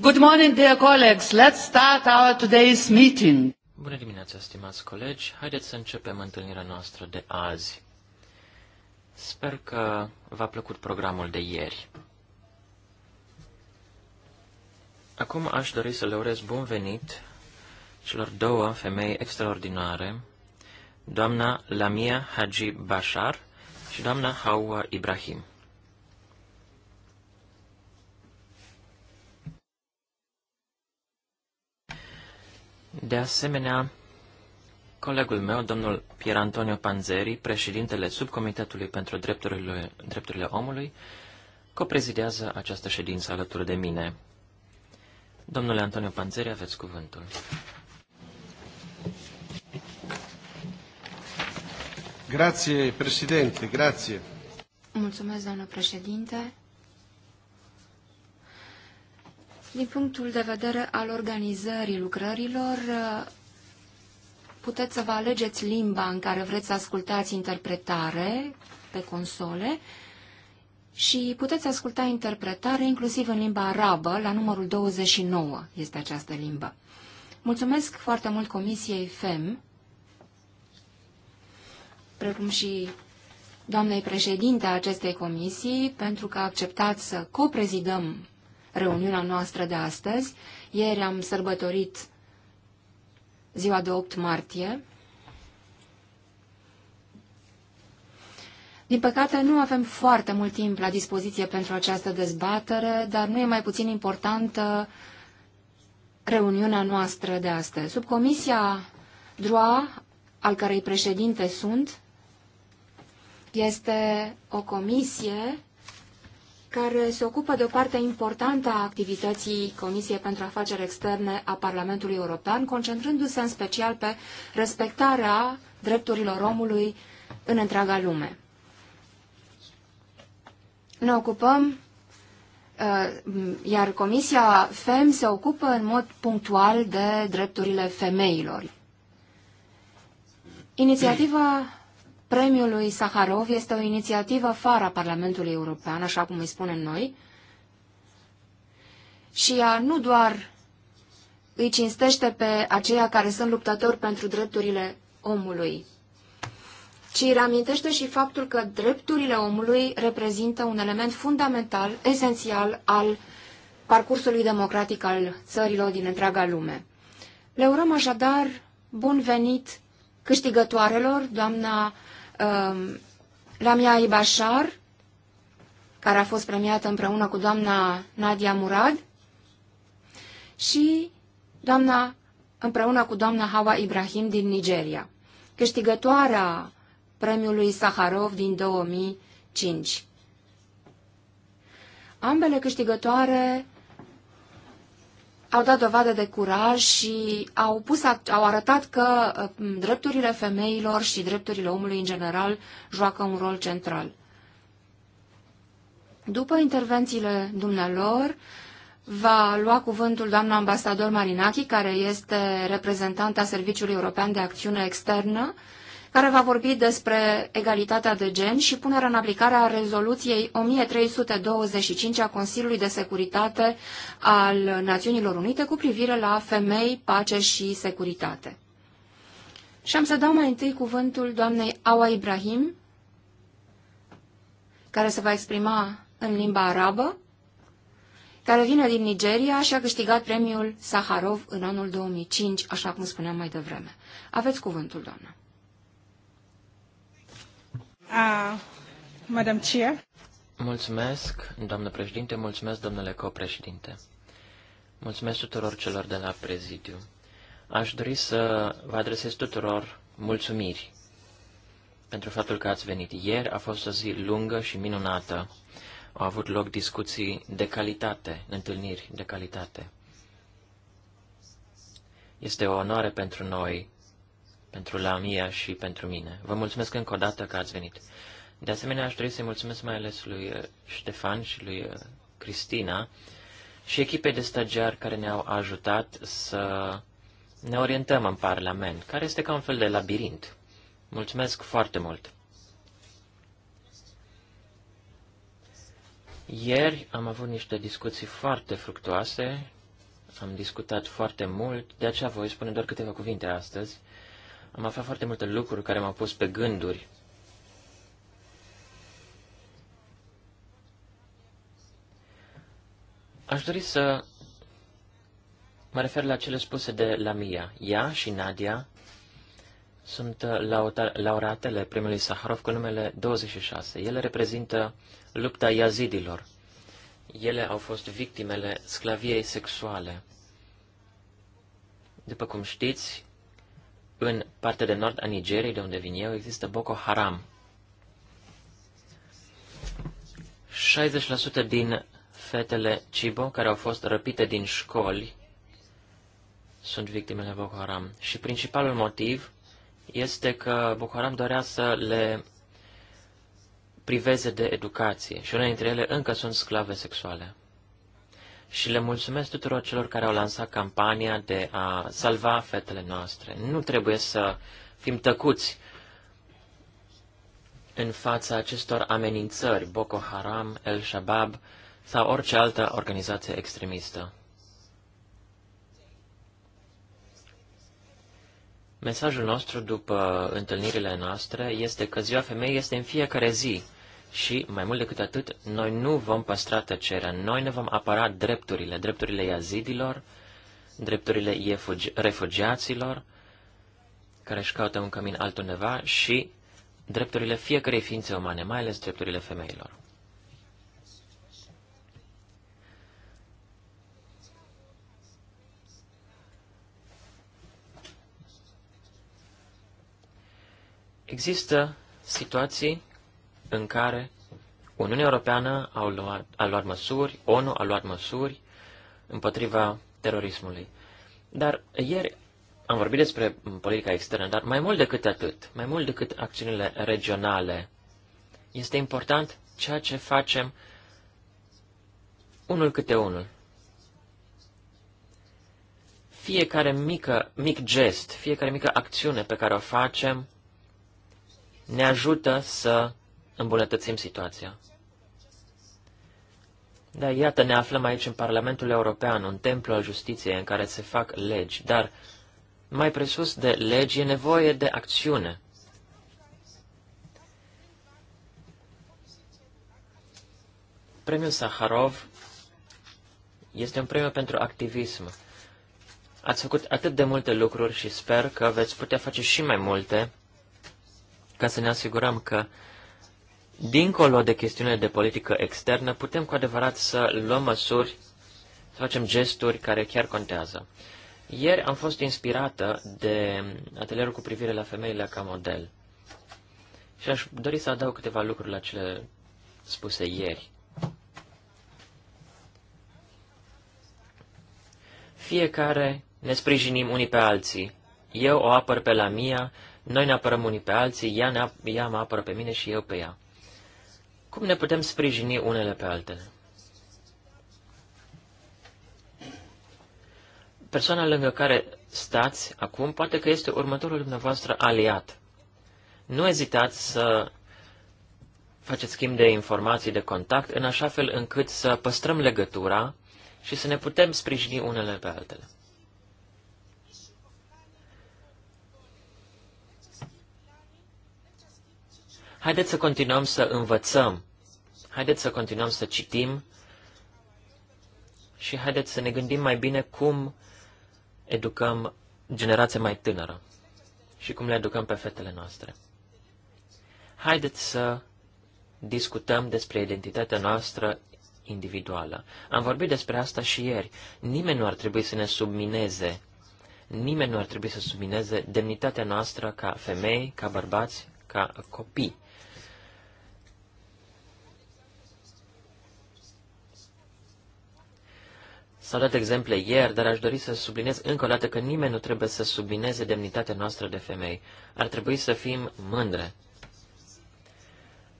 Good morning, dear colleagues. Let's start our today's meeting. Bună dimineața, stimați colegi. Haideți să începem întâlnirea noastră de azi. Sper că v-a plăcut programul de ieri. Acum aș dori să le urez bun venit celor două femei extraordinare, doamna Lamia Haji Bashar și doamna Hawa Ibrahim. De asemenea, colegul meu, domnul Pier Antonio Panzeri, președintele subcomitetului pentru drepturile, drepturile omului, coprezidează această ședință alături de mine. Domnule Antonio Panzeri, aveți cuvântul. Grazie, președinte, grazie. Mulțumesc, doamnă președinte. Din punctul de vedere al organizării lucrărilor, puteți să vă alegeți limba în care vreți să ascultați interpretare pe console și puteți asculta interpretare inclusiv în limba arabă, la numărul 29 este această limbă. Mulțumesc foarte mult Comisiei FEM, precum și doamnei președinte a acestei comisii, pentru că a acceptat să coprezidăm reuniunea noastră de astăzi. Ieri am sărbătorit ziua de 8 martie. Din păcate, nu avem foarte mult timp la dispoziție pentru această dezbatere, dar nu e mai puțin importantă reuniunea noastră de astăzi. Subcomisia DROA, al cărei președinte sunt, este o comisie care se ocupă de o parte importantă a activității Comisiei pentru Afaceri Externe a Parlamentului European, concentrându-se în special pe respectarea drepturilor omului în întreaga lume. Ne ocupăm, uh, iar Comisia FEM se ocupă în mod punctual de drepturile femeilor. Inițiativa Premiul lui Saharov este o inițiativă fara Parlamentului European, așa cum îi spunem noi, și ea nu doar îi cinstește pe aceia care sunt luptători pentru drepturile omului, ci îi reamintește și faptul că drepturile omului reprezintă un element fundamental, esențial al parcursului democratic al țărilor din întreaga lume. Le urăm așadar bun venit câștigătoarelor, doamna um, Lamia care a fost premiată împreună cu doamna Nadia Murad și doamna, împreună cu doamna Hawa Ibrahim din Nigeria, câștigătoarea premiului Saharov din 2005. Ambele câștigătoare au dat dovadă de curaj și au, pus, au arătat că uh, drepturile femeilor și drepturile omului în general joacă un rol central. După intervențiile dumnealor, va lua cuvântul doamna ambasador Marinachi, care este reprezentanta Serviciului European de Acțiune Externă, care va vorbi despre egalitatea de gen și punerea în aplicare a rezoluției 1325 a Consiliului de Securitate al Națiunilor Unite cu privire la femei, pace și securitate. Și am să dau mai întâi cuvântul doamnei Awa Ibrahim, care se va exprima în limba arabă, care vine din Nigeria și a câștigat premiul Saharov în anul 2005, așa cum spuneam mai devreme. Aveți cuvântul, doamnă. Mulțumesc, doamnă președinte, mulțumesc, domnule copreședinte. Mulțumesc tuturor celor de la prezidiu. Aș dori să vă adresez tuturor mulțumiri pentru faptul că ați venit. Ieri a fost o zi lungă și minunată. Au avut loc discuții de calitate, întâlniri de calitate. Este o onoare pentru noi pentru Lamia și pentru mine. Vă mulțumesc încă o dată că ați venit. De asemenea, aș dori să-i mulțumesc mai ales lui uh, Ștefan și lui uh, Cristina și echipei de stagiari care ne-au ajutat să ne orientăm în Parlament, care este ca un fel de labirint. Mulțumesc foarte mult! Ieri am avut niște discuții foarte fructuoase, am discutat foarte mult, de aceea voi spune doar câteva cuvinte astăzi. Am aflat foarte multe lucruri care m-au pus pe gânduri. Aș dori să mă refer la cele spuse de la mia. Ea și Nadia sunt laureatele primului Saharov cu numele 26. Ele reprezintă lupta yazidilor. Ele au fost victimele sclaviei sexuale. După cum știți, în partea de nord a Nigeriei, de unde vin eu, există Boko Haram. 60% din fetele Cibo care au fost răpite din școli sunt victimele Boko Haram. Și principalul motiv este că Boko Haram dorea să le priveze de educație și unele dintre ele încă sunt sclave sexuale și le mulțumesc tuturor celor care au lansat campania de a salva fetele noastre. Nu trebuie să fim tăcuți în fața acestor amenințări, Boko Haram, El Shabab sau orice altă organizație extremistă. Mesajul nostru după întâlnirile noastre este că ziua femeii este în fiecare zi și, mai mult decât atât, noi nu vom păstra tăcerea, noi ne vom apăra drepturile, drepturile iazidilor, drepturile refugiaților, care își caută un cămin altundeva, și drepturile fiecarei ființe umane, mai ales drepturile femeilor. Există situații în care Uniunea Europeană a luat, a luat măsuri, ONU a luat măsuri împotriva terorismului. Dar ieri am vorbit despre politica externă, dar mai mult decât atât, mai mult decât acțiunile regionale, este important ceea ce facem unul câte unul. Fiecare mică, mic gest, fiecare mică acțiune pe care o facem ne ajută să îmbunătățim situația. Da, iată, ne aflăm aici în Parlamentul European, un templu al justiției în care se fac legi, dar mai presus de legi e nevoie de acțiune. Premiul Saharov este un premiu pentru activism. Ați făcut atât de multe lucruri și sper că veți putea face și mai multe ca să ne asigurăm că dincolo de chestiunile de politică externă, putem cu adevărat să luăm măsuri, să facem gesturi care chiar contează. Ieri am fost inspirată de atelierul cu privire la femeile ca model. Și aș dori să adaug câteva lucruri la cele spuse ieri. Fiecare ne sprijinim unii pe alții. Eu o apăr pe la mia, noi ne apărăm unii pe alții, ea, ne ap- ea mă apără pe mine și eu pe ea. Cum ne putem sprijini unele pe altele? Persoana lângă care stați acum poate că este următorul dumneavoastră aliat. Nu ezitați să faceți schimb de informații, de contact, în așa fel încât să păstrăm legătura și să ne putem sprijini unele pe altele. Haideți să continuăm să învățăm, Haideți să continuăm să citim și haideți să ne gândim mai bine cum educăm generația mai tânără și cum le educăm pe fetele noastre. Haideți să discutăm despre identitatea noastră individuală. Am vorbit despre asta și ieri. Nimeni nu ar trebui să ne submineze. Nimeni nu ar trebui să submineze demnitatea noastră ca femei, ca bărbați, ca copii. S-au dat exemple ieri, dar aș dori să subliniez încă o dată că nimeni nu trebuie să sublineze demnitatea noastră de femei. Ar trebui să fim mândre.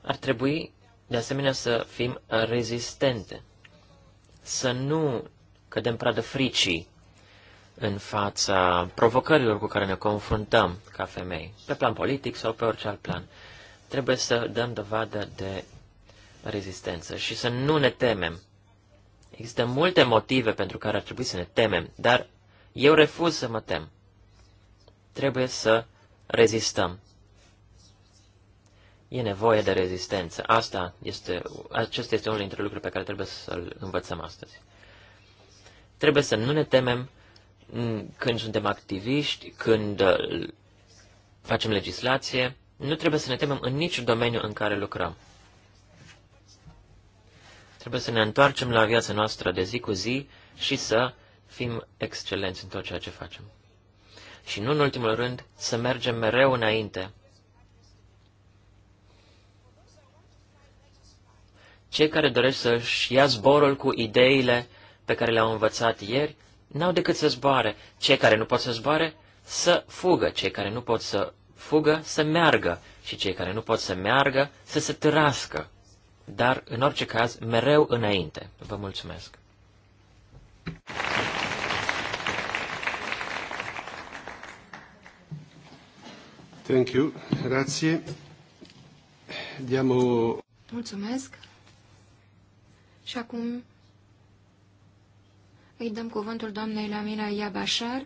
Ar trebui, de asemenea, să fim rezistente. Să nu cădem pradă fricii în fața provocărilor cu care ne confruntăm ca femei, pe plan politic sau pe orice alt plan. Trebuie să dăm dovadă de rezistență și să nu ne temem Există multe motive pentru care ar trebui să ne temem, dar eu refuz să mă tem. Trebuie să rezistăm. E nevoie de rezistență. Asta este, acesta este unul dintre lucruri pe care trebuie să-l învățăm astăzi. Trebuie să nu ne temem când suntem activiști, când uh, facem legislație. Nu trebuie să ne temem în niciun domeniu în care lucrăm. Trebuie să ne întoarcem la viața noastră de zi cu zi și să fim excelenți în tot ceea ce facem. Și nu în ultimul rând, să mergem mereu înainte. Cei care doresc să-și ia zborul cu ideile pe care le-au învățat ieri, n-au decât să zboare. Cei care nu pot să zboare, să fugă. Cei care nu pot să fugă, să meargă. Și cei care nu pot să meargă, să se târască dar în orice caz mereu înainte. Vă mulțumesc! Thank you. Grazie. Diamo... Mulțumesc. Și acum îi dăm cuvântul doamnei Lamina Iabașar,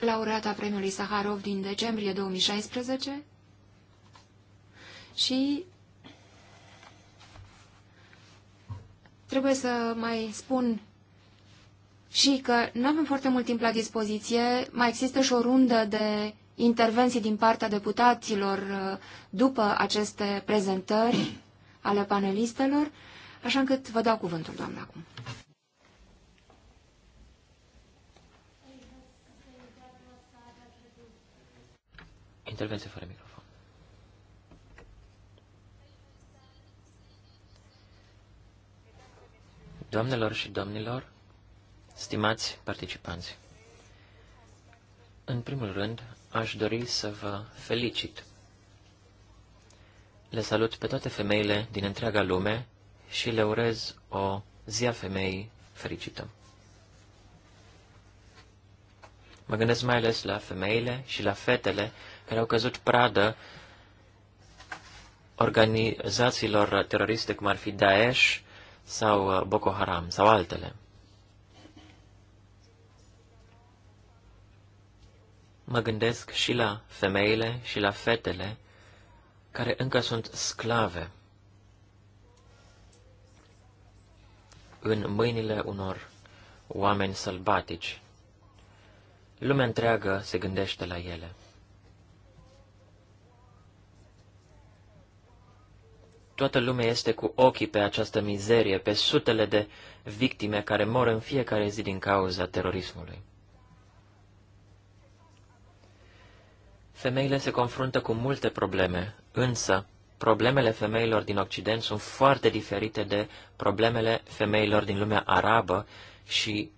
laureata premiului Saharov din decembrie 2016, și trebuie să mai spun și că nu avem foarte mult timp la dispoziție, mai există și o rundă de intervenții din partea deputaților uh, după aceste prezentări ale panelistelor, așa încât vă dau cuvântul, doamna, acum. Intervenție fără micro. Doamnelor și domnilor, stimați participanți, în primul rând aș dori să vă felicit. Le salut pe toate femeile din întreaga lume și le urez o zi a femeii fericită. Mă gândesc mai ales la femeile și la fetele care au căzut pradă organizațiilor teroriste, cum ar fi Daesh, sau uh, Boko Haram sau altele. Mă gândesc și la femeile și la fetele care încă sunt sclave în mâinile unor oameni sălbatici. Lumea întreagă se gândește la ele. Toată lumea este cu ochii pe această mizerie, pe sutele de victime care mor în fiecare zi din cauza terorismului. Femeile se confruntă cu multe probleme, însă problemele femeilor din Occident sunt foarte diferite de problemele femeilor din lumea arabă și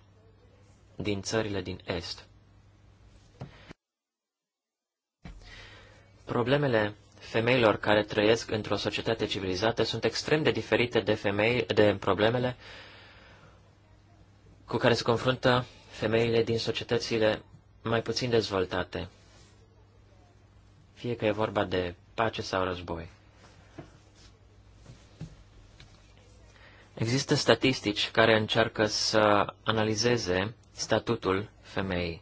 din țările din Est. Problemele femeilor care trăiesc într-o societate civilizată sunt extrem de diferite de, femei, de problemele cu care se confruntă femeile din societățile mai puțin dezvoltate, fie că e vorba de pace sau război. Există statistici care încearcă să analizeze statutul femeii.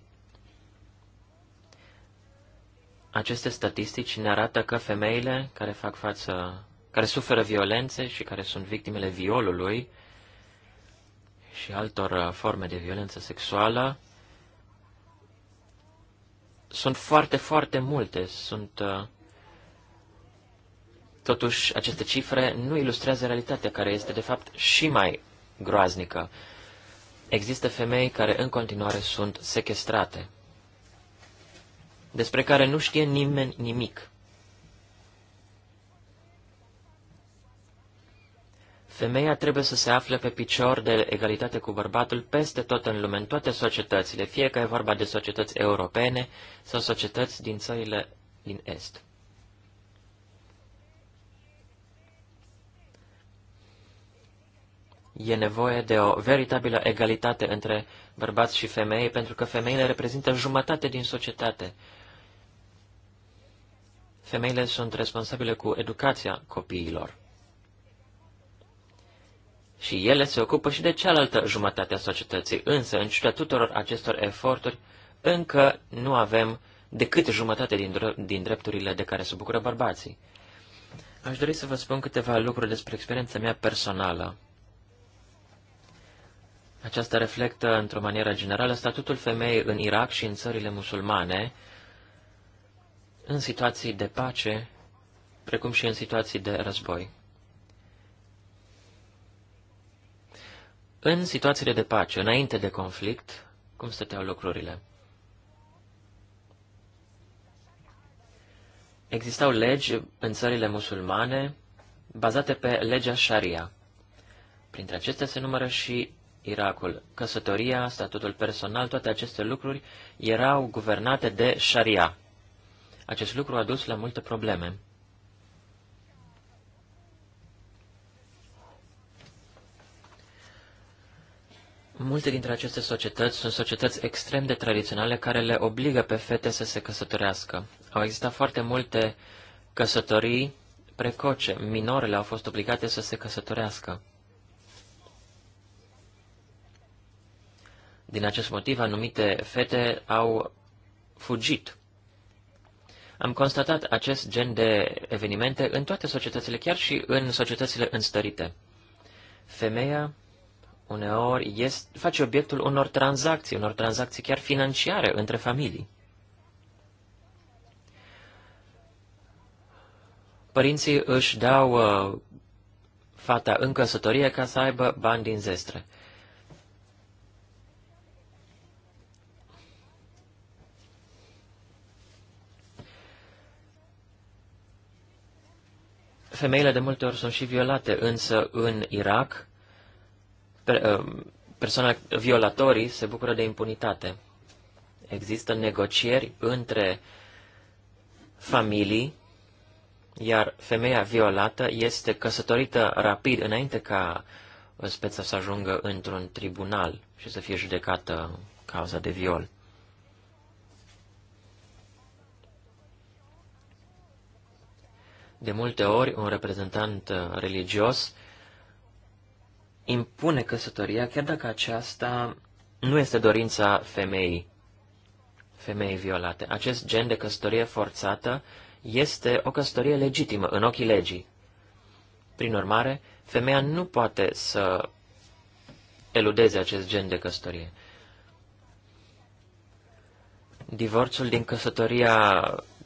Aceste statistici ne arată că femeile care fac față, care suferă violențe și care sunt victimele violului și altor uh, forme de violență sexuală, sunt foarte, foarte multe. Sunt uh, Totuși, aceste cifre nu ilustrează realitatea, care este, de fapt, și mai groaznică. Există femei care în continuare sunt sequestrate despre care nu știe nimeni nimic. Femeia trebuie să se afle pe picior de egalitate cu bărbatul peste tot în lume, în toate societățile, fie că e vorba de societăți europene sau societăți din țările din Est. E nevoie de o veritabilă egalitate între bărbați și femei, pentru că femeile reprezintă jumătate din societate. Femeile sunt responsabile cu educația copiilor. Și ele se ocupă și de cealaltă jumătate a societății, însă, în ciuda tuturor acestor eforturi, încă nu avem decât jumătate din, din drepturile de care se bucură bărbații. Aș dori să vă spun câteva lucruri despre experiența mea personală. Aceasta reflectă, într-o manieră generală, statutul femeii în Irak și în țările musulmane, în situații de pace, precum și în situații de război. În situațiile de pace, înainte de conflict, cum stăteau lucrurile? Existau legi în țările musulmane bazate pe legea Sharia. Printre acestea se numără și Irakul. Căsătoria, statutul personal, toate aceste lucruri erau guvernate de Sharia, acest lucru a dus la multe probleme. Multe dintre aceste societăți sunt societăți extrem de tradiționale care le obligă pe fete să se căsătorească. Au existat foarte multe căsătorii precoce. Minorele au fost obligate să se căsătorească. Din acest motiv, anumite fete au fugit am constatat acest gen de evenimente în toate societățile, chiar și în societățile înstărite. Femeia uneori este, face obiectul unor tranzacții, unor tranzacții chiar financiare între familii. Părinții își dau uh, fata în căsătorie ca să aibă bani din zestre. femeile de multe ori sunt și violate, însă în Irak uh, persoana violatorii se bucură de impunitate. Există negocieri între familii, iar femeia violată este căsătorită rapid înainte ca speța să ajungă într-un tribunal și să fie judecată cauza de viol. De multe ori, un reprezentant uh, religios impune căsătoria, chiar dacă aceasta nu este dorința femeii, femeii violate. Acest gen de căsătorie forțată este o căsătorie legitimă în ochii legii. Prin urmare, femeia nu poate să eludeze acest gen de căsătorie. Divorțul din căsătoria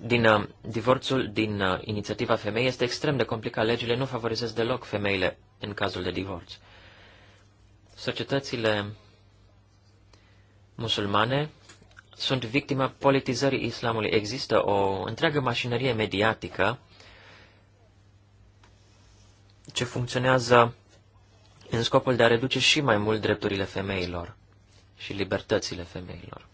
din uh, divorțul, din uh, inițiativa femei, este extrem de complicat. Legile nu favorizează deloc femeile în cazul de divorț. Societățile musulmane sunt victima politizării islamului. Există o întreagă mașinărie mediatică ce funcționează în scopul de a reduce și mai mult drepturile femeilor și libertățile femeilor.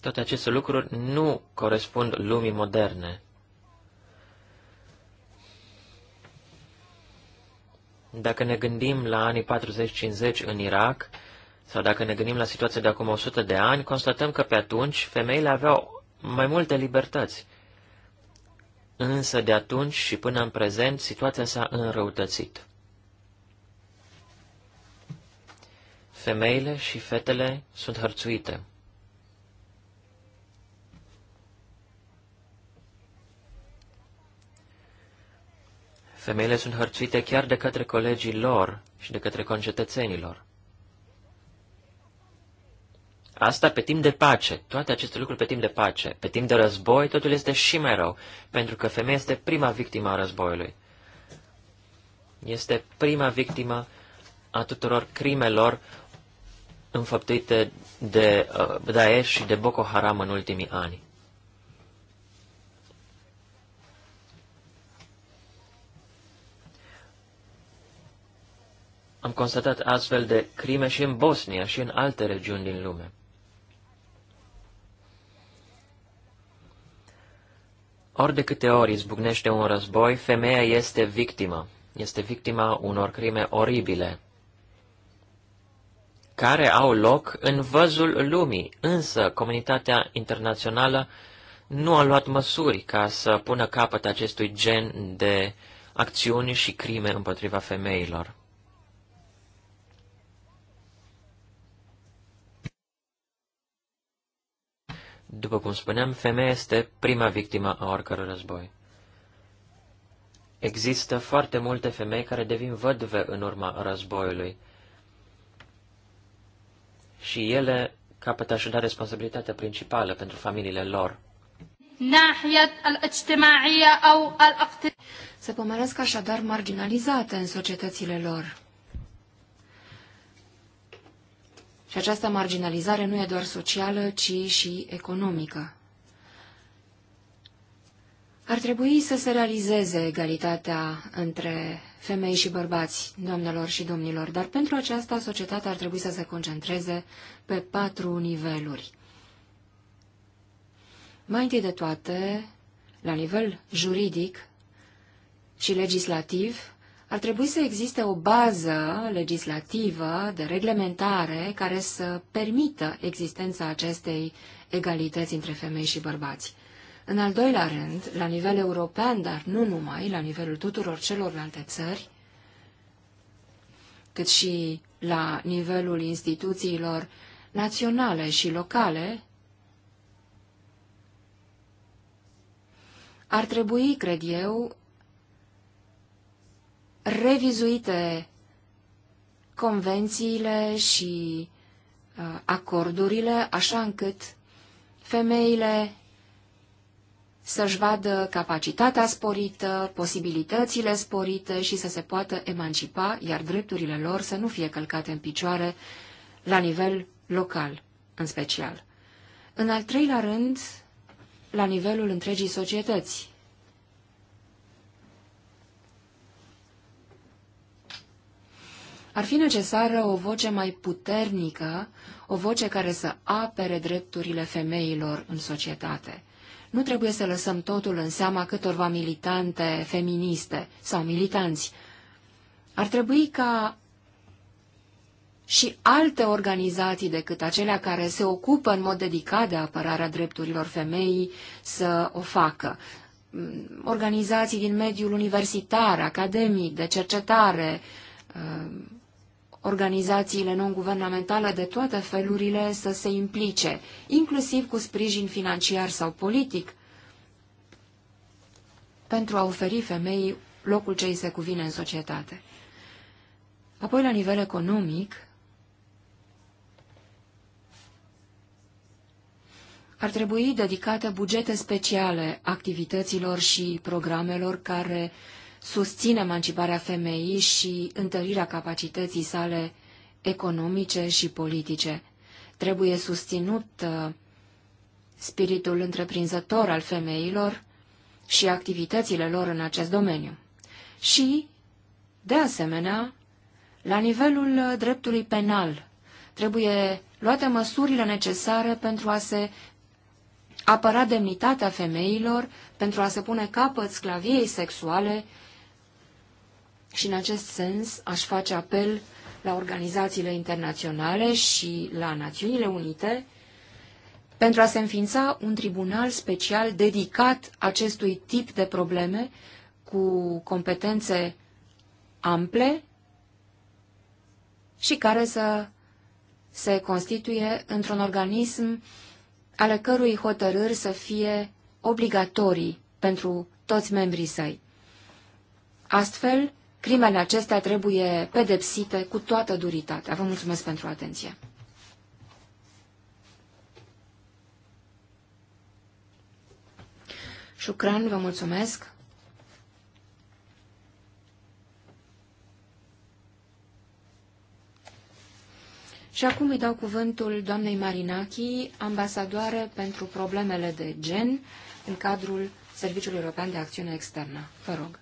Toate aceste lucruri nu corespund lumii moderne. Dacă ne gândim la anii 40-50 în Irak, sau dacă ne gândim la situația de acum 100 de ani, constatăm că pe atunci femeile aveau mai multe libertăți. Însă de atunci și până în prezent, situația s-a înrăutățit. Femeile și fetele sunt hărțuite. Femeile sunt hărțuite chiar de către colegii lor și de către concetățenilor. Asta pe timp de pace, toate aceste lucruri pe timp de pace. Pe timp de război totul este și mai rău, pentru că femeia este prima victimă a războiului. Este prima victimă a tuturor crimelor înfăptuite de uh, Daesh și de Boko Haram în ultimii ani. Am constatat astfel de crime și în Bosnia și în alte regiuni din lume. Ori de câte ori izbucnește un război, femeia este victimă. Este victima unor crime oribile, care au loc în văzul lumii, însă comunitatea internațională nu a luat măsuri ca să pună capăt acestui gen de acțiuni și crime împotriva femeilor. După cum spuneam, femeia este prima victimă a oricărui război. Există foarte multe femei care devin văduve în urma războiului și ele capătă așadar responsabilitatea principală pentru familiile lor. Se pomeresc așadar marginalizate în societățile lor. Și această marginalizare nu e doar socială, ci și economică. Ar trebui să se realizeze egalitatea între femei și bărbați, doamnelor și domnilor, dar pentru aceasta societatea ar trebui să se concentreze pe patru niveluri. Mai întâi de toate, la nivel juridic și legislativ, ar trebui să existe o bază legislativă de reglementare care să permită existența acestei egalități între femei și bărbați. În al doilea rând, la nivel european, dar nu numai, la nivelul tuturor celorlalte țări, cât și la nivelul instituțiilor naționale și locale, ar trebui, cred eu, revizuite convențiile și uh, acordurile, așa încât femeile să-și vadă capacitatea sporită, posibilitățile sporite și să se poată emancipa, iar drepturile lor să nu fie călcate în picioare la nivel local, în special. În al treilea rând, la nivelul întregii societăți. Ar fi necesară o voce mai puternică, o voce care să apere drepturile femeilor în societate. Nu trebuie să lăsăm totul în seama câtorva militante feministe sau militanți. Ar trebui ca și alte organizații decât acelea care se ocupă în mod dedicat de apărarea drepturilor femeii să o facă. Organizații din mediul universitar, academic, de cercetare, organizațiile non-guvernamentale de toate felurile să se implice, inclusiv cu sprijin financiar sau politic, pentru a oferi femeii locul ce îi se cuvine în societate. Apoi, la nivel economic, ar trebui dedicate bugete speciale activităților și programelor care uh, susține emanciparea femeii și întărirea capacității sale economice și politice. Trebuie susținut uh, spiritul întreprinzător al femeilor și activitățile lor în acest domeniu. Și, de asemenea, la nivelul uh, dreptului penal, trebuie luate măsurile necesare pentru a se apăra demnitatea femeilor, pentru a se pune capăt sclaviei sexuale și în acest sens aș face apel la organizațiile internaționale și la Națiunile Unite pentru a se înființa un tribunal special dedicat acestui tip de probleme cu competențe ample și care să se constituie într-un organism ale cărui hotărâri să fie obligatorii pentru toți membrii săi. Astfel, Crimele acestea trebuie pedepsite cu toată duritatea. Vă mulțumesc pentru atenție. Șucran, vă mulțumesc. Și acum îi dau cuvântul doamnei Marinachi, ambasadoare pentru problemele de gen în cadrul Serviciului European de Acțiune Externă. Vă rog.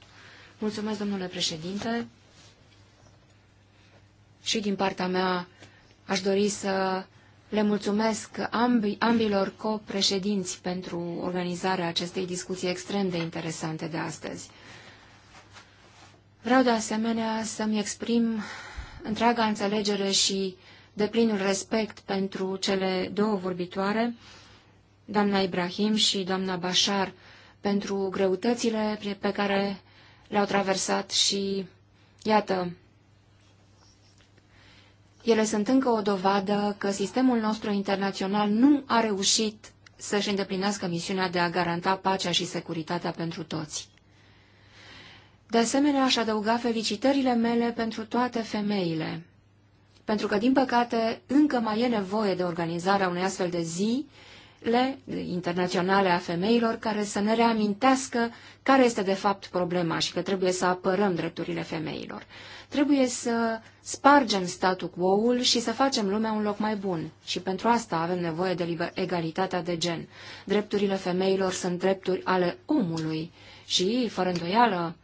Mulțumesc, domnule președinte. Și din partea mea aș dori să le mulțumesc ambi, ambilor copreședinți pentru organizarea acestei discuții extrem de interesante de astăzi. Vreau de asemenea să-mi exprim întreaga înțelegere și deplinul respect pentru cele două vorbitoare, doamna Ibrahim și doamna Bashar, pentru greutățile pe care le-au traversat și, iată, ele sunt încă o dovadă că sistemul nostru internațional nu a reușit să-și îndeplinească misiunea de a garanta pacea și securitatea pentru toți. De asemenea, aș adăuga felicitările mele pentru toate femeile, pentru că, din păcate, încă mai e nevoie de organizarea unei astfel de zi le internaționale a femeilor care să ne reamintească care este de fapt problema și că trebuie să apărăm drepturile femeilor. Trebuie să spargem statul quo-ul și să facem lumea un loc mai bun. Și pentru asta avem nevoie de egalitatea de gen. Drepturile femeilor sunt drepturi ale omului și, fără îndoială,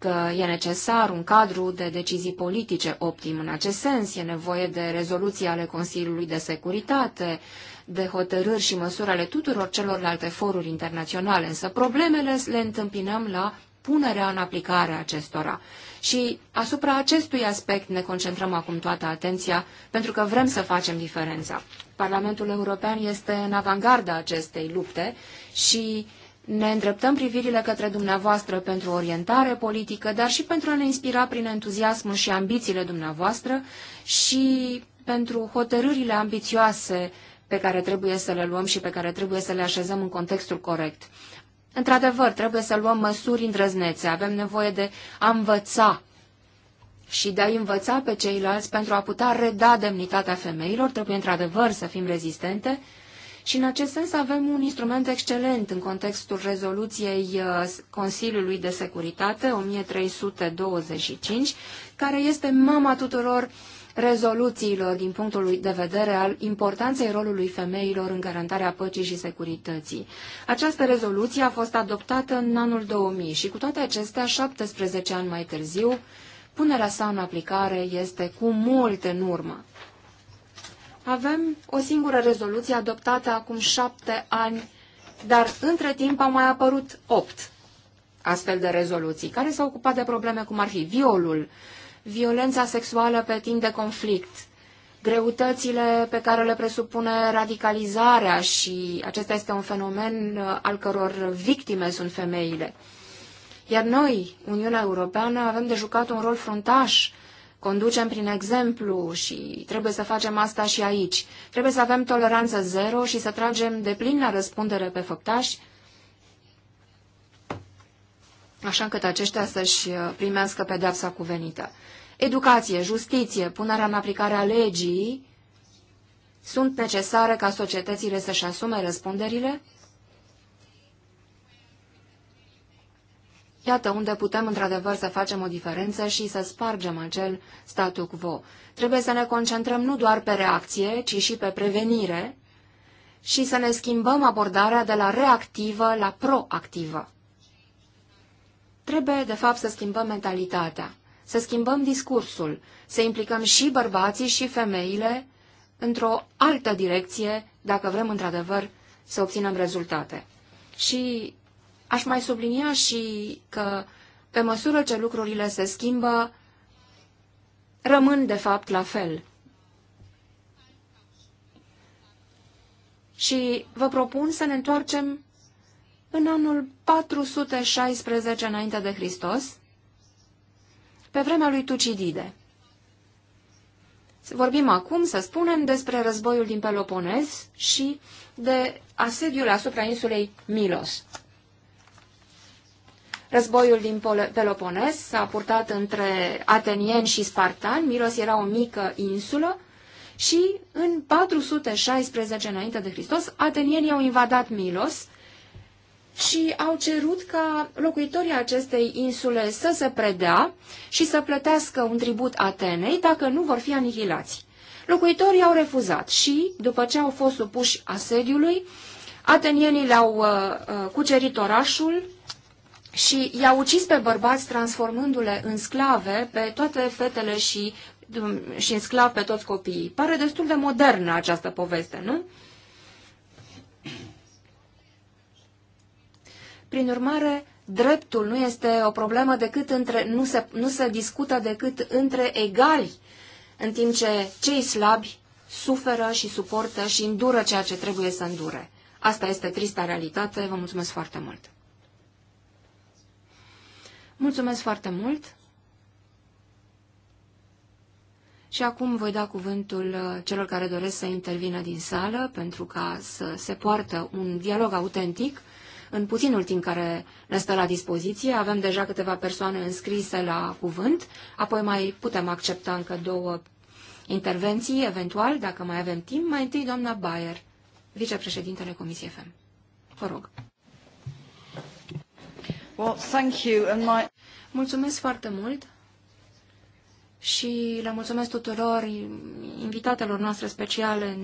că e necesar un cadru de decizii politice optim. În acest sens, e nevoie de rezoluții ale Consiliului de Securitate, de hotărâri și măsuri ale tuturor celorlalte foruri internaționale, însă problemele le întâmpinăm la punerea în aplicare acestora. Și asupra acestui aspect ne concentrăm acum toată atenția, pentru că vrem să facem diferența. Parlamentul European este în avangarda acestei lupte și ne îndreptăm privirile către dumneavoastră pentru orientare politică, dar și pentru a ne inspira prin entuziasmul și ambițiile dumneavoastră și pentru hotărârile ambițioase pe care trebuie să le luăm și pe care trebuie să le așezăm în contextul corect. Într-adevăr, trebuie să luăm măsuri îndrăznețe, avem nevoie de a învăța și de a învăța pe ceilalți pentru a putea reda demnitatea femeilor, trebuie într-adevăr să fim rezistente, și în acest sens avem un instrument excelent în contextul rezoluției uh, Consiliului de Securitate 1325, care este mama tuturor rezoluțiilor din punctul de vedere al importanței rolului femeilor în garantarea păcii și securității. Această rezoluție a fost adoptată în anul 2000 și cu toate acestea, 17 ani mai târziu, punerea sa în aplicare este cu mult în urmă. Avem o singură rezoluție adoptată acum șapte ani, dar între timp au mai apărut opt astfel de rezoluții, care s-au ocupat de probleme cum ar fi violul, violența sexuală pe timp de conflict, greutățile pe care le presupune radicalizarea și acesta este un fenomen uh, al căror victime sunt femeile. Iar noi, Uniunea Europeană, avem de jucat un rol frontaș Conducem prin exemplu și trebuie să facem asta și aici. Trebuie să avem toleranță zero și să tragem de plin la răspundere pe făptași, așa încât aceștia să-și uh, primească pedeapsa cuvenită. Educație, justiție, punerea în aplicare a legii sunt necesare ca societățile să-și asume răspunderile Iată unde putem într-adevăr să facem o diferență și să spargem acel statu quo. Trebuie să ne concentrăm nu doar pe reacție, ci și pe prevenire și să ne schimbăm abordarea de la reactivă la proactivă. Trebuie, de fapt, să schimbăm mentalitatea, să schimbăm discursul, să implicăm și bărbații și femeile într-o altă direcție, dacă vrem, într-adevăr, să obținem rezultate. Și Aș mai sublinia și că, pe măsură ce lucrurile se schimbă, rămân de fapt la fel. Și vă propun să ne întoarcem în anul 416 înainte de Hristos, pe vremea lui Tucidide. Vorbim acum, să spunem, despre războiul din Peloponez și de asediul asupra insulei Milos. Războiul din Pelopones s-a purtat între atenieni și spartani, Miros era o mică insulă și în 416 înainte de Hristos, atenienii au invadat Milos și au cerut ca locuitorii acestei insule să se predea și să plătească un tribut Atenei dacă nu vor fi anihilați. Locuitorii au refuzat și, după ce au fost supuși asediului, atenienii le-au uh, uh cucerit orașul, și i-a ucis pe bărbați transformându-le în sclave pe toate fetele și, mm, și în sclav pe toți copiii. Pare destul de modernă această poveste, nu? Prin urmare, dreptul nu este o problemă decât între, nu se, nu se discută decât între egali, în timp ce cei slabi suferă și suportă și îndură ceea ce trebuie să îndure. Asta este trista realitate. Vă mulțumesc foarte mult! Mulțumesc foarte mult! Și acum voi da cuvântul uh, celor care doresc să intervină din sală pentru ca să se poartă un dialog autentic în puținul timp care ne stă la dispoziție. Avem deja câteva persoane înscrise la cuvânt, apoi mai putem accepta încă două intervenții, eventual, dacă mai avem timp. Mai întâi, doamna Bayer, vicepreședintele Comisiei FEM. Vă rog. Well, thank you and my... Mulțumesc foarte mult și le mulțumesc tuturor invitatelor noastre speciale,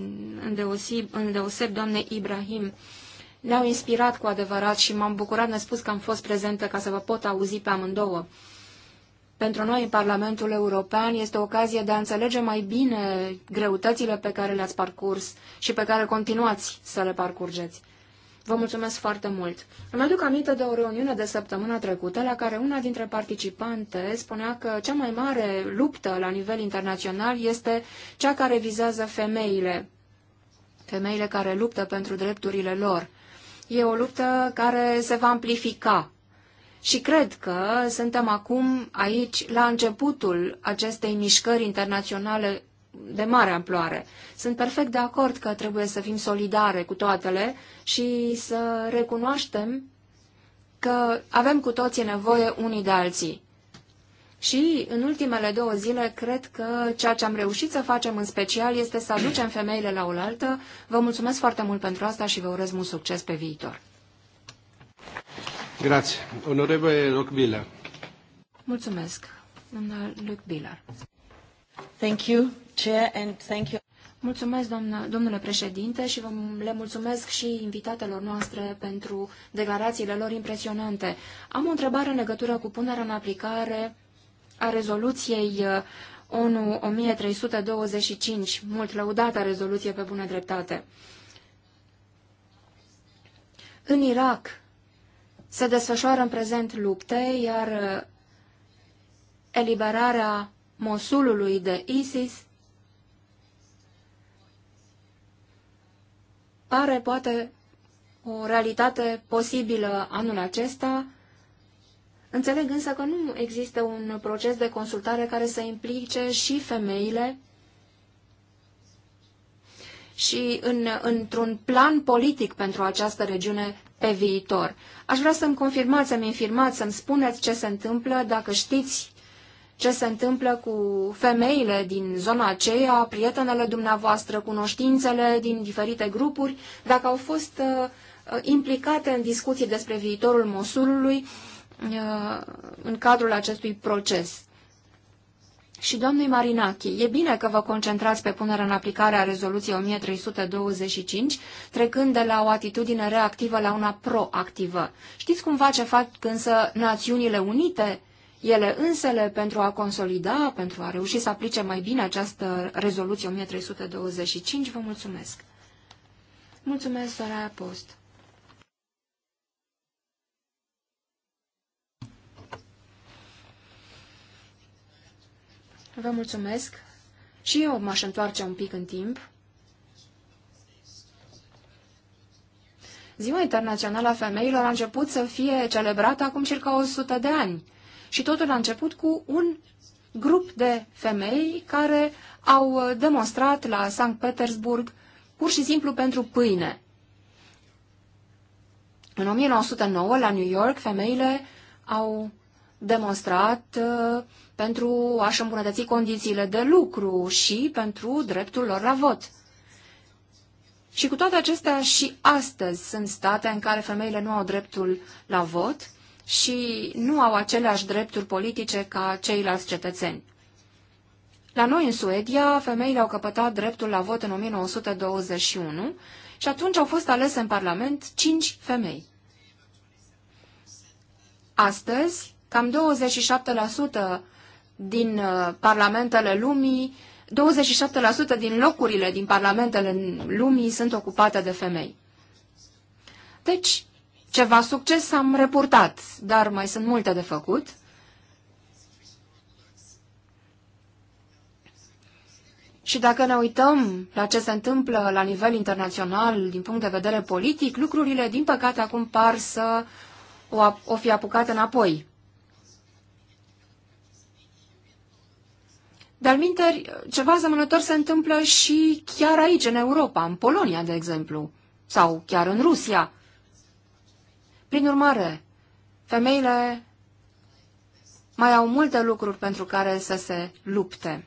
îndeoseb, îndeoseb doamnei Ibrahim. Ne-au inspirat cu adevărat și m-am bucurat, ne spus că am fost prezentă ca să vă pot auzi pe amândouă. Pentru noi, în Parlamentul European, este o ocazie de a înțelege mai bine greutățile pe care le-ați parcurs și pe care continuați să le parcurgeți. Vă mulțumesc foarte mult. Îmi aduc aminte de o reuniune de săptămâna trecută la care una dintre participante spunea că cea mai mare luptă la nivel internațional este cea care vizează femeile. Femeile care luptă pentru drepturile lor. E o luptă care se va amplifica. Și cred că suntem acum aici la începutul acestei mișcări internaționale de mare amploare. Sunt perfect de acord că trebuie să fim solidare cu toatele și să recunoaștem că avem cu toții nevoie unii de alții. Și în ultimele două zile, cred că ceea ce am reușit să facem în special este să aducem femeile la oaltă. Vă mulțumesc foarte mult pentru asta și vă urez mult succes pe viitor. Grazie. Onorevole Lockbiller. Mulțumesc, Domnul Luc Bilar. Thank you. Chair, and thank you. Mulțumesc, doamnă, domnule președinte, și vă, le mulțumesc și invitatelor noastre pentru declarațiile lor impresionante. Am o întrebare în legătură cu punerea în aplicare a rezoluției uh, ONU 1325, mult lăudată rezoluție pe bună dreptate. În Irak se desfășoară în prezent lupte, iar uh, eliberarea Mosulului de ISIS pare poate o realitate posibilă anul acesta. Înțeleg însă că nu există un proces de consultare care să implice și femeile și în, într-un plan politic pentru această regiune pe viitor. Aș vrea să-mi confirmați, să-mi infirmați, să-mi spuneți ce se întâmplă, dacă știți ce se întâmplă cu femeile din zona aceea, prietenele dumneavoastră, cunoștințele din diferite grupuri, dacă au fost uh, uh, implicate în discuții despre viitorul Mosulului uh, în cadrul acestui proces. Și domnului Marinachi, e bine că vă concentrați pe punerea în aplicare a rezoluției 1325, trecând de la o atitudine reactivă la una proactivă. Știți cumva ce fac însă Națiunile Unite ele însele pentru a consolida, pentru a reuși să aplice mai bine această rezoluție 1325. Vă mulțumesc! Mulțumesc, Soraya Post! Vă mulțumesc! Și eu m-aș întoarce un pic în timp. Ziua Internațională a Femeilor a început să fie celebrată acum circa 100 de ani. Și totul a început cu un grup de femei care au uh, demonstrat la Sankt Petersburg pur și simplu pentru pâine. În 1909, la New York, femeile au demonstrat uh, pentru a-și îmbunătăți condițiile de lucru și pentru dreptul lor la vot. Și cu toate acestea, și astăzi sunt state în care femeile nu au dreptul la vot și nu au aceleași drepturi politice ca ceilalți cetățeni. La noi, în Suedia, femeile au căpătat dreptul la vot în 1921 și atunci au fost alese în Parlament cinci femei. Astăzi, cam 27% din uh, parlamentele lumii, 27% din locurile din parlamentele lumii sunt ocupate de femei. Deci, ceva succes am reportat, dar mai sunt multe de făcut. Și dacă ne uităm la ce se întâmplă la nivel internațional, din punct de vedere politic, lucrurile, din păcate, acum par să o, o fi apucat înapoi. Dar minteri, ceva asemănător se întâmplă și chiar aici, în Europa, în Polonia, de exemplu, sau chiar în Rusia. Prin urmare, femeile mai au multe lucruri pentru care să se lupte.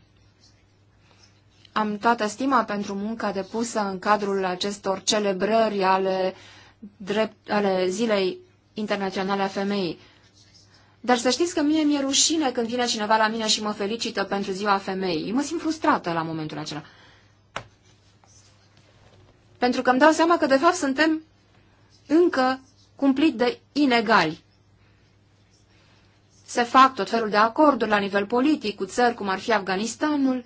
Am toată stima pentru munca depusă în cadrul acestor celebrări ale, drept, ale Zilei Internaționale a Femeii. Dar să știți că mie mi-e rușine când vine cineva la mine și mă felicită pentru ziua femeii. Mă simt frustrată la momentul acela. Pentru că îmi dau seama că, de fapt, suntem încă cumplit de inegali. Se fac tot felul de acorduri la nivel politic cu țări cum ar fi Afganistanul.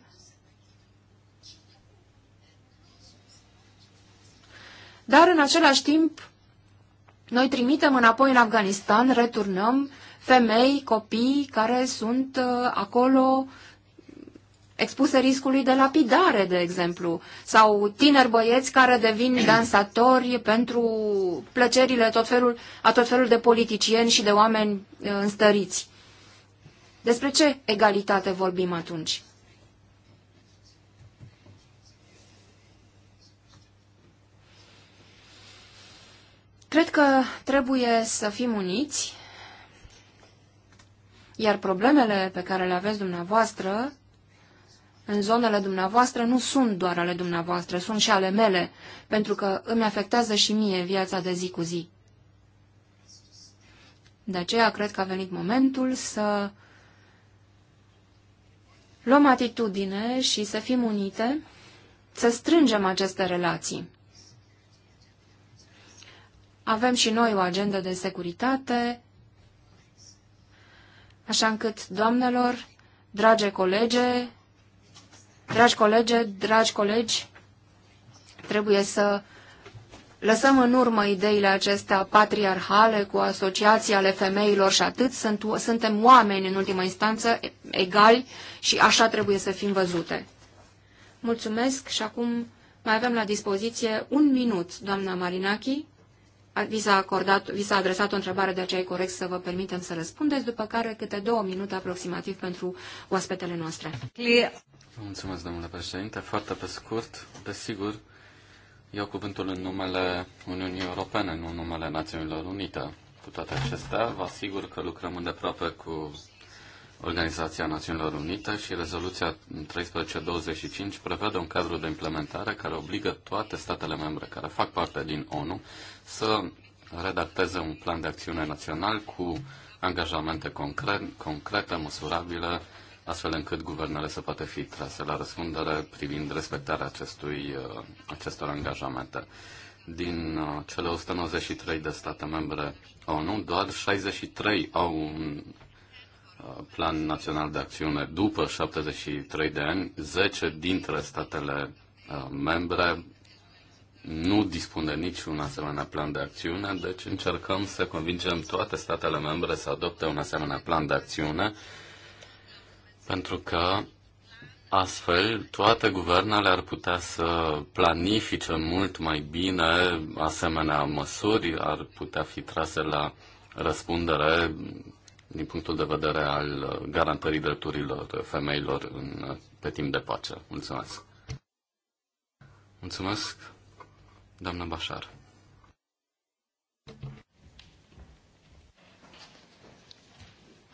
Dar în același timp, noi trimitem înapoi în Afganistan, returnăm femei, copii care sunt uh, acolo expuse riscului de lapidare, de exemplu, sau tineri băieți care devin dansatori pentru plăcerile tot felul, a tot felul de politicieni și de oameni uh, înstăriți. Despre ce egalitate vorbim atunci? Cred că trebuie să fim uniți, iar problemele pe care le aveți dumneavoastră în zonele dumneavoastră nu sunt doar ale dumneavoastră, sunt și ale mele, pentru că îmi afectează și mie viața de zi cu zi. De aceea cred că a venit momentul să luăm atitudine și să fim unite, să strângem aceste relații. Avem și noi o agendă de securitate, așa încât, doamnelor, drage colege, Dragi colege, dragi colegi, trebuie să lăsăm în urmă ideile acestea patriarhale cu asociații ale femeilor și atât. Sunt, suntem oameni în ultimă instanță, egali și așa trebuie să fim văzute. Mulțumesc și acum mai avem la dispoziție un minut, doamna Marinachi. Vi s-a, acordat, vi s-a adresat o întrebare, de aceea e corect să vă permitem să răspundeți, după care câte două minute aproximativ pentru oaspetele noastre. Clear. Mulțumesc, domnule președinte. Foarte pe scurt, desigur, iau cuvântul în numele Uniunii Europene, nu în numele Națiunilor Unite. Cu toate acestea, vă asigur că lucrăm îndeproape cu Organizația Națiunilor Unite și rezoluția 1325 prevede un cadru de implementare care obligă toate statele membre care fac parte din ONU să redacteze un plan de acțiune național cu angajamente concrete, concrete măsurabile, astfel încât guvernele să poată fi trase la răspundere privind respectarea acestui, uh, acestor angajamente. Din uh, cele 193 de state membre ONU, doar 63 au un uh, plan național de acțiune după 73 de ani. 10 dintre statele membre nu dispune niciun asemenea plan de acțiune, deci încercăm să convingem toate statele membre să adopte un asemenea plan de acțiune pentru că astfel toate guvernele ar putea să planifice mult mai bine asemenea măsuri, ar putea fi trase la răspundere din punctul de vedere al garantării drepturilor femeilor în, pe timp de pace. Mulțumesc! Mulțumesc, doamna Bașar!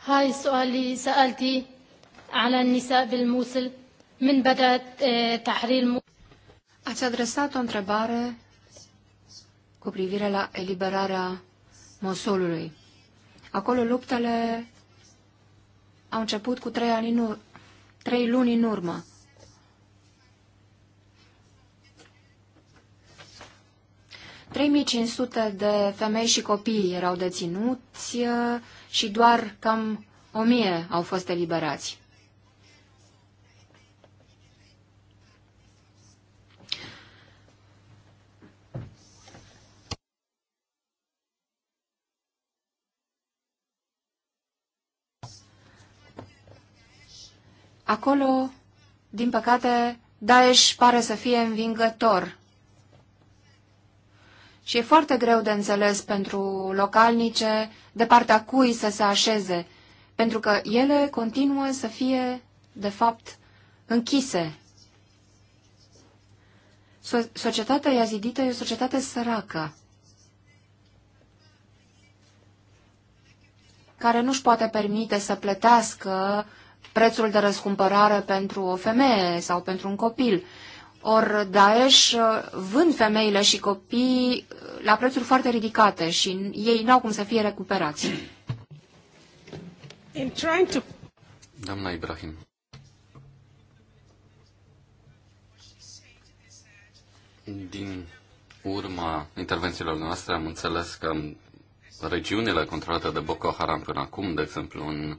هاي سؤالي سألتي على النساء بالموصل من بدأ تحرير Ați adresat o întrebare cu privire la eliberarea Mosulului. Acolo luptele au început cu trei, ani în ur- trei luni în urmă. ...3500 de femei și copii erau deținuți uh, și doar cam o mie au fost eliberați. Acolo, din păcate, Daesh pare să fie învingător. Și e foarte greu de înțeles pentru localnice de partea cui să se așeze, pentru că ele continuă să fie, de fapt, închise. So societatea iazidită e o societate săracă, care nu-și poate permite să plătească prețul de răscumpărare pentru o femeie sau pentru un copil. Or Daesh uh, vând femeile și copiii uh, la prețuri foarte ridicate și ei n-au cum să fie recuperați. to... Doamna Ibrahim. Din urma intervențiilor noastre am înțeles că regiunile controlate de Boko Haram până acum, de exemplu în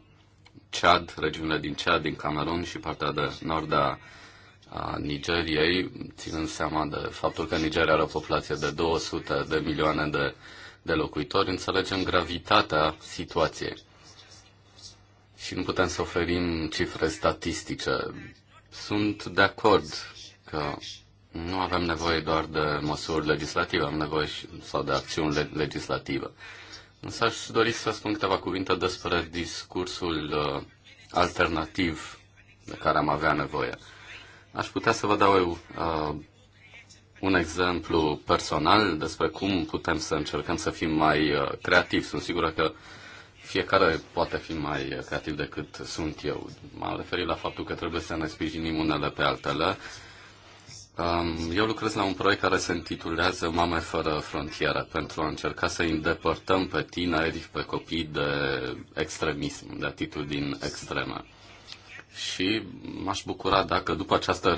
Chad, regiunea din Chad, din Camerun și partea de nord a Nigeriei, ținând seama de faptul că Nigeria are o populație de 200 de milioane de, de locuitori, înțelegem gravitatea situației. Și nu putem să oferim cifre statistice. Sunt de acord că nu avem nevoie doar de măsuri legislative, am nevoie și, sau de acțiuni legislative. Însă aș dori să spun câteva cuvinte despre discursul uh, alternativ de care am avea nevoie. Aș putea să vă dau eu uh, un exemplu personal despre cum putem să încercăm să fim mai uh, creativi. Sunt sigură că fiecare poate fi mai creativ decât sunt eu. M-am referit la faptul că trebuie să ne sprijinim unele pe altele. Uh, eu lucrez la un proiect care se intitulează Mame fără frontiere pentru a încerca să îi îndepărtăm pe tineri, pe copii de extremism, de atitudini extreme. Și m-aș bucura dacă după această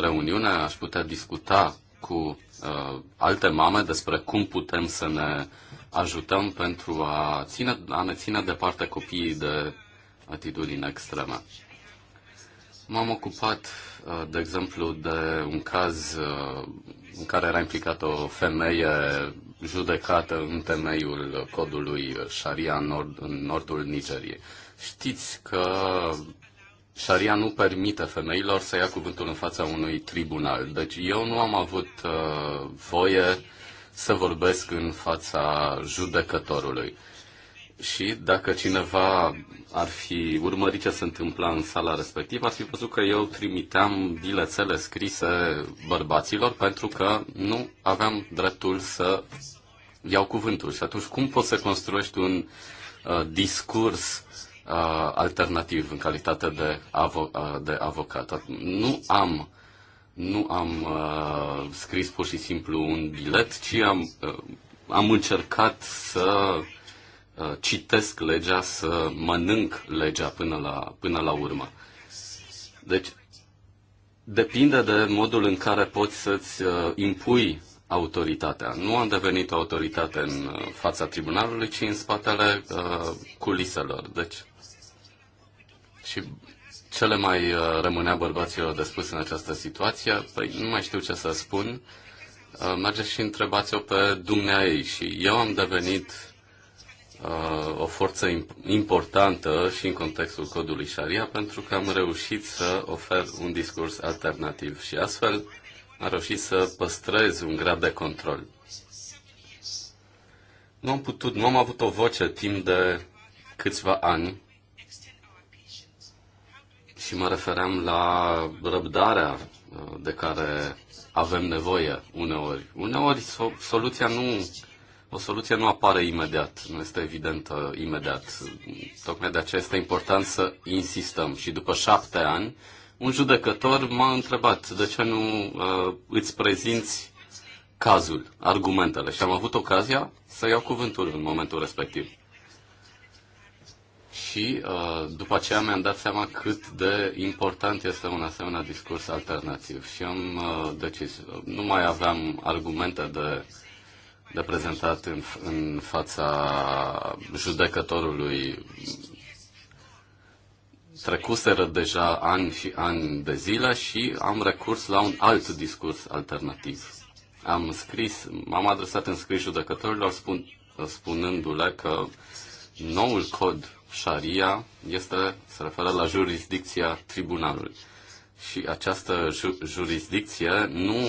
reuniune aș putea discuta cu uh, alte mame despre cum putem să ne ajutăm pentru a, ține, a ne ține departe copiii de atitudini extreme. M-am ocupat Uh, de exemplu, de un caz uh, în care era implicată o femeie judecată în temeiul codului Sharia în, nord, în nordul Nigeriei. Știți că Sharia nu permite femeilor să ia cuvântul în fața unui tribunal. Deci eu nu am avut uh, voie să vorbesc în fața judecătorului și dacă cineva ar fi urmărit ce se întâmpla în sala respectivă, ar fi văzut că eu trimiteam bilețele scrise bărbaților pentru că nu aveam dreptul să iau cuvântul. Și atunci cum poți să construiești un uh, discurs uh, alternativ în calitate de, avo- uh, de avocat? Nu am nu am uh, scris pur și simplu un bilet, ci am, uh, am încercat să Uh, citesc legea, să mănânc legea până la, până la urmă. Deci, depinde de modul în care poți să-ți uh, impui autoritatea. Nu am devenit o autoritate în uh, fața tribunalului, ci în spatele uh, culiselor. Deci, și cele mai rămânea bărbaților de spus în această situație, păi nu mai știu ce să spun, mergeți și întrebați-o pe dumnea ei. Și eu am devenit Uh, o forță importantă și în contextul codului Sharia pentru că am reușit să ofer un discurs alternativ și astfel am reușit să păstrez un grad de control. Nu am putut, nu am avut o voce timp de câțiva ani și mă refeream la răbdarea uh, de care avem nevoie uneori. Uneori soluția nu o soluție nu apare imediat, nu este evidentă imediat. Tocmai de aceea este important să insistăm. Și după șapte ani, un judecător m-a întrebat de ce nu uh, îți prezinți cazul, argumentele. Și am avut ocazia să iau cuvântul în momentul respectiv. Și uh, după aceea mi-am dat seama cât de important este un asemenea discurs alternativ. Și am uh, decis, nu mai aveam argumente de de prezentat în, în fața judecătorului trecuseră deja ani și ani de zile și am recurs la un alt discurs alternativ. Am scris, m-am adresat în scris judecătorilor spun, spunându-le că noul cod Sharia este, se referă la jurisdicția tribunalului și această ju- jurisdicție nu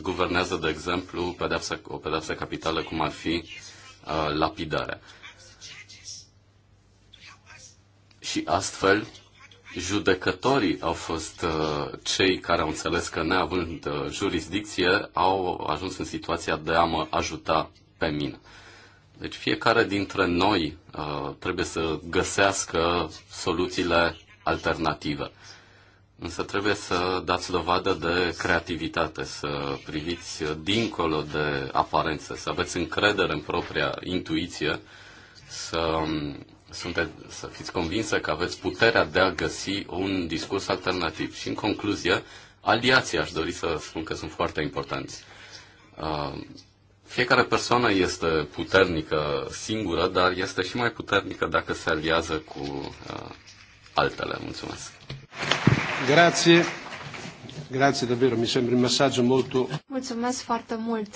guvernează, de exemplu, pedepsa, o pedepsă capitală cum ar fi uh, lapidarea. Și astfel, judecătorii au fost uh, cei care au înțeles că neavând uh, jurisdicție, au ajuns în situația de a mă ajuta pe mine. Deci fiecare dintre noi uh, trebuie să găsească soluțiile alternative. Însă trebuie să dați dovadă de creativitate, să priviți dincolo de aparențe, să aveți încredere în propria intuiție, să, um, sunte, să fiți convinsă că aveți puterea de a găsi un discurs alternativ. Și în concluzie, aliații aș dori să spun că sunt foarte importanți. Uh, fiecare persoană este puternică singură, dar este și mai puternică dacă se aliază cu uh, altele. Mulțumesc! Grazie. Grazie davvero, mi sembra un messaggio molto... Mulțumesc foarte mult.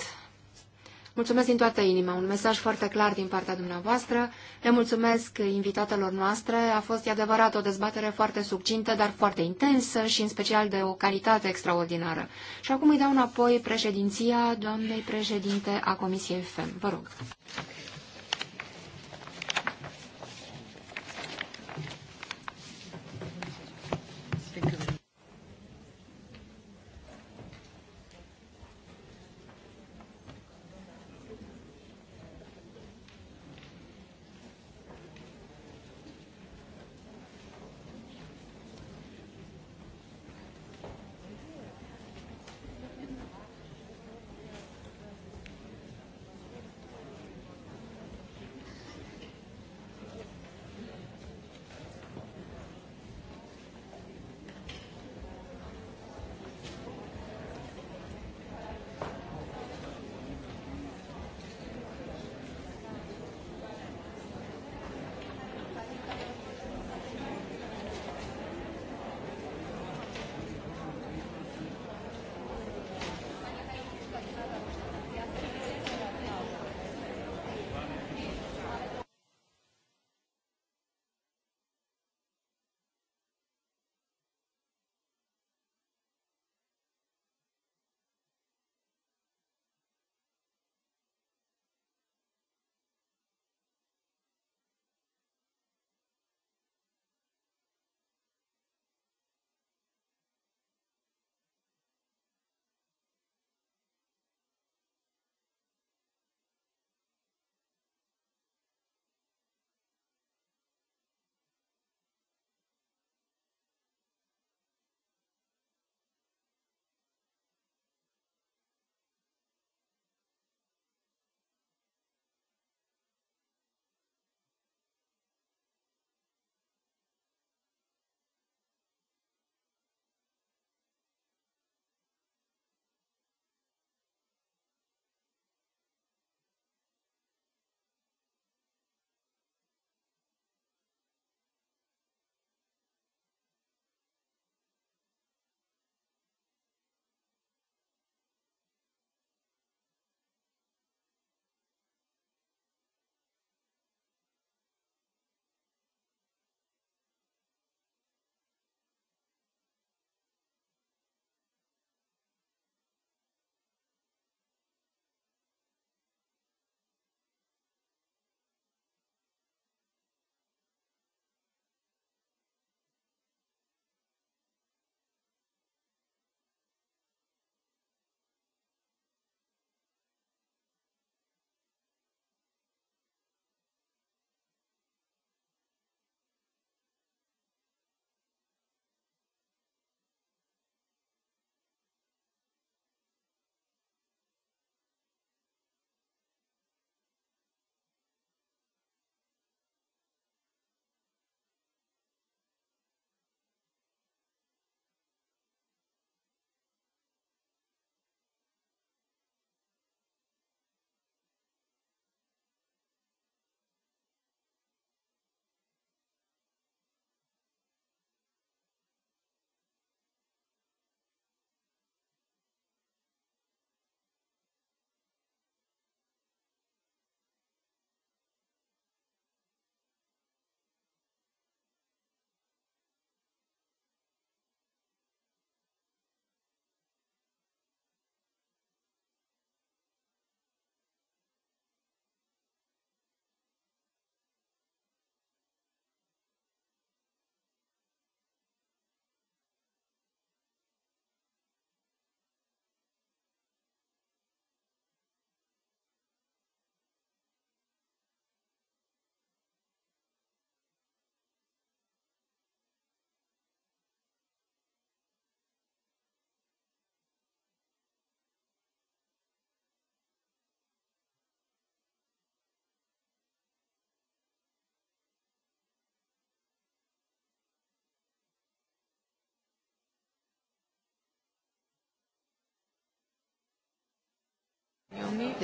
Mulțumesc din toată inima, un mesaj foarte clar din partea dumneavoastră. Le mulțumesc invitatelor noastre. A fost, e adevărat, o dezbatere foarte succintă, dar foarte intensă și în special de o calitate extraordinară. Și acum îi dau înapoi președinția doamnei președinte a Comisiei FM. Vă rog.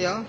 Ja.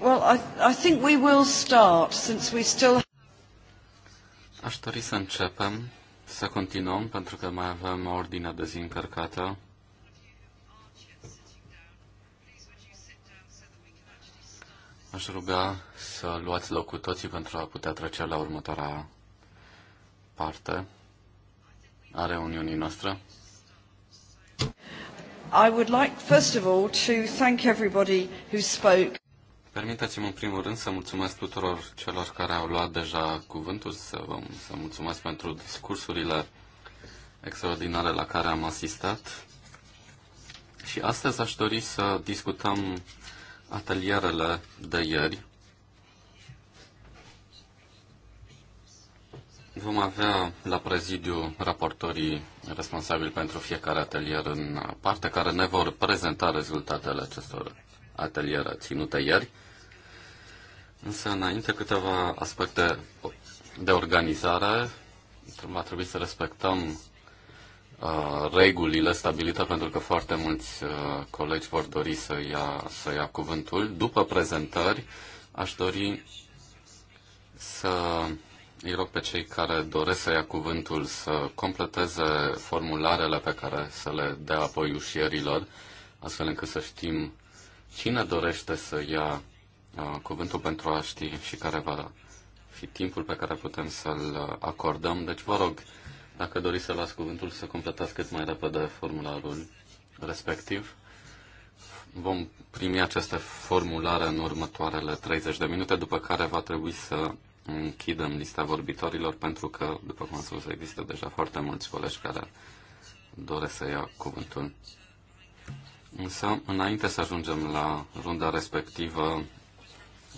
Well, I, I think we will start since we still Aș dori să începem, să continuăm, pentru că mai avem ordinea de zi încărcată. Aș ruga să luați loc cu toții pentru a putea trece la următoarea parte a reuniunii noastre. I would like, first of all, to thank everybody who spoke Permiteți-mi în primul rând să mulțumesc tuturor celor care au luat deja cuvântul, să vă să mulțumesc pentru discursurile extraordinare la care am asistat. Și astăzi aș dori să discutăm atelierele de ieri. Vom avea la prezidiu raportorii responsabili pentru fiecare atelier în parte, care ne vor prezenta rezultatele acestor atelieră ținută ieri. Însă, înainte, câteva aspecte de organizare. Va trebui să respectăm uh, regulile stabilite, pentru că foarte mulți uh, colegi vor dori să ia, să ia cuvântul. După prezentări, aș dori să îi rog pe cei care doresc să ia cuvântul să completeze formularele pe care să le dea apoi ușierilor, astfel încât să știm Cine dorește să ia uh, cuvântul pentru a ști și care va fi timpul pe care putem să-l acordăm? Deci vă rog, dacă doriți să las cuvântul, să completați cât mai repede formularul respectiv. Vom primi aceste formulare în următoarele 30 de minute, după care va trebui să închidem lista vorbitorilor, pentru că, după cum am spus, există deja foarte mulți colegi care doresc să ia cuvântul. Însă, înainte să ajungem la runda respectivă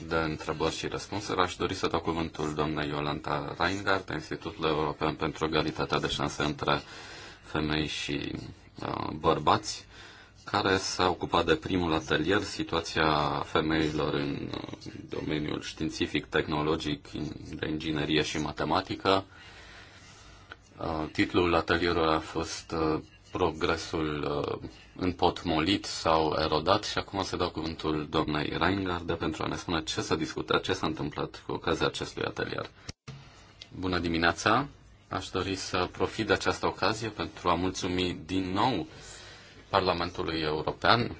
de întrebări și răspunsuri, aș dori să dau cuvântul doamnei Iolanta Reingart, de Institutul European pentru Egalitatea de Șanse între Femei și uh, Bărbați, care s-a ocupat de primul atelier, situația femeilor în uh, domeniul științific, tehnologic, de inginerie și matematică. Uh, titlul atelierului a fost uh, Progresul împotmolit sau erodat și acum se dau cuvântul doamnei Reingarde pentru a ne spune ce s-a discutat, ce s-a întâmplat cu ocazia acestui atelier. Bună dimineața! Aș dori să profit de această ocazie pentru a mulțumi din nou Parlamentului European,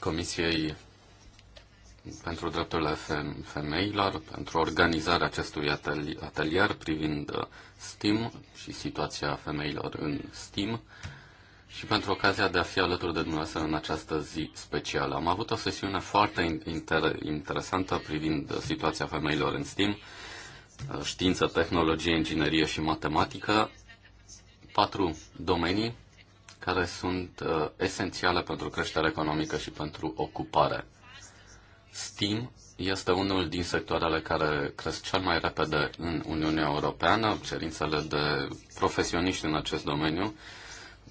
Comisiei pentru drepturile femeilor, pentru organizarea acestui atelier privind STEAM și situația femeilor în STEAM și pentru ocazia de a fi alături de dumneavoastră în această zi specială. Am avut o sesiune foarte inter- interesantă privind situația femeilor în STEAM, uh, știință, tehnologie, inginerie și matematică, patru domenii care sunt uh, esențiale pentru creșterea economică și pentru ocupare. STEAM este unul din sectoarele care cresc cel mai repede în Uniunea Europeană, cerințele de profesioniști în acest domeniu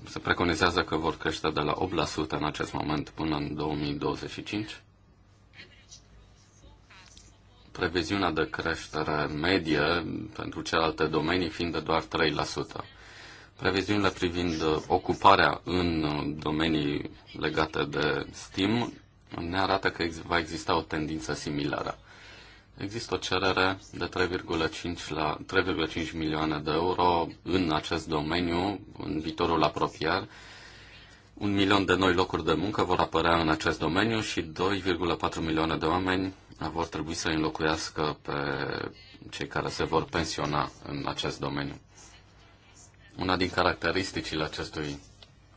se preconizează că vor crește de la 8% în acest moment până în 2025. Previziunea de creștere medie pentru celelalte domenii fiind de doar 3%. Previziunile privind ocuparea în domenii legate de STEAM ne arată că va exista o tendință similară. Există o cerere de 3,5, la, 3,5 milioane de euro în acest domeniu, în viitorul apropiat. Un milion de noi locuri de muncă vor apărea în acest domeniu și 2,4 milioane de oameni vor trebui să înlocuiască pe cei care se vor pensiona în acest domeniu. Una din caracteristicile acestui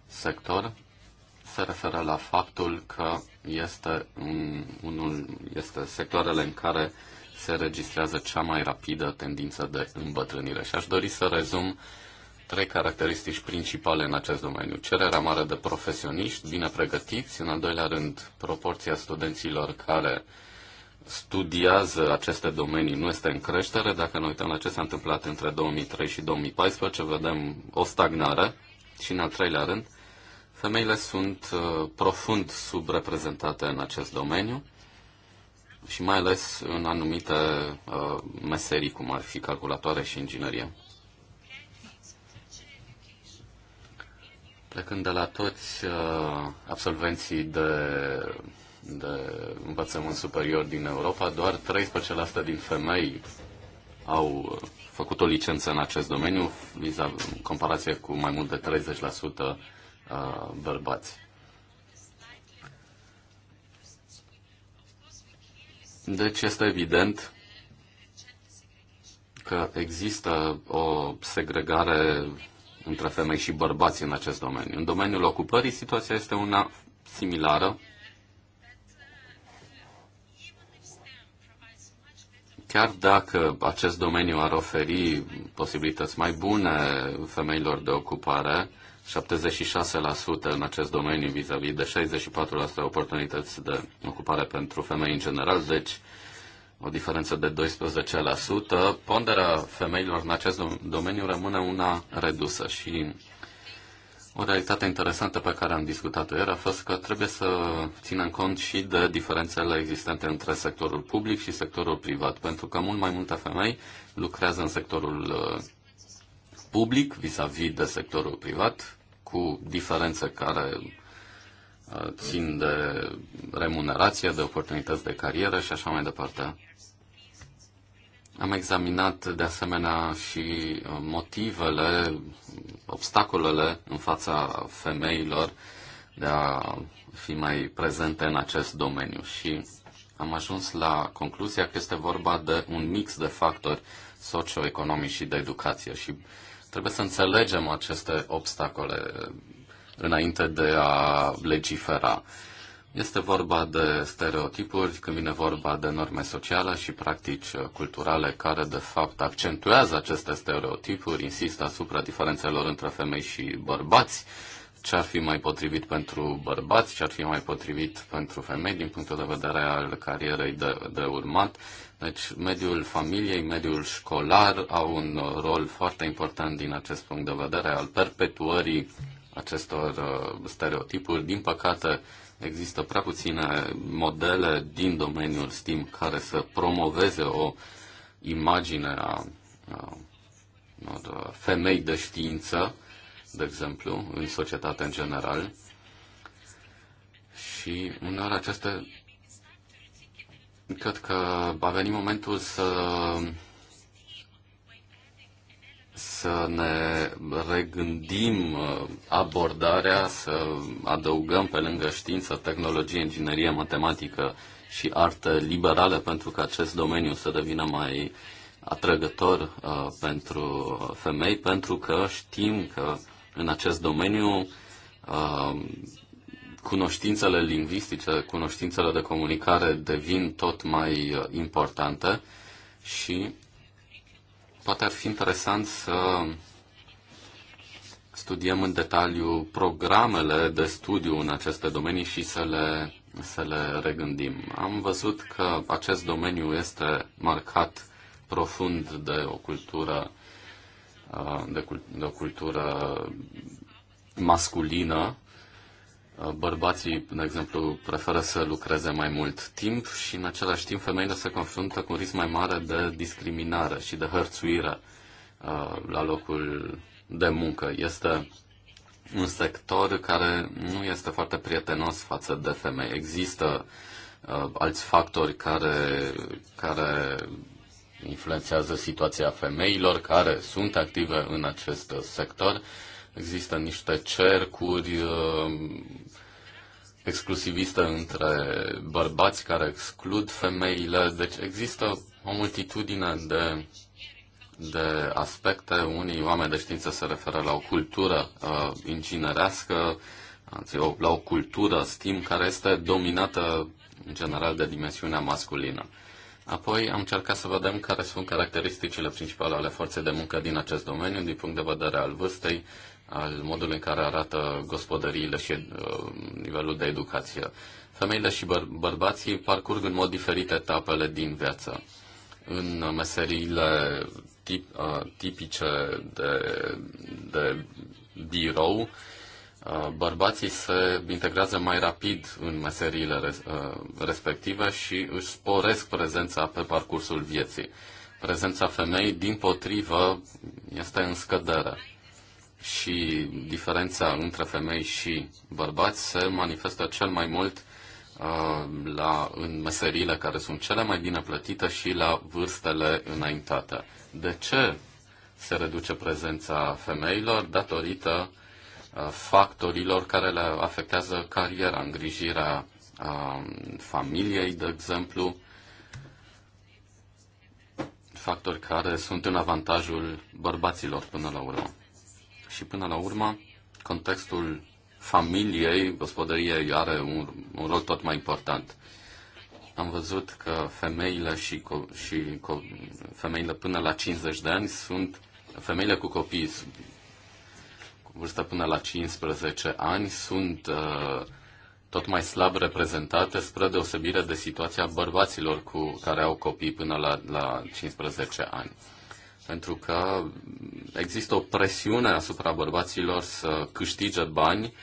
sector se referă la faptul că este un, unul este sectoarele în care se registrează cea mai rapidă tendință de îmbătrânire. Și aș dori să rezum trei caracteristici principale în acest domeniu. Cererea mare de profesioniști bine pregătiți, în al doilea rând proporția studenților care studiază aceste domenii nu este în creștere. Dacă ne uităm la ce s-a întâmplat între 2003 și 2014, vedem o stagnare și, în al treilea rând, femeile sunt uh, profund subreprezentate în acest domeniu și mai ales în anumite uh, meserii, cum ar fi calculatoare și inginerie. Plecând de la toți uh, absolvenții de, de învățământ superior din Europa, doar 13% din femei au făcut o licență în acest domeniu, în comparație cu mai mult de 30% uh, bărbați. Deci este evident că există o segregare între femei și bărbați în acest domeniu. În domeniul ocupării situația este una similară. Chiar dacă acest domeniu ar oferi posibilități mai bune femeilor de ocupare, 76% în acest domeniu vis-a-vis de 64% oportunități de ocupare pentru femei în general, deci o diferență de 12%. Ponderea femeilor în acest domeniu rămâne una redusă și o realitate interesantă pe care am discutat-o ieri a fost că trebuie să ținem cont și de diferențele existente între sectorul public și sectorul privat, pentru că mult mai multe femei lucrează în sectorul uh, public vis-a-vis de sectorul privat, cu diferențe care uh, țin de remunerație, de oportunități de carieră și așa mai departe. Am examinat de asemenea și uh, motivele, obstacolele în fața femeilor de a fi mai prezente în acest domeniu și am ajuns la concluzia că este vorba de un mix de factori socioeconomici și de educație și Trebuie să înțelegem aceste obstacole înainte de a legifera. Este vorba de stereotipuri, când vine vorba de norme sociale și practici culturale care, de fapt, accentuează aceste stereotipuri, insistă asupra diferențelor între femei și bărbați, ce ar fi mai potrivit pentru bărbați, ce ar fi mai potrivit pentru femei din punctul de vedere al carierei de, de urmat, deci mediul familiei, mediul școlar au un rol foarte important din acest punct de vedere al perpetuării acestor uh, stereotipuri. Din păcate, există prea puține modele din domeniul STEAM care să promoveze o imagine a, a unor uh, femei de știință, de exemplu, în societate în general. Și uneori aceste Cred că a venit momentul să să ne regândim uh, abordarea, să adăugăm pe lângă știință, tehnologie, inginerie, matematică și artă liberală pentru că acest domeniu să devină mai atrăgător uh, pentru femei, pentru că știm că în acest domeniu uh, cunoștințele lingvistice, cunoștințele de comunicare devin tot mai uh, importante și poate ar fi interesant să studiem în detaliu programele de studiu în aceste domenii și să le, să le regândim. Am văzut că acest domeniu este marcat profund de o cultură uh, de, de o cultură masculină Uh, bărbații, de exemplu, preferă să lucreze mai mult timp și în același timp femeile se confruntă cu un risc mai mare de discriminare și de hărțuire uh, la locul de muncă. Este un sector care nu este foarte prietenos față de femei. Există uh, alți factori care, care influențează situația femeilor care sunt active în acest sector. Există niște cercuri uh, exclusivistă între bărbați care exclud femeile, deci există o multitudine de, de aspecte. Unii oameni de știință se referă la o cultură uh, inginerească, la o cultură STEAM care este dominată în general de dimensiunea masculină. Apoi am încercat să vedem care sunt caracteristicile principale ale forței de muncă din acest domeniu, din punct de vedere al vârstei, al modului în care arată gospodăriile și uh, nivelul de educație. Femeile și băr- bărbații parcurg în mod diferit etapele din viață. În meseriile tip, uh, tipice de, de birou, uh, bărbații se integrează mai rapid în meseriile res, uh, respective și își sporesc prezența pe parcursul vieții. Prezența femei, din potrivă, este în scădere și diferența între femei și bărbați se manifestă cel mai mult uh, la, în meserile care sunt cele mai bine plătite și la vârstele înaintate. De ce se reduce prezența femeilor? Datorită uh, factorilor care le afectează cariera, îngrijirea uh, familiei, de exemplu, factori care sunt în avantajul bărbaților până la urmă și până la urmă contextul familiei, gospodăriei are un, un rol tot mai important. Am văzut că femeile și, co- și co- femeile până la 50 de ani sunt femeile cu copii cu vârstă până la 15 ani sunt uh, tot mai slab reprezentate spre deosebire de situația bărbaților cu care au copii până la, la 15 ani pentru că există o presiune asupra bărbaților să câștige bani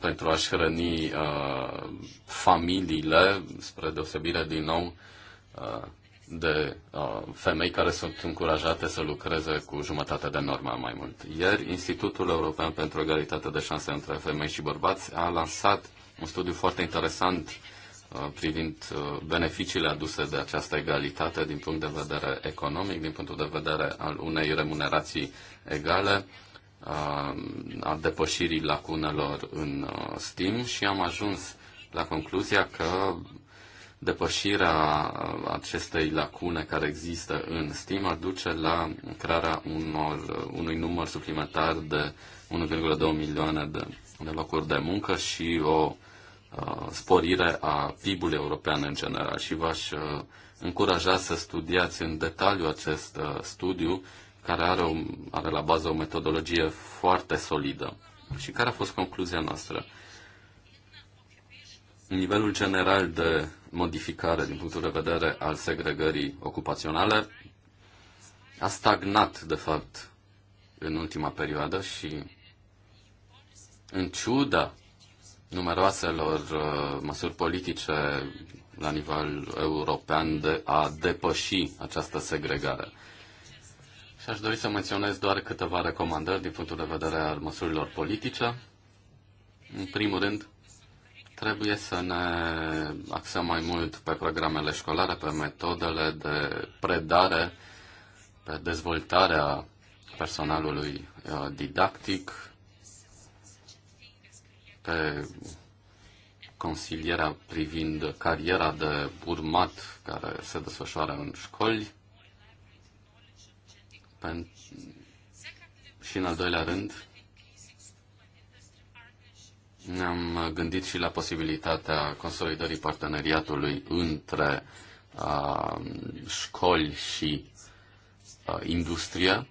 pentru a-și hrăni uh, familiile, spre deosebire din nou uh, de uh, femei care sunt încurajate să lucreze cu jumătate de normă mai mult. Ieri, Institutul European pentru Egalitate de Șanse între Femei și Bărbați a lansat un studiu foarte interesant Uh, privind uh, beneficiile aduse de această egalitate din punct de vedere economic, din punctul de vedere al unei remunerații egale, uh, a depășirii lacunelor în STEAM și am ajuns la concluzia că depășirea acestei lacune care există în STEAM ar duce la crearea unor, unui număr suplimentar de 1,2 milioane de, de locuri de muncă și o sporire a PIB-ului european în general și v-aș încuraja să studiați în detaliu acest studiu care are, o, are la bază o metodologie foarte solidă. Și care a fost concluzia noastră? Nivelul general de modificare din punctul de vedere al segregării ocupaționale a stagnat, de fapt, în ultima perioadă și în ciuda numeroaselor uh, măsuri politice la nivel european de a depăși această segregare. Și aș dori să menționez doar câteva recomandări din punctul de vedere al măsurilor politice. În primul rând, trebuie să ne axăm mai mult pe programele școlare, pe metodele de predare, pe dezvoltarea personalului uh, didactic, pe consilierea privind cariera de urmat care se desfășoară în școli. Pen... Și în al doilea rând, ne-am gândit și la posibilitatea consolidării parteneriatului între uh, școli și uh, industrie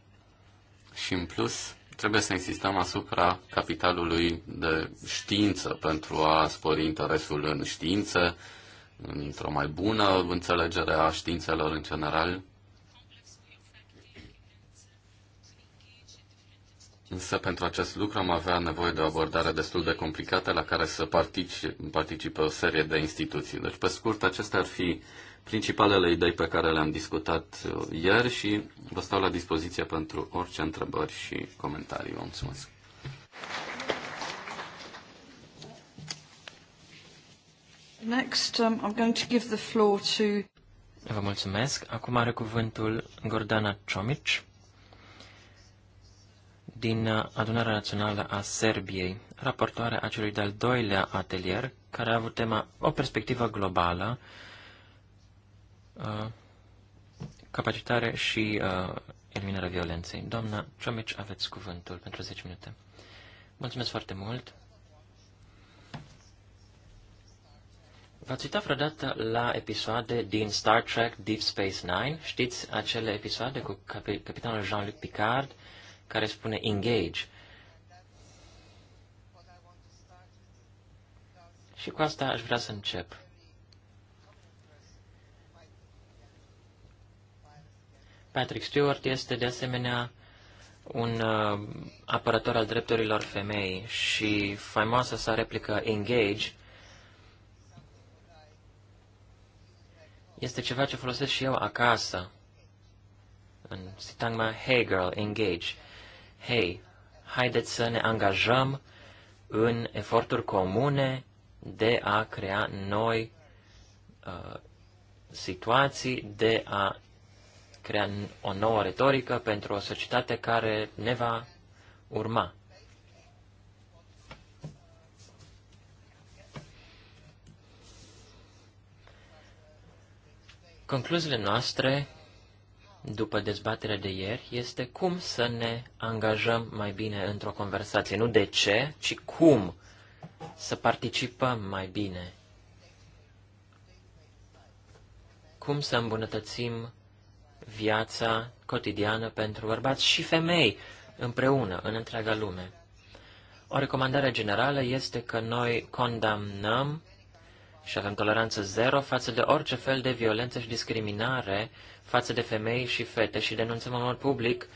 și în plus Trebuie să insistăm asupra capitalului de știință pentru a spori interesul în știință, într-o mai bună înțelegere a științelor în general. Însă pentru acest lucru am avea nevoie de o abordare destul de complicată la care să participe, participe o serie de instituții. Deci, pe scurt, acestea ar fi uh, principalele idei pe care le-am discutat uh, ieri și vă stau la dispoziție pentru orice întrebări și comentarii. Vă mulțumesc! Next, um, I'm going to give the floor to... Vă mulțumesc. Acum are cuvântul Gordana Ciomic din uh, Adunarea Națională a Serbiei, raportoarea acelui de-al doilea atelier, care a avut tema O perspectivă globală Uh, capacitare și uh, eliminarea violenței. Doamna Ciomici, aveți cuvântul pentru 10 minute. Mulțumesc foarte mult. V-ați uitat vreodată la episoade din Star Trek Deep Space Nine? Știți acele episoade cu cap- capitanul Jean-Luc Picard care spune engage? Și cu asta aș vrea să încep. Patrick Stewart este de asemenea un uh, apărător al drepturilor femei și faimoasa sa replică Engage este ceva ce folosesc și eu acasă. În sitangma Hey girl, engage. Hey, haideți să ne angajăm în eforturi comune de a crea noi uh, situații, de a crea o nouă retorică pentru o societate care ne va urma. Concluziile noastre după dezbaterea de ieri este cum să ne angajăm mai bine într-o conversație. Nu de ce, ci cum să participăm mai bine. Cum să îmbunătățim viața cotidiană pentru bărbați și femei împreună în întreaga lume. O recomandare generală este că noi condamnăm și avem toleranță zero față de orice fel de violență și discriminare față de femei și fete și denunțăm în mod public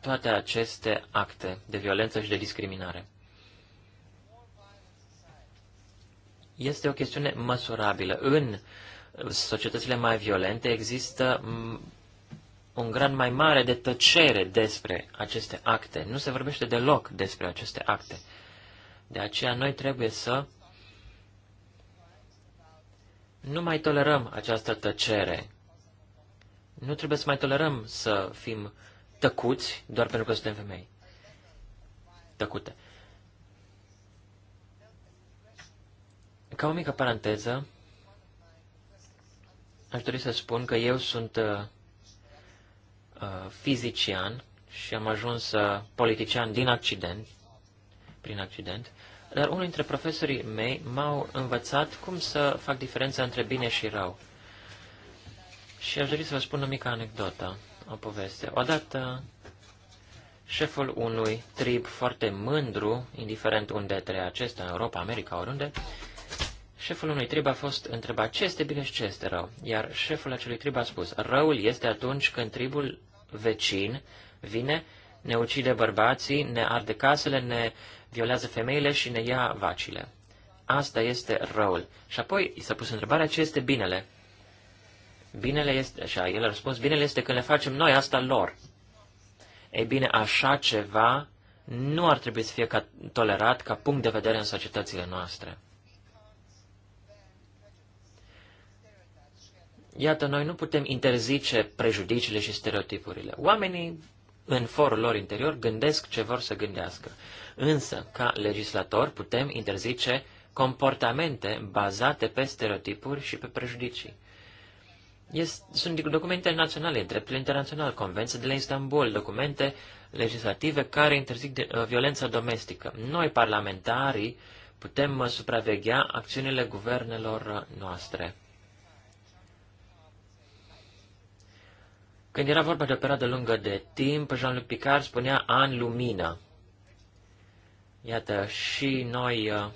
toate aceste acte de violență și de discriminare. Este o chestiune măsurabilă. În societățile mai violente există un grad mai mare de tăcere despre aceste acte. Nu se vorbește deloc despre aceste acte. De aceea noi trebuie să nu mai tolerăm această tăcere. Nu trebuie să mai tolerăm să fim tăcuți doar pentru că suntem femei. Tăcute. Ca o mică paranteză, aș dori să spun că eu sunt uh, Uh, fizician și am ajuns uh, politician din accident, prin accident, dar unul dintre profesorii mei m-au învățat cum să fac diferența între bine și rău. Și aș dori să vă spun o mică anecdotă, o poveste. Odată, șeful unui trib foarte mândru, indiferent unde trăia acesta, în Europa, America, oriunde, șeful unui trib a fost întrebat ce este bine și ce este rău, iar șeful acelui trib a spus, răul este atunci când tribul vecin vine, ne ucide bărbații, ne arde casele, ne violează femeile și ne ia vacile. Asta este răul. Și apoi i s-a pus întrebarea ce este binele. Binele este, așa, el a răspuns, binele este când le facem noi asta lor. Ei bine, așa ceva nu ar trebui să fie ca, tolerat ca punct de vedere în societățile noastre. Iată, noi nu putem interzice prejudiciile și stereotipurile. Oamenii, în forul lor interior, gândesc ce vor să gândească. Însă, ca legislator, putem interzice comportamente bazate pe stereotipuri și pe prejudicii. Este, sunt documente naționale, dreptul internațional, convenția de la Istanbul, documente legislative care interzic de, uh, violența domestică. Noi, parlamentarii, putem supraveghea acțiunile guvernelor noastre. Când era vorba de o perioadă lungă de timp, Jean-Luc Picard spunea an lumină. Iată, și noi uh,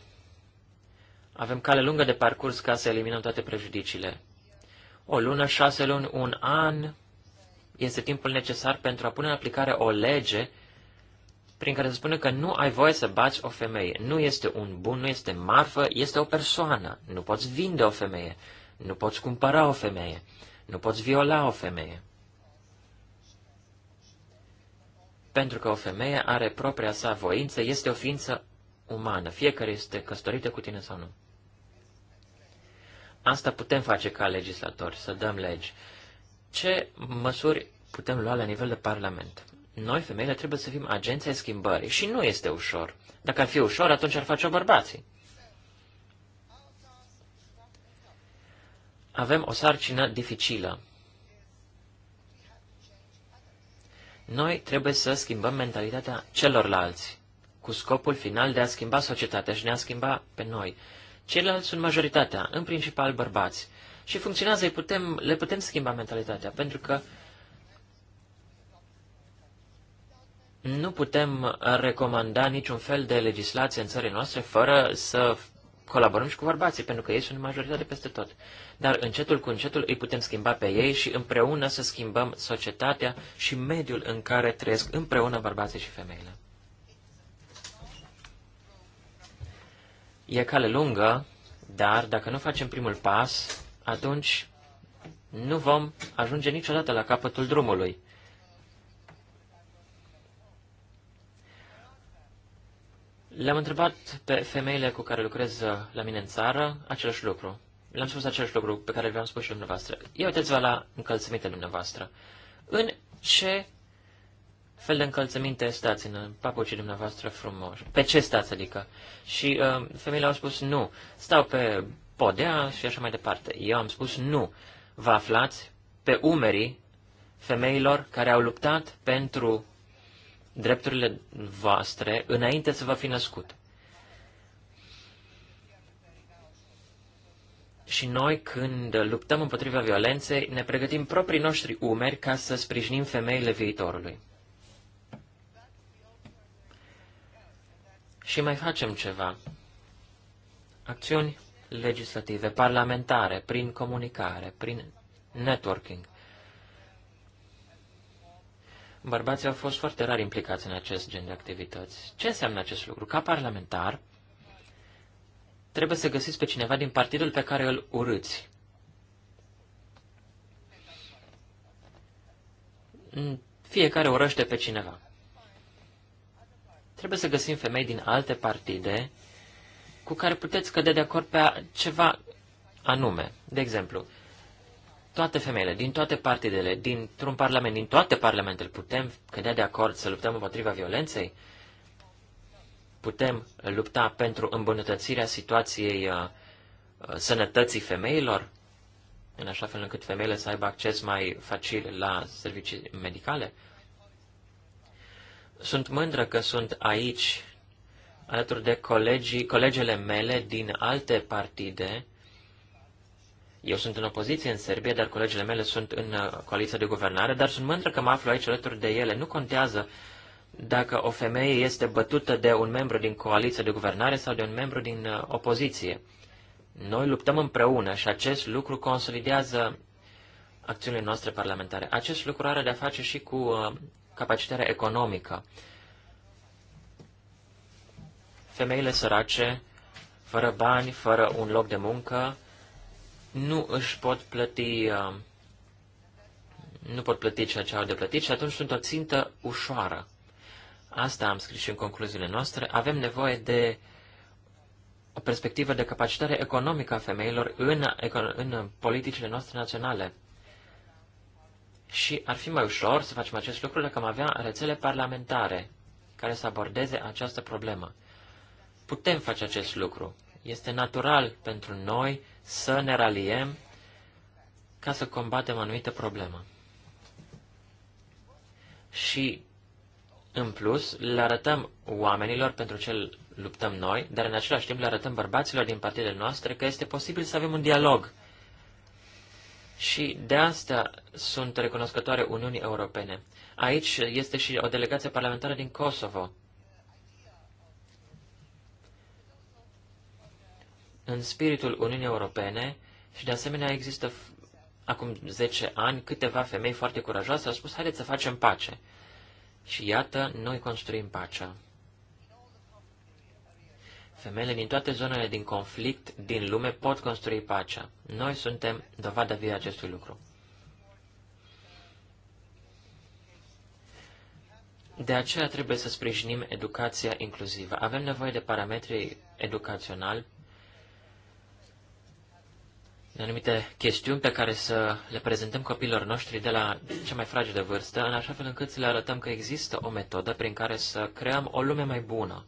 avem cale lungă de parcurs ca să eliminăm toate prejudiciile. O lună, șase luni, un an este timpul necesar pentru a pune în aplicare o lege prin care se spune că nu ai voie să bați o femeie. Nu este un bun, nu este marfă, este o persoană. Nu poți vinde o femeie, nu poți cumpăra o femeie, nu poți viola o femeie. Pentru că o femeie are propria sa voință, este o ființă umană, fiecare este căsătorită cu tine sau nu. Asta putem face ca legislatori, să dăm legi. Ce măsuri putem lua la nivel de parlament? Noi, femeile, trebuie să fim agenții ai schimbării și nu este ușor. Dacă ar fi ușor, atunci ar face-o bărbații. Avem o sarcină dificilă. Noi trebuie să schimbăm mentalitatea celorlalți, cu scopul final de a schimba societatea și de a schimba pe noi. Ceilalți sunt majoritatea, în principal bărbați. Și funcționează, putem, le putem schimba mentalitatea, pentru că nu putem recomanda niciun fel de legislație în țările noastre fără să colaborăm și cu bărbații, pentru că ei sunt majoritate peste tot. Dar încetul cu încetul îi putem schimba pe ei și împreună să schimbăm societatea și mediul în care trăiesc împreună bărbații și femeile. E cale lungă, dar dacă nu facem primul pas, atunci nu vom ajunge niciodată la capătul drumului. Le-am întrebat pe femeile cu care lucrez uh, la mine în țară același lucru. Le-am spus același lucru pe care vi-am spus și dumneavoastră. Ia uitați-vă la încălțămintele dumneavoastră. În ce fel de încălțăminte stați în papucii dumneavoastră frumoși? Pe ce stați, adică? Și uh, femeile au spus nu. Stau pe podea și așa mai departe. Eu am spus nu. Vă aflați pe umerii femeilor care au luptat pentru drepturile voastre înainte să vă fi născut. Și noi, când luptăm împotriva violenței, ne pregătim proprii noștri umeri ca să sprijinim femeile viitorului. Și mai facem ceva. Acțiuni legislative, parlamentare, prin comunicare, prin networking bărbații au fost foarte rar implicați în acest gen de activități. Ce înseamnă acest lucru? Ca parlamentar, trebuie să găsiți pe cineva din partidul pe care îl urâți. Fiecare urăște pe cineva. Trebuie să găsim femei din alte partide cu care puteți cădea de acord pe ceva anume. De exemplu, toate femeile, din toate partidele, dintr-un parlament, din toate parlamentele, putem cădea de acord să luptăm împotriva violenței? Putem lupta pentru îmbunătățirea situației uh, uh, sănătății femeilor, în așa fel încât femeile să aibă acces mai facil la servicii medicale? Sunt mândră că sunt aici, alături de colegii, colegele mele din alte partide, eu sunt în opoziție în Serbia, dar colegele mele sunt în uh, coaliția de guvernare, dar sunt mândră că mă aflu aici alături de ele. Nu contează dacă o femeie este bătută de un membru din coaliția de guvernare sau de un membru din uh, opoziție. Noi luptăm împreună și acest lucru consolidează acțiunile noastre parlamentare. Acest lucru are de-a face și cu uh, capacitatea economică. Femeile sărace, fără bani, fără un loc de muncă, nu își pot plăti, uh, nu pot plăti ceea ce au de plătit și atunci sunt o țintă ușoară. Asta am scris și în concluziile noastre. Avem nevoie de o perspectivă de capacitare economică a femeilor în, în politicile noastre naționale. Și ar fi mai ușor să facem acest lucru dacă am avea rețele parlamentare care să abordeze această problemă. Putem face acest lucru. Este natural pentru noi să ne raliem ca să combatem anumită problemă. Și, în plus, le arătăm oamenilor pentru ce luptăm noi, dar în același timp le arătăm bărbaților din partidele noastre că este posibil să avem un dialog. Și de asta sunt recunoscătoare Uniunii Europene. Aici este și o delegație parlamentară din Kosovo, în spiritul Uniunii Europene și de asemenea există acum 10 ani câteva femei foarte curajoase au spus, haideți să facem pace. Și iată, noi construim pacea. Femeile din toate zonele din conflict din lume pot construi pacea. Noi suntem dovada vie acestui lucru. De aceea trebuie să sprijinim educația inclusivă. Avem nevoie de parametri educaționali anumite chestiuni pe care să le prezentăm copiilor noștri de la cea mai fragedă vârstă, în așa fel încât să le arătăm că există o metodă prin care să creăm o lume mai bună,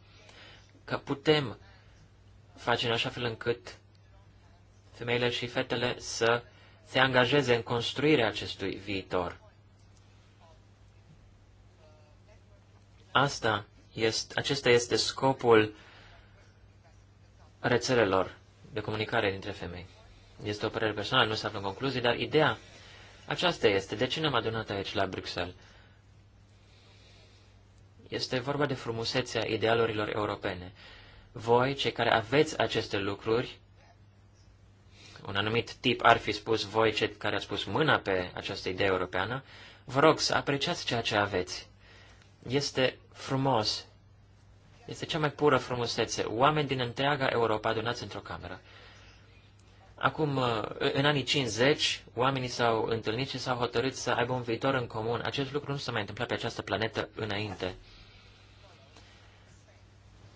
că putem face în așa fel încât femeile și fetele să se angajeze în construirea acestui viitor. Asta este, acesta este scopul rețelelor de comunicare dintre femei. Este o părere personală, nu se află în concluzii, dar ideea aceasta este. De ce ne-am adunat aici, la Bruxelles? Este vorba de frumusețea idealurilor europene. Voi, cei care aveți aceste lucruri, un anumit tip ar fi spus voi, cei care ați pus mâna pe această idee europeană, vă rog să apreciați ceea ce aveți. Este frumos. Este cea mai pură frumusețe. Oameni din întreaga Europa adunați într-o cameră. Acum, uh, în anii 50, oamenii s-au întâlnit și s-au hotărât să aibă un viitor în comun. Acest lucru nu s-a mai întâmplat pe această planetă înainte.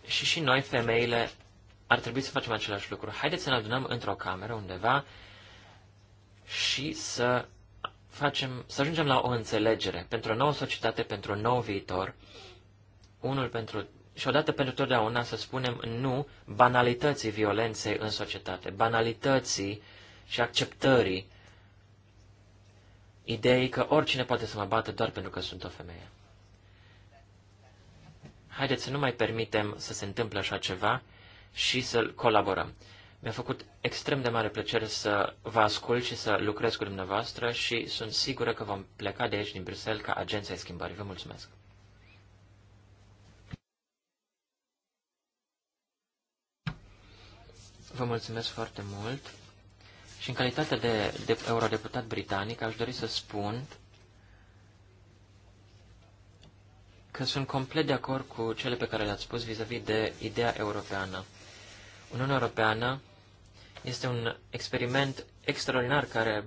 Și și noi, femeile, ar trebui să facem același lucru. Haideți să ne adunăm într-o cameră undeva și să facem, să ajungem la o înțelegere pentru o nouă societate, pentru un nou viitor, unul pentru și odată pentru totdeauna să spunem nu banalității violenței în societate, banalității și acceptării ideii că oricine poate să mă bată doar pentru că sunt o femeie. Haideți să nu mai permitem să se întâmple așa ceva și să colaborăm. Mi-a făcut extrem de mare plăcere să vă ascult și să lucrez cu dumneavoastră și sunt sigură că vom pleca de aici din Bruxelles ca agenția schimbării. Vă mulțumesc! Vă mulțumesc foarte mult. Și în calitate de, de eurodeputat britanic, aș dori să spun că sunt complet de acord cu cele pe care le-ați spus vis-a-vis -vis de ideea europeană. Uniunea Europeană este un experiment extraordinar care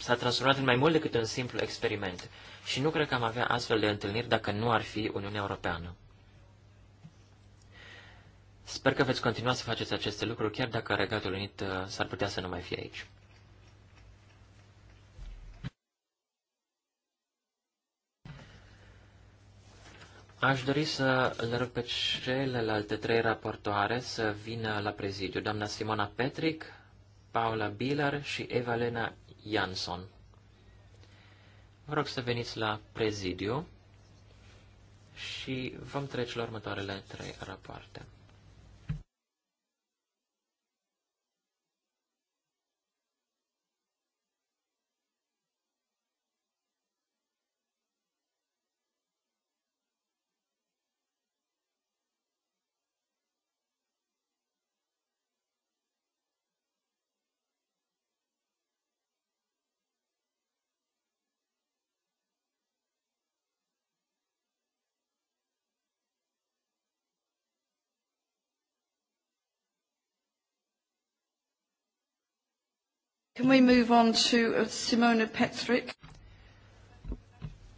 s-a transformat în mai mult decât un simplu experiment. Și nu cred că am avea astfel de întâlniri dacă nu ar fi Uniunea Europeană. Sper că veți continua să faceți aceste lucruri, chiar dacă Regatul Unit uh, s-ar putea să nu mai fie aici. Aș dori să le rog pe celelalte trei raportoare să vină la prezidiu, doamna Simona Petric, Paula Bilar și Evalena Jansson. Vă rog să veniți la prezidiu și vom trece la următoarele trei rapoarte. Can we move on to uh, Simona Petric?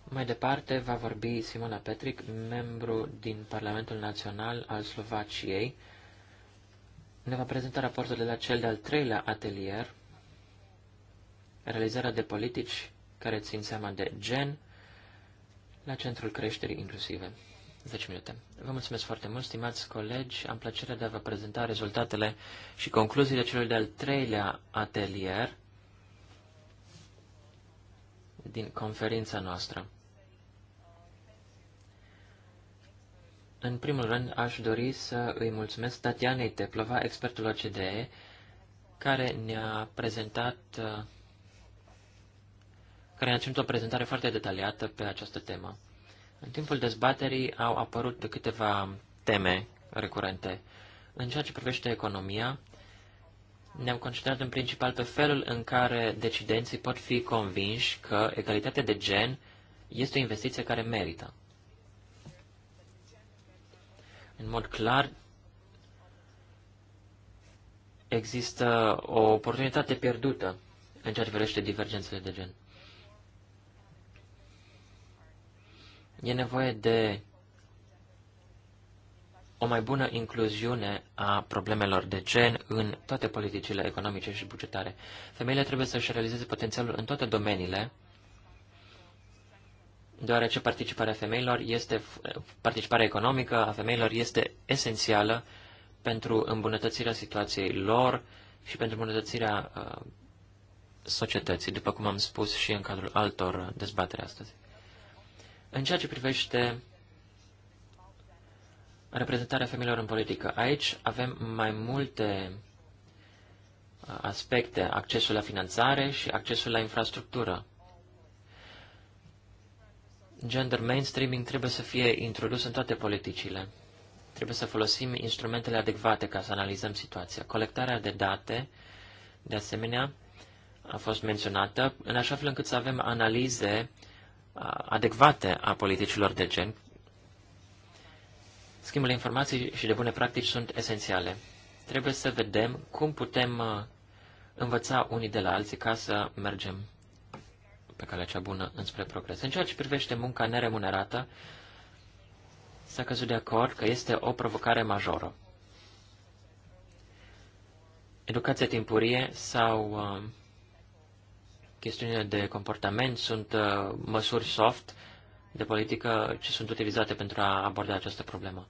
Mai departe va vorbi Simona Petric, membru din Parlamentul Național al Slovaciei. Ne va prezenta raportul de la cel de-al treilea atelier, realizarea de politici care țin seama de gen la Centrul Creșterii Inclusive. 10 minute. Vă mulțumesc foarte mult, stimați colegi. Am plăcerea de a vă prezenta rezultatele și concluziile celor de-al treilea atelier din conferința noastră. În primul rând, aș dori să îi mulțumesc Tatianei Teplova, expertul OCDE, care ne-a prezentat, uh, care ne-a ținut o prezentare foarte detaliată pe această temă. În timpul dezbaterii au apărut câteva teme recurente. În ceea ce privește economia, ne-am concentrat în principal pe felul în care decidenții pot fi convinși că egalitatea de gen este o investiție care merită. În mod clar, există o oportunitate pierdută în ceea ce privește divergențele de gen. E nevoie de o mai bună incluziune a problemelor de gen în toate politicile economice și bugetare. Femeile trebuie să-și realizeze potențialul în toate domeniile, deoarece participarea femeilor este, participarea economică a femeilor este esențială pentru îmbunătățirea situației lor și pentru îmbunătățirea uh, societății, după cum am spus și în cadrul altor dezbatere astăzi. În ceea ce privește reprezentarea femeilor în politică, aici avem mai multe uh, aspecte, accesul la finanțare și accesul la infrastructură. Gender mainstreaming trebuie să fie introdus în toate politicile. Trebuie să folosim instrumentele adecvate ca să analizăm situația. Colectarea de date, de asemenea, a fost menționată, în așa fel încât să avem analize adecvate a politicilor de gen. Schimbul informației informații și de bune practici sunt esențiale. Trebuie să vedem cum putem învăța unii de la alții ca să mergem pe calea cea bună înspre progres. În ceea ce privește munca neremunerată, s-a căzut de acord că este o provocare majoră. Educația timpurie sau chestiunile de comportament sunt uh, măsuri soft de politică ce sunt utilizate pentru a aborda această problemă.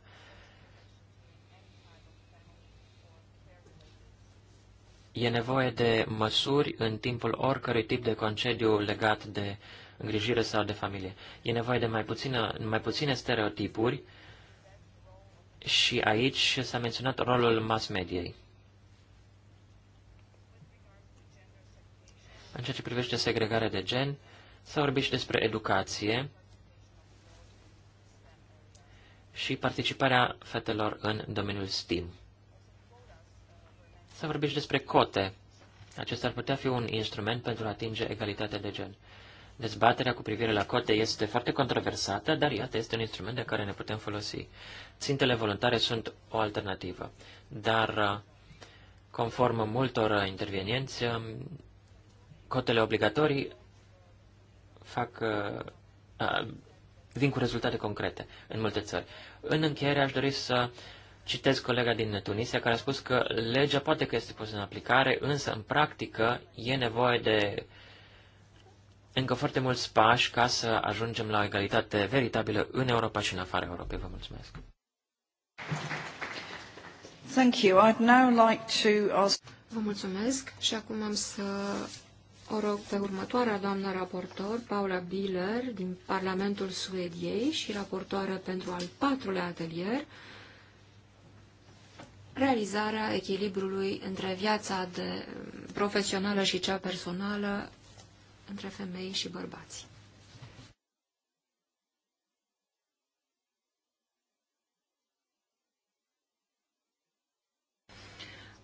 E nevoie de măsuri în timpul oricărui tip de concediu legat de îngrijire sau de familie. E nevoie de mai, puțină, mai puține stereotipuri și aici s-a menționat rolul mass mediei. În ceea ce privește segregarea de gen, s-a vorbit și despre educație și participarea fetelor în domeniul STEAM. S-a vorbit și despre cote. Acesta ar putea fi un instrument pentru a atinge egalitatea de gen. Dezbaterea cu privire la cote este foarte controversată, dar iată, este un instrument de care ne putem folosi. Țintele voluntare sunt o alternativă, dar conform multor intervenienți, cotele obligatorii fac, uh, uh, vin cu rezultate concrete în multe țări. În încheiere aș dori să citez colega din Tunisia care a spus că legea poate că este pusă în aplicare, însă în practică e nevoie de încă foarte mulți pași ca să ajungem la o egalitate veritabilă în Europa și în afara Europei. Vă mulțumesc! Thank you. I'd now like to ask... Vă mulțumesc și acum am să o rog pe următoarea doamnă raportor, Paula Biller, din Parlamentul Suediei și raportoare pentru al patrulea atelier, realizarea echilibrului între viața de profesională și cea personală între femei și bărbați.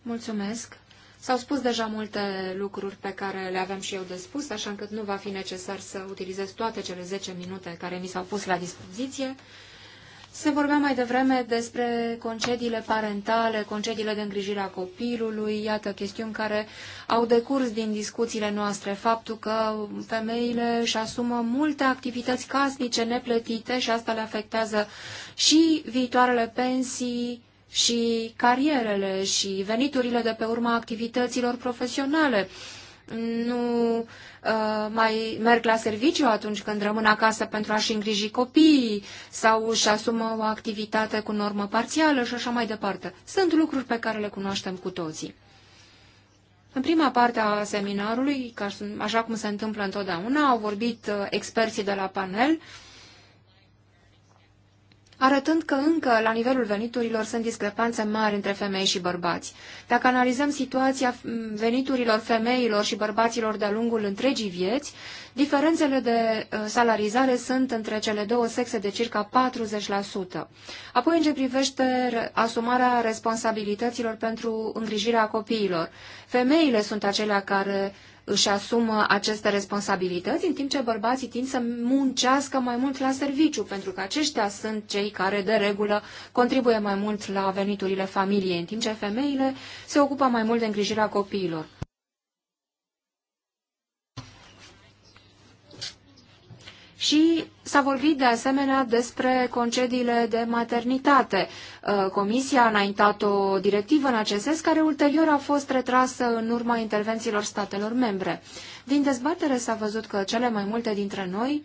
Mulțumesc! S-au spus deja multe lucruri pe care le aveam și eu de spus, așa încât nu va fi necesar să utilizez toate cele 10 minute care mi s-au pus la dispoziție. Se vorbea mai devreme despre concediile parentale, concediile de îngrijire a copilului, iată chestiuni care au decurs din discuțiile noastre. Faptul că femeile își asumă multe activități casnice neplătite și asta le afectează și viitoarele pensii, și carierele și veniturile de pe urma activităților profesionale. Nu uh, mai merg la serviciu atunci când rămân acasă pentru a-și îngriji copiii sau își asumă o activitate cu normă parțială și așa mai departe. Sunt lucruri pe care le cunoaștem cu toții. În prima parte a seminarului, ca, așa cum se întâmplă întotdeauna, au vorbit uh, experții de la panel uh, arătând că încă la nivelul veniturilor sunt discrepanțe mari între femei și bărbați. Dacă analizăm situația mm, veniturilor femeilor și bărbaților de-a lungul întregii vieți, diferențele de uh, salarizare sunt între cele două sexe de circa 40%. Apoi, în ce privește asumarea responsabilităților pentru îngrijirea copiilor, femeile sunt acelea care își asumă aceste responsabilități, în timp ce bărbații tind să muncească mai mult la serviciu, pentru că aceștia sunt cei care, de regulă, contribuie mai mult la veniturile familiei, în timp ce femeile se ocupă mai mult de îngrijirea copiilor. Și s-a vorbit de asemenea despre concediile de maternitate. Uh, Comisia a înaintat o directivă în acest sens, care ulterior a fost retrasă în urma intervențiilor statelor membre. Din dezbatere s-a văzut că cele mai multe dintre noi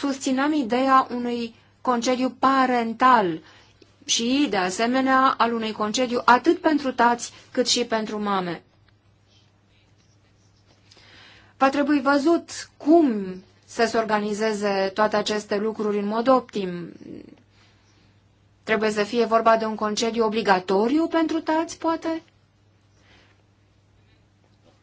susțineam ideea unui concediu parental și, de asemenea, al unui concediu atât pentru tați cât și pentru mame. Va trebui văzut cum să se organizeze toate aceste lucruri în mod optim. Trebuie să fie vorba de un concediu obligatoriu pentru tați, poate?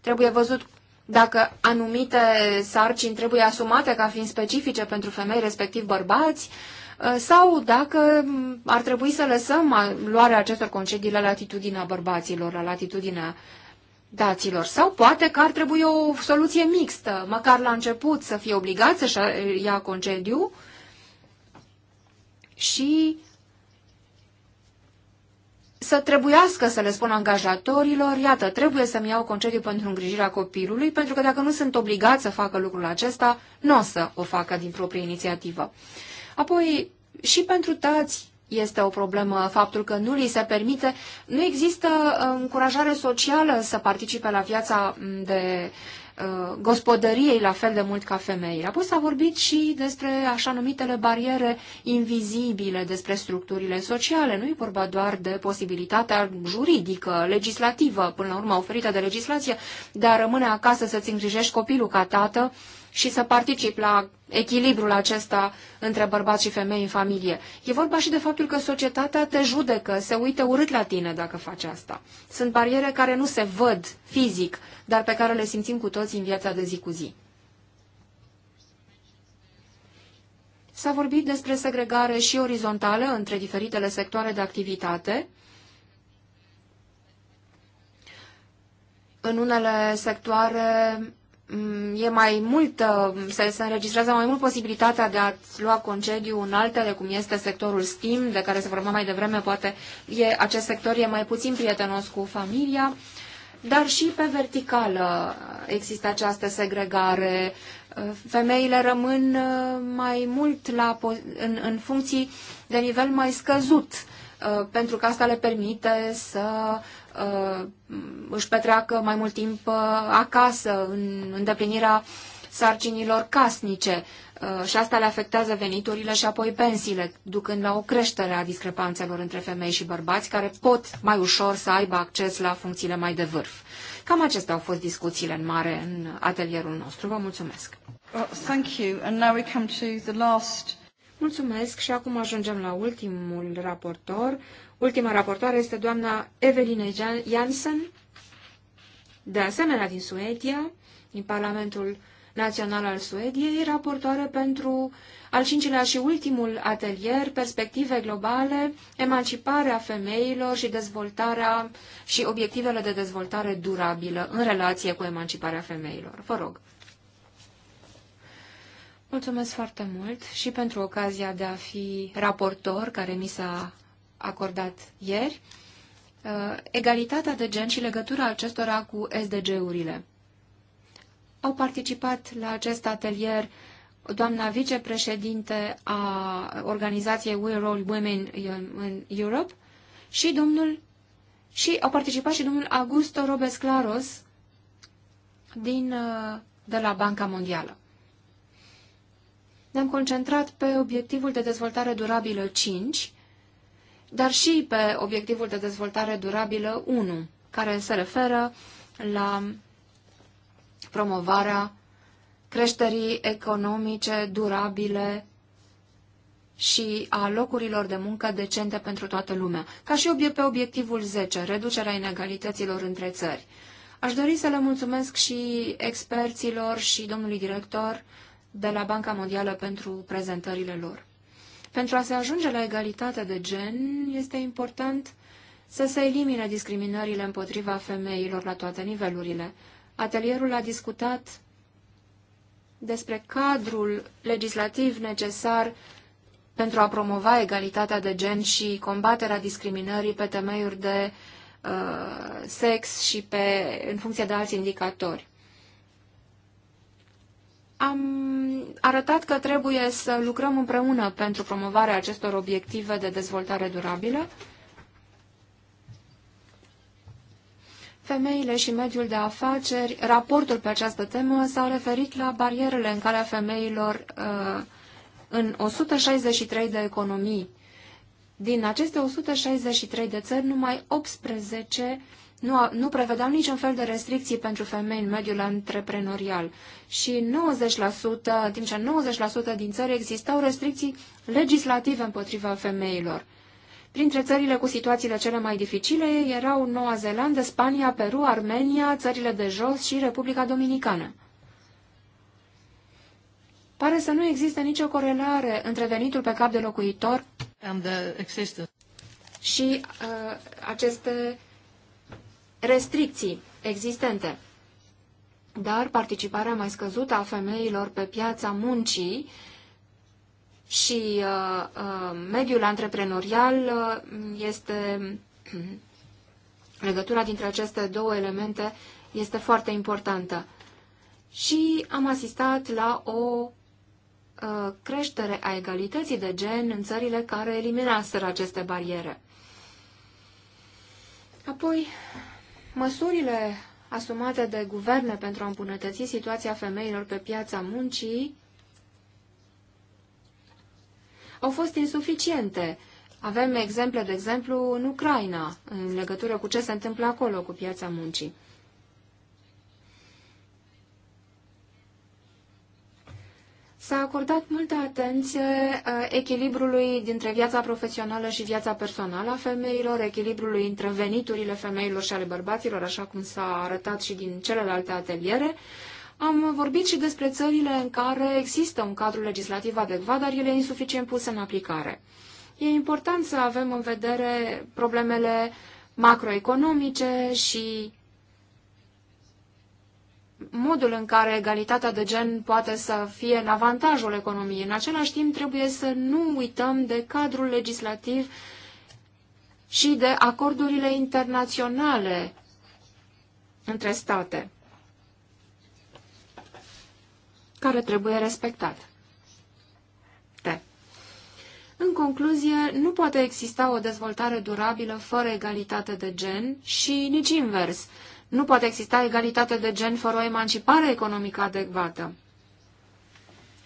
Trebuie văzut dacă anumite sarcini trebuie asumate ca fiind specifice pentru femei, respectiv bărbați, sau dacă ar trebui să lăsăm luarea acestor concedii la latitudinea bărbaților, la latitudinea daților. Sau poate că ar trebui o soluție mixtă, măcar la început să fie obligat să ia concediu și să trebuiască să le spun angajatorilor, iată, trebuie să-mi iau concediu pentru îngrijirea copilului, pentru că dacă nu sunt obligat să facă lucrul acesta, nu o să o facă din proprie inițiativă. Apoi, și pentru tați este o problemă faptul că nu li se permite, nu există încurajare socială să participe la viața mm, de uh, gospodăriei la fel de mult ca femeile. Apoi s-a vorbit și despre așa numitele bariere invizibile, despre structurile sociale. Nu e vorba doar de posibilitatea juridică, legislativă, până la urmă oferită de legislație, de a rămâne acasă să-ți îngrijești copilul ca tată, uh, și să particip la echilibrul acesta între bărbați și femei în familie. E vorba și de faptul că societatea te judecă, se uită urât la tine dacă faci asta. Sunt bariere care nu se văd fizic, dar pe care le simțim cu toți în viața de zi cu zi. S-a vorbit despre segregare și orizontală între diferitele sectoare de activitate. În unele sectoare Mm, e mai mult, se, se înregistrează mai mult posibilitatea de a-ți lua concediu în altele, cum este sectorul STEAM, de care se vorbea mai devreme, poate e, acest sector e mai puțin prietenos cu familia, dar și pe verticală există această segregare. Femeile rămân uh, mai mult la, în, în funcții de nivel mai scăzut, uh, pentru că asta le permite să uh, își petreacă mai mult timp uh, acasă, în îndeplinirea sarcinilor casnice uh, și asta le afectează veniturile și apoi pensiile, ducând la o creștere a discrepanțelor între femei și bărbați care pot mai ușor să aibă acces la funcțiile mai de vârf. Cam acestea au fost discuțiile în mare în atelierul nostru. Vă mulțumesc! Well, thank you. And now we come to the last Mulțumesc și acum ajungem la ultimul raportor. Ultima raportoare este doamna Evelina Jansen, de asemenea din Suedia, din Parlamentul Național al Suediei, raportoare pentru al cincilea și ultimul atelier, perspective globale, emanciparea femeilor și dezvoltarea și obiectivele de dezvoltare durabilă în relație cu emanciparea femeilor. Vă rog. Mulțumesc foarte mult și pentru ocazia de a fi raportor care mi s-a acordat ieri. Uh, egalitatea de gen și legătura acestora cu SDG-urile. Au participat la acest atelier doamna vicepreședinte a organizației We Roll Women in Europe și domnul și au participat și domnul Augusto Robes Claros din, uh, de la Banca Mondială ne-am concentrat pe obiectivul de dezvoltare durabilă 5, dar și pe obiectivul de dezvoltare durabilă 1, care se referă la promovarea creșterii economice durabile și a locurilor de muncă decente pentru toată lumea, ca și obiect pe obiectivul 10, reducerea inegalităților între țări. Aș dori să le mulțumesc și experților și domnului director de la Banca Mondială pentru prezentările lor. Pentru a se ajunge la egalitate de gen, este important să se elimine discriminările împotriva femeilor la toate nivelurile. Atelierul a discutat despre cadrul legislativ necesar pentru a promova egalitatea de gen și combaterea discriminării pe temeiuri de uh, sex și pe, în funcție de alți indicatori am arătat că trebuie să lucrăm împreună pentru promovarea acestor obiective de dezvoltare durabilă. Femeile și mediul de afaceri, raportul pe această temă s au referit la barierele în calea femeilor uh, în 163 de economii. Din aceste 163 de țări, numai 18 nu, nu prevedeau niciun fel de restricții pentru femei în mediul antreprenorial. Și 90%, în timp ce 90% din țări existau restricții legislative împotriva femeilor. Printre țările cu situațiile cele mai dificile erau Noua Zeelandă, Spania, Peru, Armenia, țările de jos și Republica Dominicană. Pare să nu există nicio corelare între venitul pe cap de locuitor And uh, the și uh, aceste restricții existente. Dar participarea mai scăzută a femeilor pe piața muncii și uh, uh, mediul antreprenorial uh, este uh, legătura dintre aceste două elemente este foarte importantă. Și am asistat la o uh, creștere a egalității de gen în țările care eliminaseră aceste bariere. Apoi, Măsurile asumate de guverne pentru a îmbunătăți situația femeilor pe piața muncii au fost insuficiente. Avem exemple, de exemplu, în Ucraina, în legătură cu ce se întâmplă acolo cu piața muncii. S-a acordat multă atenție uh, echilibrului dintre viața profesională și viața personală a femeilor, echilibrului între veniturile femeilor și ale bărbaților, așa cum s-a arătat și din celelalte ateliere. Am vorbit și despre țările în care există un cadru legislativ adecvat, dar ele insuficient pus în aplicare. E important să avem în vedere problemele macroeconomice și modul în care egalitatea de gen poate să fie în avantajul economiei. În același timp, trebuie să nu uităm de cadrul legislativ și de acordurile internaționale între state, care trebuie respectate. În concluzie, nu poate exista o dezvoltare durabilă fără egalitate de gen și nici invers. Nu poate exista egalitate de gen fără o emancipare economică adecvată.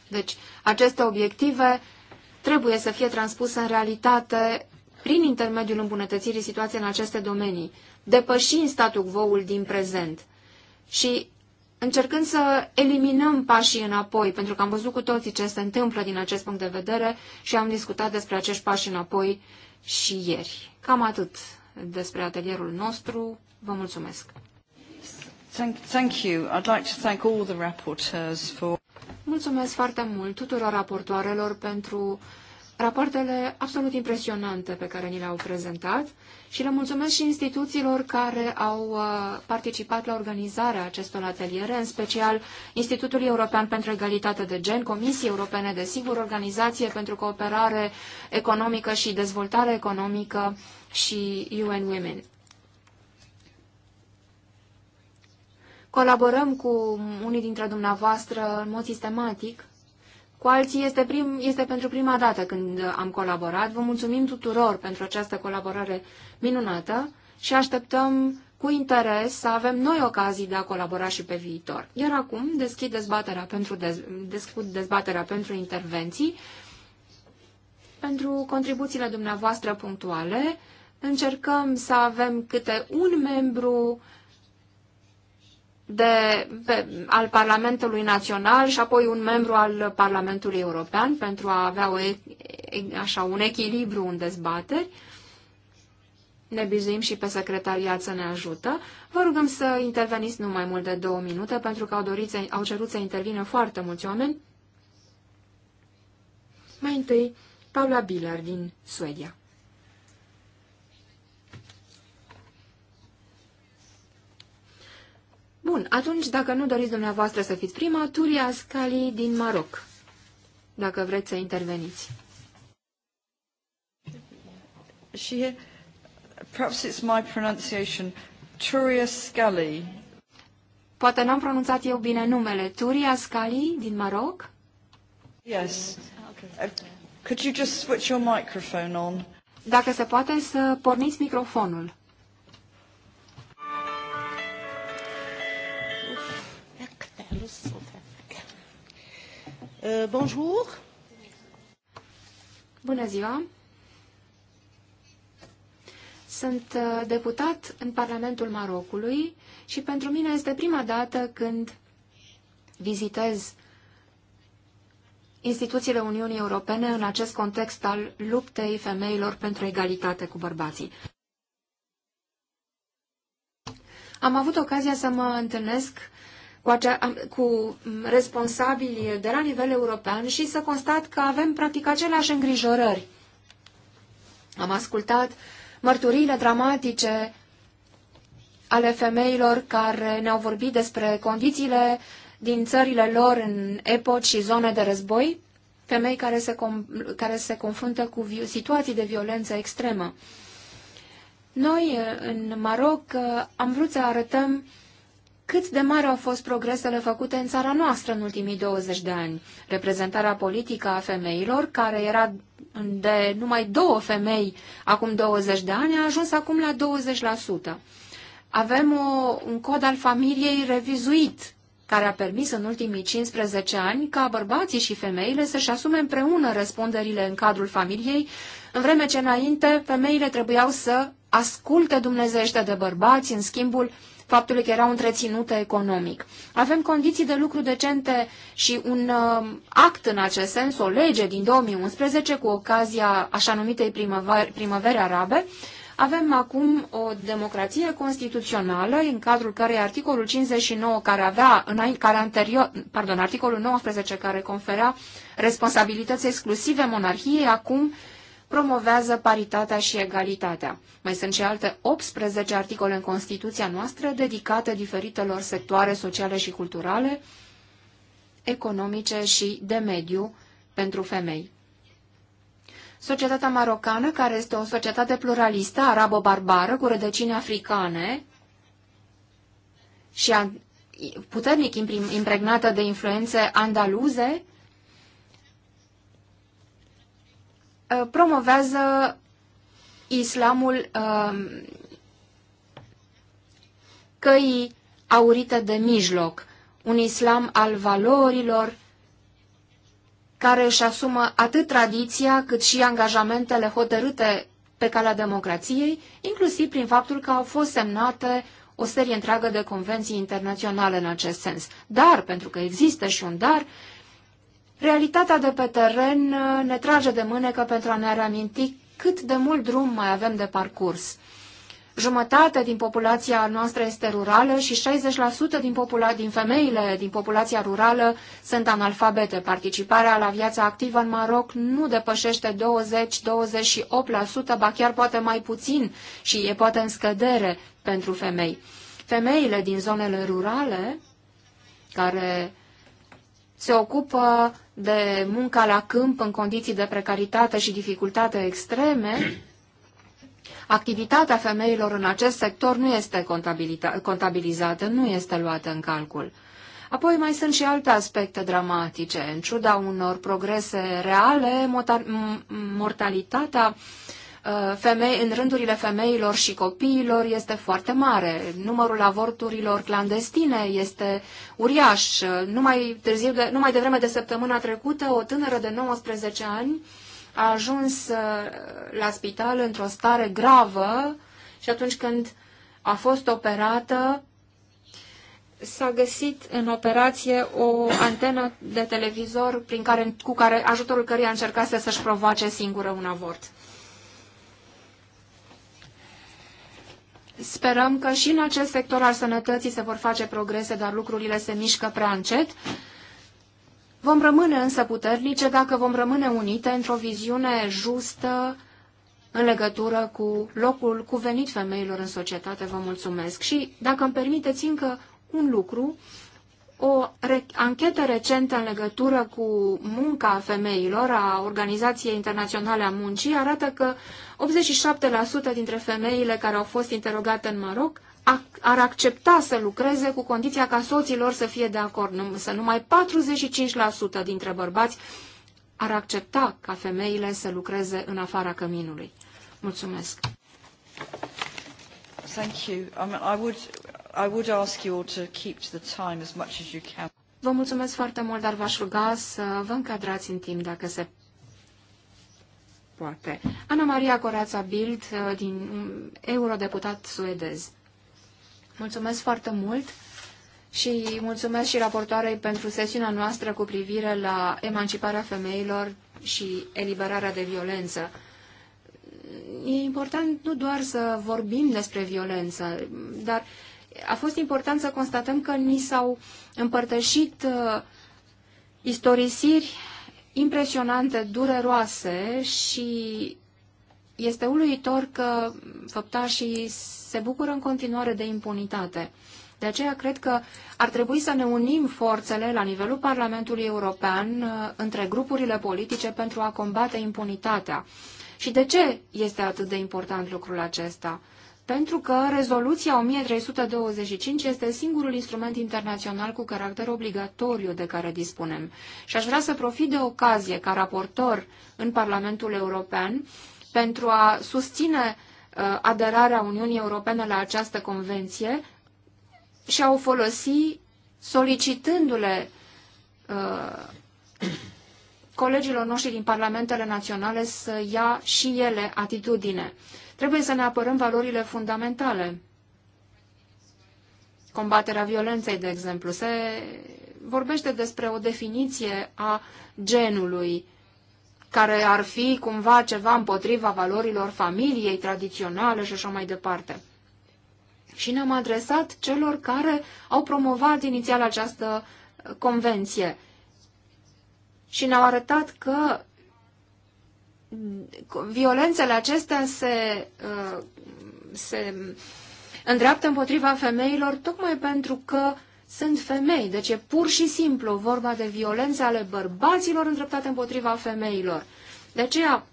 Deci, aceste obiective trebuie să fie transpuse în realitate prin intermediul îmbunătățirii situației în aceste domenii, depășind statul quo-ul din prezent și încercând să eliminăm pașii înapoi, pentru că am văzut cu toții ce se întâmplă din acest punct de vedere și am discutat despre acești pași înapoi și ieri. Cam atât despre atelierul nostru. Vă mulțumesc! Thank, thank you. I'd like to thank all the rapporteurs for... Mulțumesc foarte mult tuturor raportoarelor pentru rapoartele absolut impresionante pe care ni le-au prezentat și le mulțumesc și instituțiilor care au uh, participat la organizarea acestor ateliere, în special Institutul European pentru Egalitate de Gen, Comisii Europene, sigur Organizație pentru Cooperare Economică și Dezvoltare Economică și UN Women. Colaborăm cu unii dintre dumneavoastră în mod sistematic. Cu alții este, prim, este pentru prima dată când am colaborat. Vă mulțumim tuturor pentru această colaborare minunată și așteptăm cu interes să avem noi ocazii de a colabora și pe viitor. Iar acum deschid dezbaterea pentru, dez, deschid dezbaterea pentru intervenții, pentru contribuțiile dumneavoastră punctuale. Încercăm să avem câte un membru de, pe, al Parlamentului Național și apoi un membru al Parlamentului European pentru a avea o, așa, un echilibru în dezbateri. Ne bizuim și pe secretariat să ne ajută. Vă rugăm să interveniți nu mai mult de două minute, pentru că au, dorit să, au cerut să intervină foarte mulți oameni. Mai întâi, Paula Biller din Suedia. Bun, atunci, dacă nu doriți dumneavoastră să fiți prima, Turia Scali din Maroc, dacă vreți să interveniți. Și, uh, perhaps it's my pronunciation, Turia Scali. Poate n-am pronunțat eu bine numele. Turia Scali din Maroc? Yes. Uh, could you just switch your microphone on? Dacă se poate să porniți microfonul. Euh, bonjour! Bună ziua! Sunt uh, deputat în Parlamentul Marocului și pentru mine este prima dată când vizitez instituțiile Uniunii Europene în acest context al luptei femeilor pentru egalitate cu bărbații. Am avut ocazia să mă întâlnesc cu, acea, cu responsabili de la nivel european și să constat că avem practic aceleași îngrijorări. Am ascultat mărturiile dramatice ale femeilor care ne-au vorbit despre condițiile din țările lor în epoci și zone de război, femei care se, com- care se confruntă cu situații de violență extremă. Noi, în Maroc, am vrut să arătăm cât de mari au fost progresele făcute în țara noastră în ultimii 20 de ani. Reprezentarea politică a femeilor, care era de numai două femei acum 20 de ani, a ajuns acum la 20%. Avem o, un cod al familiei revizuit, care a permis în ultimii 15 ani ca bărbații și femeile să-și asume împreună răspunderile în cadrul familiei, în vreme ce înainte femeile trebuiau să asculte dumnezește de bărbați în schimbul faptului că erau întreținute economic. Avem condiții de lucru decente și un um, act în acest sens, o lege din 2011 cu ocazia așa numitei primăveri, arabe, avem acum o democrație constituțională în cadrul cărei articolul 59 care avea înainte, care anterior, pardon, articolul 19 care conferea responsabilități exclusive monarhiei acum promovează paritatea și egalitatea. Mai sunt și alte 18 articole în Constituția noastră dedicate diferitelor sectoare sociale și culturale, economice și de mediu pentru femei. Societatea marocană, care este o societate pluralistă, arabo-barbară, cu rădăcini africane și puternic impregnată de influențe andaluze, Uh, promovează islamul um, căii aurite de mijloc, un islam al valorilor, care își asumă atât tradiția cât și angajamentele hotărâte pe calea democrației, inclusiv prin faptul că au fost semnate o serie întreagă de convenții internaționale în acest sens. Dar, pentru că există și un dar, Realitatea de pe teren uh, ne trage de mânecă pentru a ne reaminti cât de mult drum mai avem de parcurs. Jumătate din populația noastră este rurală și 60% din, popula- din femeile din populația rurală sunt analfabete. Participarea la viața activă în Maroc nu depășește 20-28%, ba chiar poate mai puțin și e poate în scădere pentru femei. Femeile din zonele rurale, care se ocupă de munca la câmp în condiții de precaritate și dificultate extreme, activitatea femeilor în acest sector nu este contabilizată, nu este luată în calcul. Apoi mai sunt și alte aspecte dramatice. În ciuda unor progrese reale, mortalitatea uh, Uh, femei, în rândurile femeilor și copiilor este foarte mare. Numărul avorturilor clandestine este uriaș. Numai, târziu de, numai devreme de săptămâna trecută, o tânără de 19 ani a ajuns uh, la spital într-o stare gravă și atunci când a fost operată, s-a găsit în operație o antenă de televizor prin care, cu care, ajutorul căruia încercase să-și provoace singură un avort. Sperăm că și în acest sector al sănătății se vor face progrese, dar lucrurile se mișcă prea încet. Vom rămâne însă puternice dacă vom rămâne unite într-o viziune justă în legătură cu locul cuvenit femeilor în societate. Vă mulțumesc. Și dacă îmi permiteți încă un lucru, o re- anchetă recentă în legătură cu munca femeilor a Organizației Internaționale a Muncii arată că 87% dintre femeile care au fost interogate în Maroc ar accepta să lucreze cu condiția ca soții lor să fie de acord, însă numai 45% dintre bărbați ar accepta ca femeile să lucreze în afara căminului. Mulțumesc. Thank you. I, mean, I would I would ask you all to keep to the time as much as you can. Vă mulțumesc foarte mult, dar v-aș ruga să vă încadrați în timp dacă se poate. Ana Maria Corața Bild, uh, din um, eurodeputat suedez. Mulțumesc foarte mult și mulțumesc și raportoarei pentru sesiunea noastră cu privire la emanciparea femeilor și eliberarea de violență. E important nu doar să vorbim despre violență, dar a fost important să constatăm că ni s-au împărtășit uh, istorisiri impresionante, dureroase și este uluitor că făptașii se bucură în continuare de impunitate. De aceea cred că ar trebui să ne unim forțele la nivelul Parlamentului European uh, între grupurile politice pentru a combate impunitatea. Și de ce este atât de important lucrul acesta? pentru că rezoluția 1325 este singurul instrument internațional cu caracter obligatoriu de care dispunem. Și aș vrea să profit de ocazie ca raportor în Parlamentul European pentru a susține uh, aderarea Uniunii Europene la această convenție și a o folosi solicitându-le uh, colegilor noștri din parlamentele naționale să ia și ele atitudine. Trebuie să ne apărăm valorile fundamentale. Combaterea violenței, de exemplu. Se vorbește despre o definiție a genului care ar fi cumva ceva împotriva valorilor familiei tradiționale și așa mai departe. Și ne-am adresat celor care au promovat inițial această convenție și ne-au arătat că violențele acestea se, uh, se îndreaptă împotriva femeilor tocmai pentru că sunt femei. Deci e pur și simplu vorba de violențe ale bărbaților îndreptate împotriva femeilor. De aceea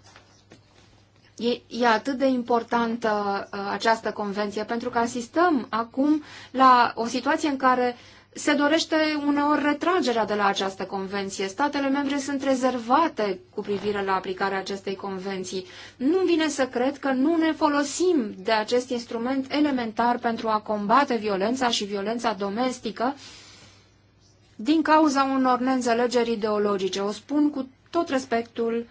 E, e atât de importantă uh, această convenție, pentru că asistăm acum la o situație în care se dorește uneori retragerea de la această convenție. Statele membre sunt rezervate cu privire la aplicarea acestei convenții. nu vine să cred că nu ne folosim de acest instrument elementar pentru a combate violența și violența domestică din cauza unor neînțelegeri ideologice. O spun cu tot respectul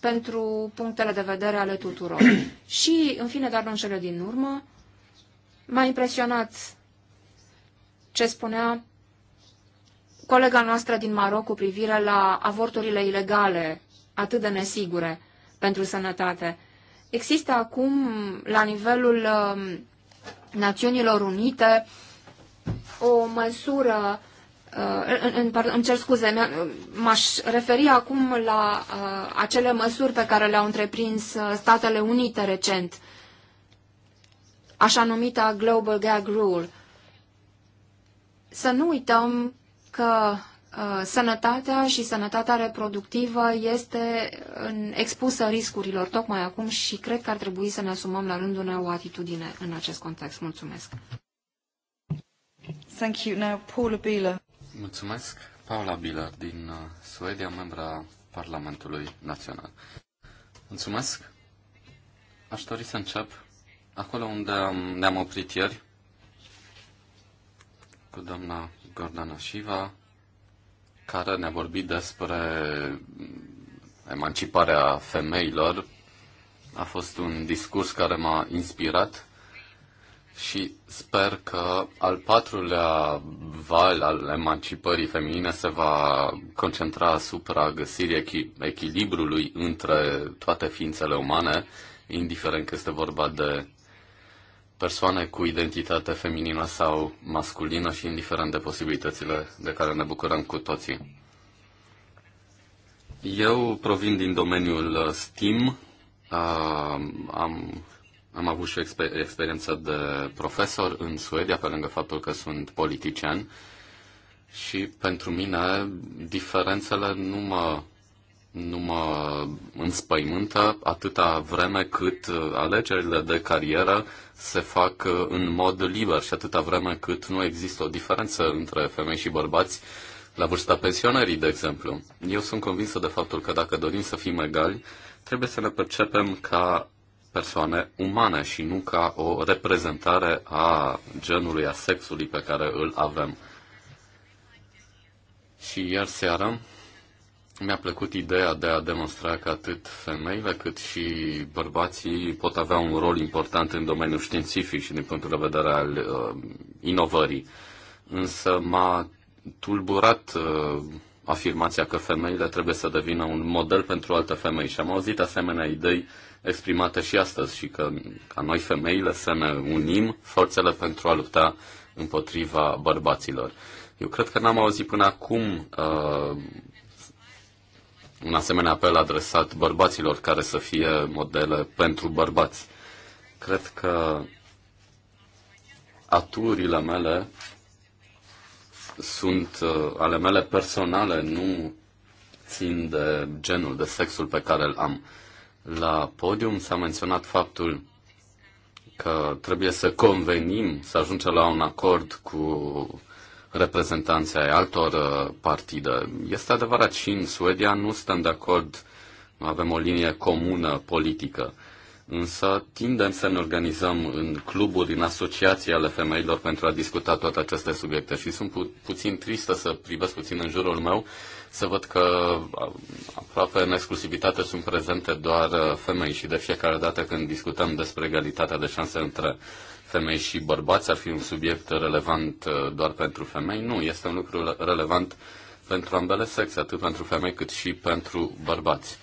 pentru punctele de vedere ale tuturor. și, în fine, dar nu în cele din urmă, m-a impresionat ce spunea colega noastră din Maroc cu privire la avorturile ilegale, atât de nesigure pentru sănătate. Există acum, la nivelul um, Națiunilor Unite, o măsură, uh, în, îmi cer scuze, m-aș referi acum la uh, acele măsuri pe care le-au întreprins uh, Statele Unite recent, așa numita Global Gag Rule. Să nu uităm că uh, sănătatea și sănătatea reproductivă este expusă riscurilor tocmai acum și cred că ar trebui să ne asumăm la rândul meu o atitudine în acest context. Mulțumesc. Thank you. Now, Paula Bila. Mulțumesc. Paula Bila din uh, Suedia, membra Parlamentului Național. Mulțumesc. Aș dori să încep acolo unde ne-am oprit ieri cu doamna Gordana Shiva, care ne-a vorbit despre emanciparea femeilor. A fost un discurs care m-a inspirat și sper că al patrulea val al emancipării feminine se va concentra asupra găsirii echilibrului între toate ființele umane, indiferent că este vorba de persoane cu identitate feminină sau masculină și indiferent de posibilitățile de care ne bucurăm cu toții. Eu provin din domeniul uh, STEAM. Uh, am, am avut și o exper- experiență de profesor în Suedia, pe lângă faptul că sunt politician. Și pentru mine diferențele nu mă nu mă înspăimântă atâta vreme cât uh, alegerile de carieră se fac uh, în mod liber și atâta vreme cât nu există o diferență între femei și bărbați la vârsta pensionării, de exemplu. Eu sunt convinsă de faptul că dacă dorim să fim egali, trebuie să ne percepem ca persoane umane și nu ca o reprezentare a genului, a sexului pe care îl avem. Și ieri seara mi-a plăcut ideea de a demonstra că atât femeile cât și bărbații pot avea un rol important în domeniul științific și din punctul de vedere al uh, inovării. Însă m-a tulburat uh, afirmația că femeile trebuie să devină un model pentru alte femei și am auzit asemenea idei exprimate și astăzi și că ca noi femeile să ne unim forțele pentru a lupta împotriva bărbaților. Eu cred că n-am auzit până acum uh, un asemenea apel adresat bărbaților care să fie modele pentru bărbați. Cred că aturile mele sunt uh, ale mele personale, nu țin de genul, de sexul pe care îl am. La podium s-a menționat faptul că trebuie să convenim, să ajungem la un acord cu reprezentanții ai altor uh, partide. Este adevărat, și în Suedia nu suntem de acord, nu avem o linie comună politică, însă tindem să ne organizăm în cluburi, în asociații ale femeilor pentru a discuta toate aceste subiecte și sunt pu- puțin tristă să privesc puțin în jurul meu să văd că uh, aproape în exclusivitate sunt prezente doar uh, femei și de fiecare dată când discutăm despre egalitatea de șanse între femei și bărbați ar fi un subiect relevant uh, doar pentru femei. Nu, este un lucru relevant pentru ambele sexe, atât pentru femei cât și pentru bărbați.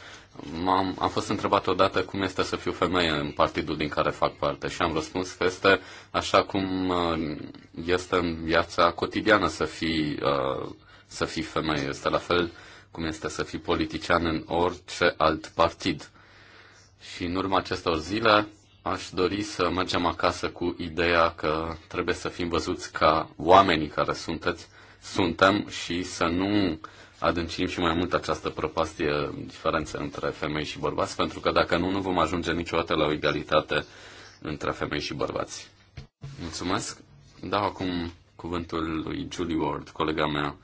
M-am, am fost întrebat odată cum este să fiu femeie în partidul din care fac parte și am răspuns că este așa cum uh, este în viața cotidiană să fii, uh, să fii femeie. Este la fel cum este să fii politician în orice alt partid. Și în urma acestor zile Aș dori să mergem acasă cu ideea că trebuie să fim văzuți ca oamenii care sunteți, suntem și să nu adâncim și mai mult această prăpastie, diferență între femei și bărbați, pentru că dacă nu, nu vom ajunge niciodată la o egalitate între femei și bărbați. Mulțumesc. Dau acum cuvântul lui Julie Ward, colega mea,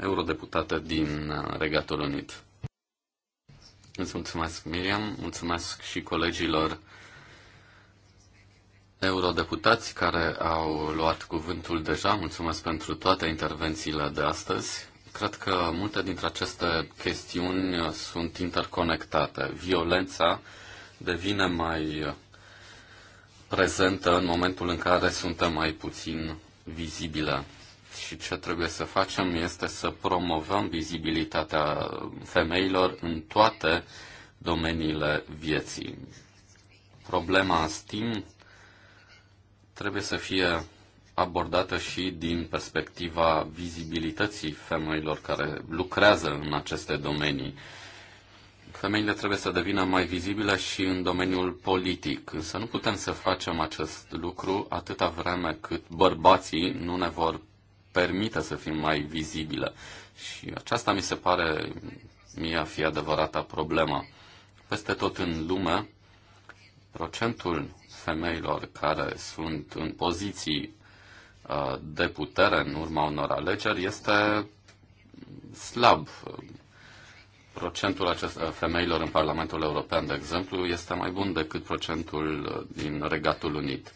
eurodeputată din Regatul Unit. Îți mulțumesc, Miriam, mulțumesc și colegilor eurodeputați care au luat cuvântul deja. Mulțumesc pentru toate intervențiile de astăzi. Cred că multe dintre aceste chestiuni sunt interconectate. Violența devine mai prezentă în momentul în care suntem mai puțin vizibile. Și ce trebuie să facem este să promovăm vizibilitatea femeilor în toate domeniile vieții. Problema STIM trebuie să fie abordată și din perspectiva vizibilității femeilor care lucrează în aceste domenii. Femeile trebuie să devină mai vizibile și în domeniul politic, însă nu putem să facem acest lucru atâta vreme cât bărbații nu ne vor permite să fim mai vizibile. Și aceasta mi se pare mie a fi adevărata problemă. Peste tot în lume, procentul femeilor care sunt în poziții uh, de putere în urma unor alegeri este slab. Procentul acest, uh, femeilor în Parlamentul European, de exemplu, este mai bun decât procentul uh, din Regatul Unit.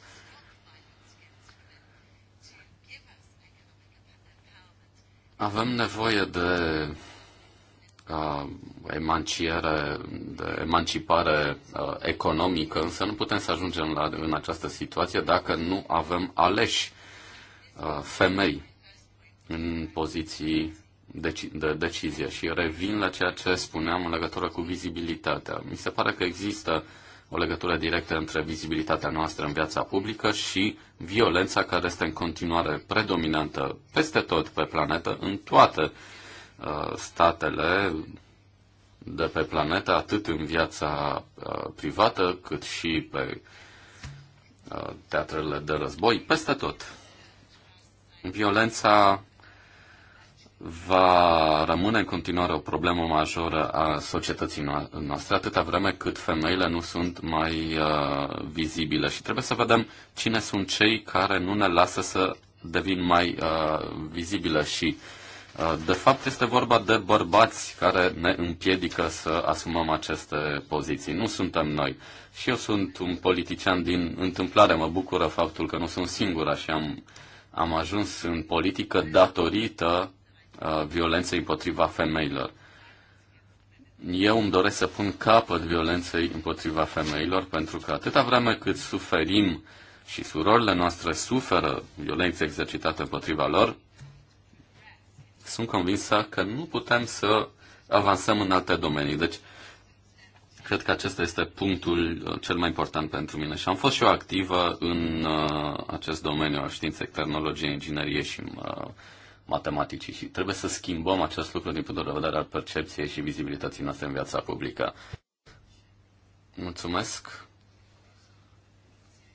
Avem nevoie de emanciere, de emancipare uh, economică, însă nu putem să ajungem la, în această situație dacă nu avem aleși uh, femei în poziții deci, de decizie. Și revin la ceea ce spuneam în legătură cu vizibilitatea. Mi se pare că există o legătură directă între vizibilitatea noastră în viața publică și violența care este în continuare predominantă peste tot pe planetă, în toate uh, Uh, statele de pe planetă, atât în viața uh, privată, cât și pe uh, teatrele de război, peste tot. Violența va rămâne în continuare o problemă majoră a societății noastre, atâta vreme cât femeile nu sunt mai uh, vizibile. Și trebuie să vedem cine sunt cei care nu ne lasă să devin mai uh, vizibile și uh, de fapt, este vorba de bărbați care ne împiedică să asumăm aceste poziții. Nu suntem noi. Și eu sunt un politician din întâmplare. Mă bucură faptul că nu sunt singura și am, am ajuns în politică datorită uh, violenței împotriva femeilor. Eu îmi doresc să pun capăt violenței împotriva femeilor, pentru că atâta vreme cât suferim și surorile noastre suferă violențe exercitate împotriva lor, sunt convinsă că nu putem să avansăm în alte domenii. Deci, cred că acesta este punctul uh, cel mai important pentru mine și am fost și eu activă în uh, acest domeniu al științei, tehnologiei, ingineriei și uh, matematicii și trebuie să schimbăm acest lucru din punct de vedere al percepției și vizibilității noastre în viața publică. Mulțumesc,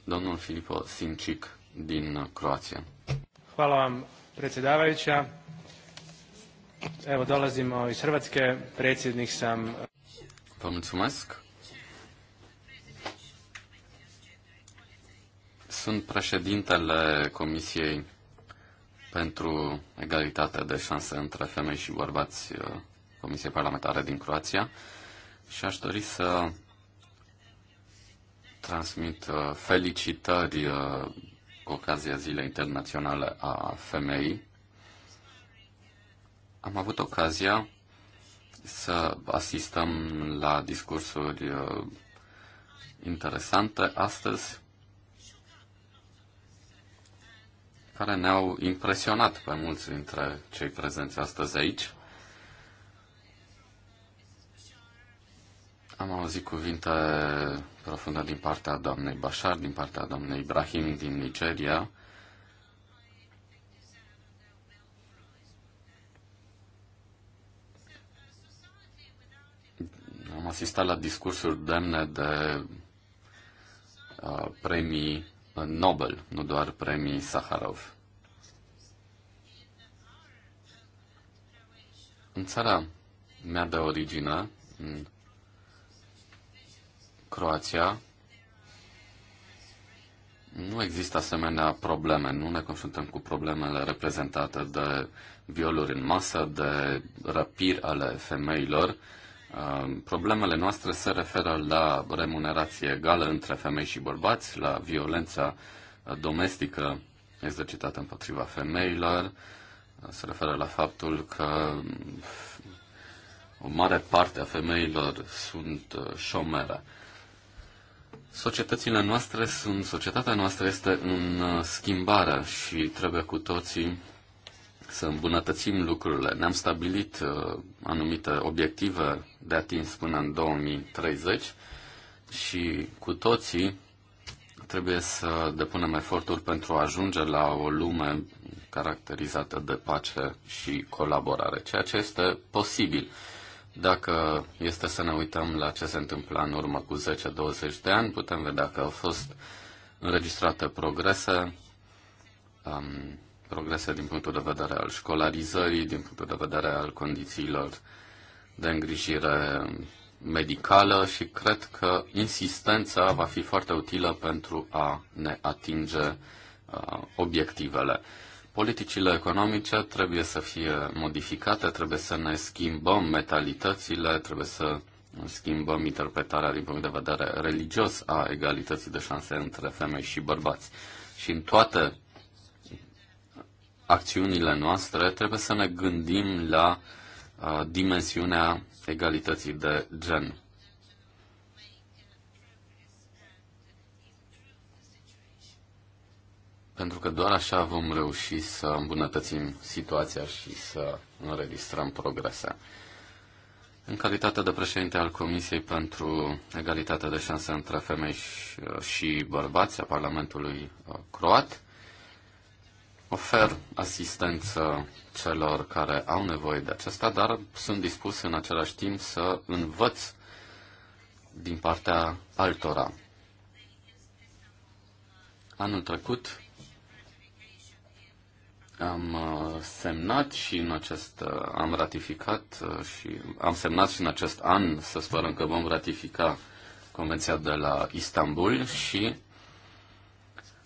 domnul Filipo Sincic din Croația. Hvala vam, predsjedavajuća. Evo, dolazimo iz Hrvatske, predsjednik sam... Vă Sun Sunt președintele Comisiei pentru Egalitatea de Șanse între Femei și Bărbați, uh, Comisiei Parlamentare din Croația, și aș dori să transmit uh, felicitări cu uh, ocazia Zilei Internaționale a Femeii am avut ocazia să asistăm la discursuri uh, interesante astăzi care ne-au impresionat pe mulți dintre cei prezenți astăzi aici. Am auzit cuvinte profunde din partea doamnei Bashar, din partea doamnei Ibrahim din Nigeria, Am asistat la discursuri demne de uh, premii uh, Nobel, nu doar premii Saharov. În țara mea de origine, în Croația, nu există asemenea probleme. Nu ne confruntăm cu problemele reprezentate de violuri în masă, de răpiri ale femeilor, Um, problemele noastre se referă la remunerație egală între femei și bărbați, la violența uh, domestică exercitată împotriva femeilor, uh, se referă la faptul că um, o mare parte a femeilor sunt uh, șomere. Societățile noastre sunt, societatea noastră este în schimbare și trebuie cu toții să îmbunătățim lucrurile. Ne-am stabilit uh, anumite obiective de atins până în 2030 și cu toții trebuie să depunem eforturi pentru a ajunge la o lume caracterizată de pace și colaborare, ceea ce este posibil. Dacă este să ne uităm la ce se întâmplă în urmă cu 10-20 de ani, putem vedea că au fost înregistrate progrese, um, progrese din punctul de vedere al școlarizării, din punctul de vedere al condițiilor de îngrijire medicală și cred că insistența va fi foarte utilă pentru a ne atinge uh, obiectivele. Politicile economice trebuie să fie modificate, trebuie să ne schimbăm mentalitățile, trebuie să schimbăm interpretarea din punct de vedere religios a egalității de șanse între femei și bărbați. Și în toate acțiunile noastre, trebuie să ne gândim la uh, dimensiunea egalității de gen. Pentru că doar așa vom reuși să îmbunătățim situația și să înregistrăm progrese. În calitate de președinte al Comisiei pentru Egalitatea de Șanse între Femei și uh, Bărbați a Parlamentului uh, Croat, ofer asistență celor care au nevoie de acesta, dar sunt dispus în același timp să învăț din partea altora. Anul trecut am uh, semnat și în acest, uh, am ratificat uh, și am semnat și în acest an, să sperăm că vom ratifica Convenția de la Istanbul și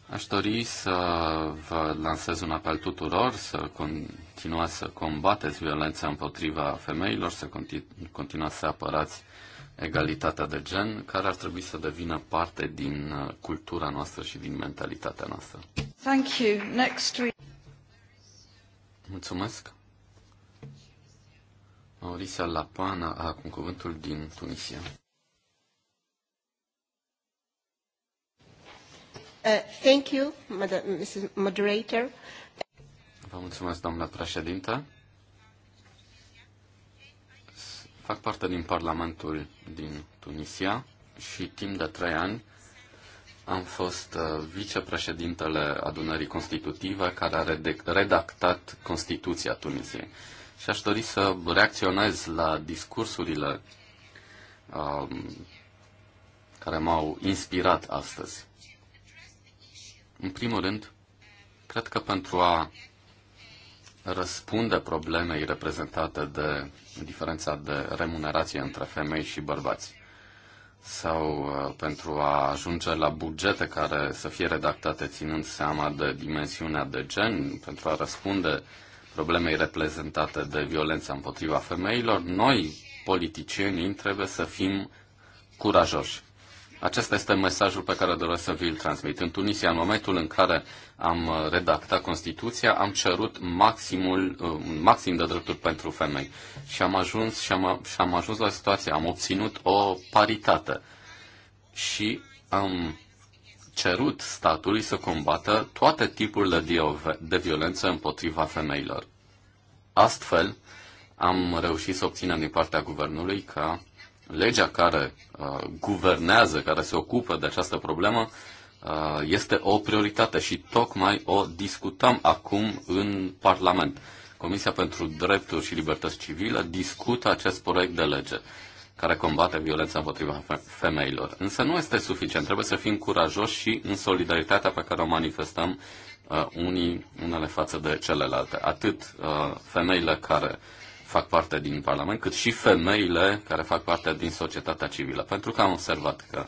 Aș dori să vă lansez un apel tuturor să continuați să combateți violența împotriva femeilor, să continuați să apărați egalitatea de gen, care ar trebui să devină parte din uh, cultura noastră și din mentalitatea noastră. Thank you. Next week. Mulțumesc. Maurisa Lapana a acum cuvântul din Tunisia. Uh, Vă mulțumesc, doamna președintă. Fac parte din Parlamentul din Tunisia și timp de trei ani am fost uh, vicepreședintele adunării constitutive care a redactat Constituția Tunisiei. Și aș dori să reacționez la discursurile um, care m-au inspirat astăzi. În primul rând, cred că pentru a răspunde problemei reprezentate de diferența de remunerație între femei și bărbați sau uh, pentru a ajunge la bugete care să fie redactate ținând seama de dimensiunea de gen, pentru a răspunde problemei reprezentate de violența împotriva femeilor, noi, politicienii, trebuie să fim curajoși. Acesta este mesajul pe care doresc să vi-l transmit. În Tunisia, în momentul în care am redactat Constituția, am cerut maximul, uh, maxim de drepturi pentru femei. Și am ajuns, și am, și am ajuns la situație, am obținut o paritate. Și am cerut statului să combată toate tipurile de violență împotriva femeilor. Astfel, am reușit să obținem din partea guvernului ca legea care uh, guvernează, care se ocupă de această problemă, uh, este o prioritate și tocmai o discutăm acum în Parlament. Comisia pentru Drepturi și Libertăți Civile discută acest proiect de lege care combate violența împotriva femeilor. Însă nu este suficient, trebuie să fim curajoși și în solidaritatea pe care o manifestăm uh, unii, unele față de celelalte. Atât uh, femeile care fac parte din Parlament, cât și femeile care fac parte din societatea civilă. Pentru că am observat că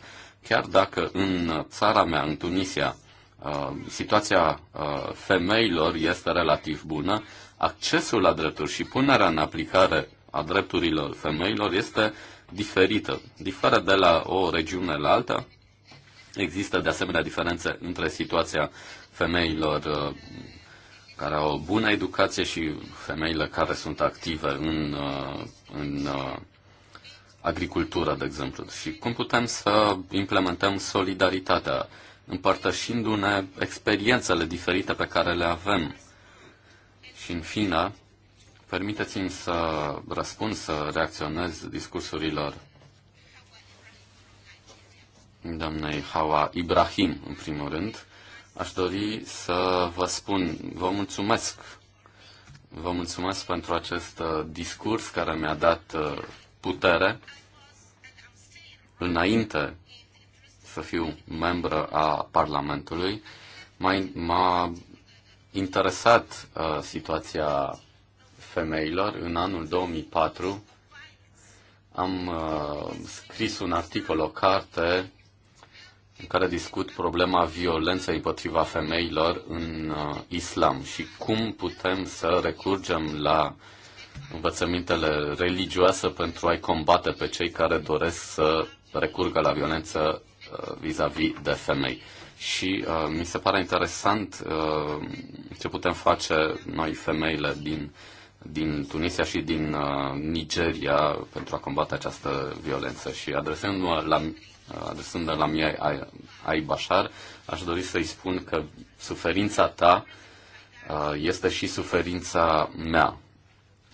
chiar dacă în țara mea, în Tunisia, uh, situația uh, femeilor este relativ bună, accesul la drepturi și punerea în aplicare a drepturilor femeilor este diferită. Diferă de la o regiune la alta. Există de asemenea diferențe între situația femeilor uh, care au o bună educație și femeile care sunt active în, uh, în uh, agricultură, de exemplu. Și cum putem să implementăm solidaritatea, împărtășindu-ne experiențele diferite pe care le avem. Și în fine, permiteți-mi să răspund, să reacționez discursurilor doamnei Hawa Ibrahim, în primul rând, Aș dori să vă spun, vă mulțumesc. Vă mulțumesc pentru acest uh, discurs care mi-a dat uh, putere înainte să fiu membră a Parlamentului. M-a interesat uh, situația femeilor. În anul 2004 am uh, scris un articol, o carte în care discut problema violenței împotriva femeilor în uh, islam și cum putem să recurgem la învățămintele religioase pentru a-i combate pe cei care doresc să recurgă la violență uh, vis-a-vis -vis de femei. Și uh, mi se pare interesant uh, ce putem face noi femeile din, din Tunisia și din uh, Nigeria pentru a combate această violență. Și adresându-mă la adresând la mie ai, ai aș dori să-i spun că suferința ta uh, este și suferința mea.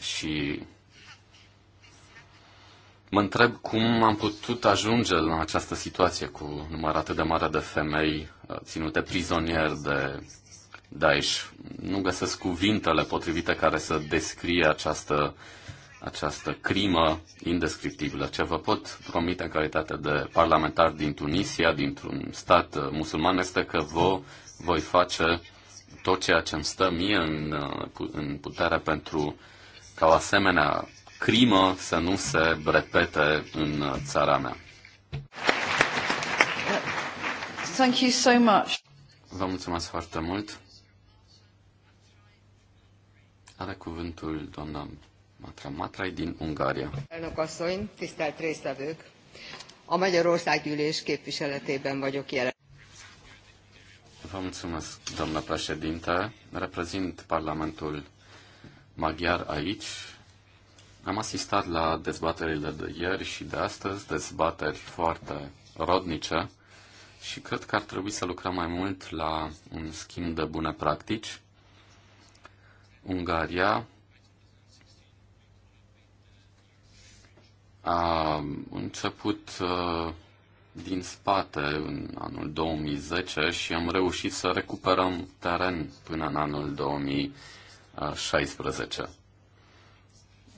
Și mă întreb cum am putut ajunge la această situație cu număr atât de mare de femei uh, ținute prizonieri de Daesh. Nu găsesc cuvintele potrivite care să descrie această uh, această crimă indescriptibilă. Ce vă pot promite în calitate de parlamentar din Tunisia, dintr-un stat uh, musulman, este că vă voi face tot ceea ce îmi stă mie în, uh, în putere pentru ca o asemenea crimă să nu se repete în uh, țara mea. Thank you so much. Vă mulțumesc foarte mult. Are cuvântul doamna Matra Matrai din Ungaria. Elnök asszony, tisztelt résztvevők! A Magyarország gyűlés képviseletében vagyok jelen. Vă mulțumesc, doamna președinte. Reprezint Parlamentul maghiar aici. Am asistat la dezbaterile de ieri și de astăzi, dezbateri foarte rodnice și cred că ar trebui să lucrăm mai mult la un schimb de bune practici. Ungaria a început uh, din spate în anul 2010 și am reușit să recuperăm teren până în anul 2016.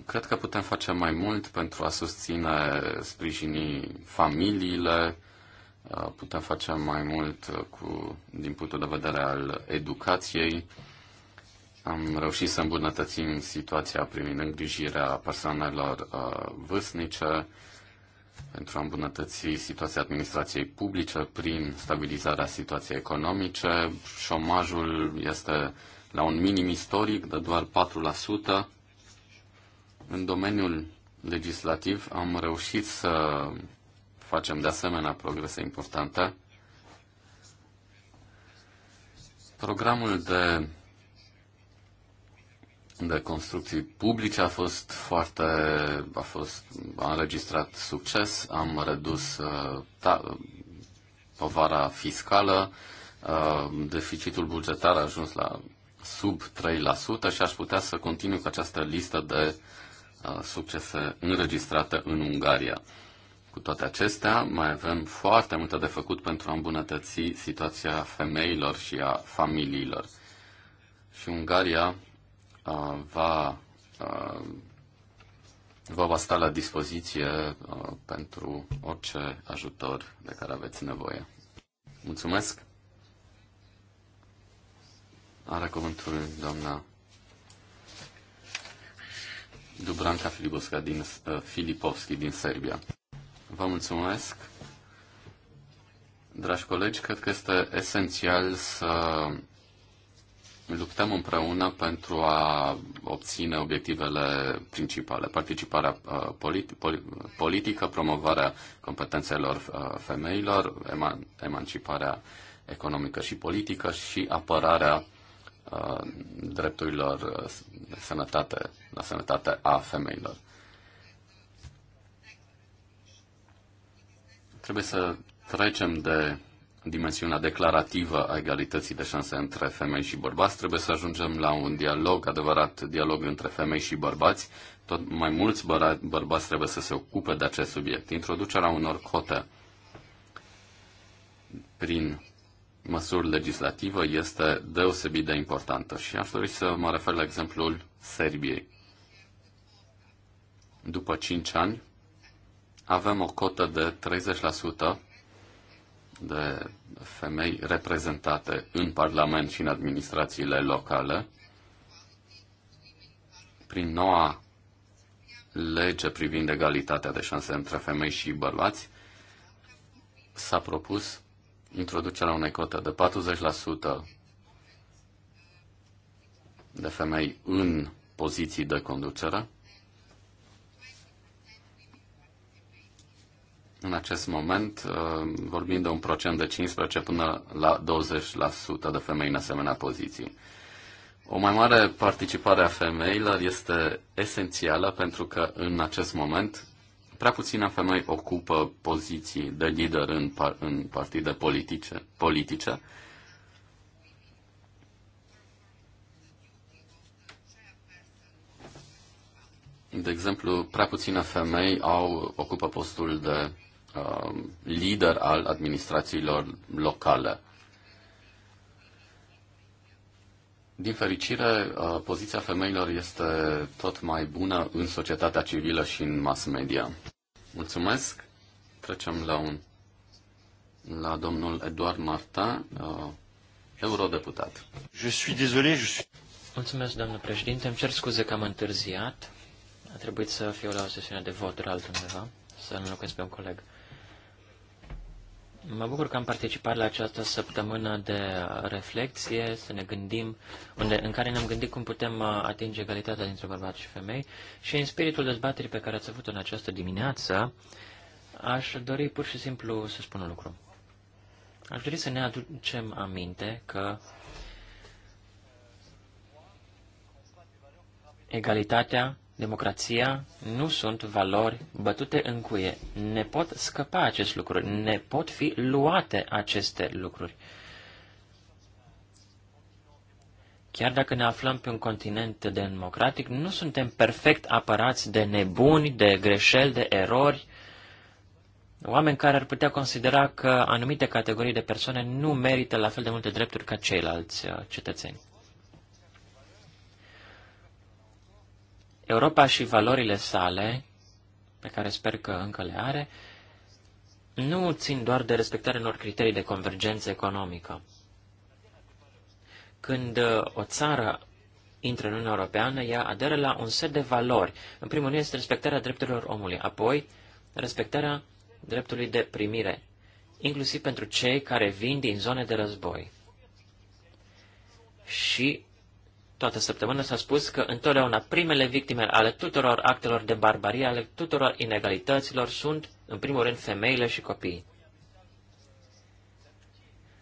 Cred că putem face mai mult pentru a susține, sprijini familiile, uh, putem face mai mult uh, cu, din punctul de vedere al educației, am reușit să îmbunătățim situația privind îngrijirea persoanelor uh, vârstnice, pentru a îmbunătăți situația administrației publice prin stabilizarea situației economice. Șomajul este la un minim istoric de doar 4%. În domeniul legislativ am reușit să facem de asemenea progrese importante. Programul de de construcții publice a fost foarte, a fost a înregistrat succes, am redus uh, ta, povara fiscală, uh, deficitul bugetar a ajuns la sub 3% și aș putea să continui cu această listă de uh, succese înregistrate în Ungaria. Cu toate acestea, mai avem foarte multe de făcut pentru a îmbunătăți situația femeilor și a familiilor. Și Ungaria va, vă sta la dispoziție pentru orice ajutor de care aveți nevoie. Mulțumesc! Are cuvântul doamna Dubranca Filipovska din, uh, Filipovski din Serbia. Vă mulțumesc! Dragi colegi, cred că este esențial să luptăm împreună pentru a obține obiectivele principale, participarea uh, politi- politică, promovarea competențelor uh, femeilor, eman- emanciparea economică și politică și apărarea uh, drepturilor sănătate, la sănătate a femeilor. Trebuie să trecem de dimensiunea declarativă a egalității de șanse între femei și bărbați, trebuie să ajungem la un dialog, adevărat dialog între femei și bărbați. Tot mai mulți băra- bărbați trebuie să se ocupe de acest subiect. Introducerea unor cote prin măsuri legislativă este deosebit de importantă și aș dori să mă refer la exemplul Serbiei. După 5 ani, avem o cotă de 30% de femei reprezentate în Parlament și în administrațiile locale. Prin noua lege privind egalitatea de șanse între femei și bărbați, s-a propus introducerea unei cote de 40% de femei în poziții de conducere în acest moment uh, vorbim de un procent de 15 până la 20% de femei în asemenea poziții. O mai mare participare a femeilor este esențială pentru că în acest moment prea puține femei ocupă poziții de lider în, par- în partide politice, politice. De exemplu, prea puține femei au ocupă postul de Um, lider al administrațiilor locale. Din fericire, uh, poziția femeilor este tot mai bună în societatea civilă și în mass media. Mulțumesc. Trecem la un la domnul Eduard Martin, uh, eurodeputat. Je suis désolé, je suis... Mulțumesc, domnul președinte. Îmi cer scuze că am întârziat. A trebuit să fiu la o sesiune de voturi altundeva, să înlocuiesc pe un coleg. Mă bucur că am participat la această săptămână de reflexie, să ne gândim, unde, în care ne-am gândit cum putem uh, atinge egalitatea dintre bărbați și femei și în spiritul dezbaterii pe care ați avut-o în această dimineață, aș dori pur și simplu să spun un lucru. Aș dori să ne aducem aminte că egalitatea democrația nu sunt valori bătute în cuie. Ne pot scăpa acest lucru, ne pot fi luate aceste lucruri. Chiar dacă ne aflăm pe un continent democratic, nu suntem perfect apărați de nebuni, de greșeli, de erori, oameni care ar putea considera că anumite categorii de persoane nu merită la fel de multe drepturi ca ceilalți uh, cetățeni. Europa și valorile sale, pe care sper că încă le are, nu țin doar de respectarea unor criterii de convergență economică. Când uh, o țară intră în Uniunea Europeană, ea aderă la un set de valori. În primul rând este respectarea drepturilor omului, apoi respectarea dreptului de primire, inclusiv pentru cei care vin din zone de război. Și toată săptămâna s-a spus că întotdeauna primele victime ale tuturor actelor de barbarie, ale tuturor inegalităților sunt, în primul rând, femeile și copiii.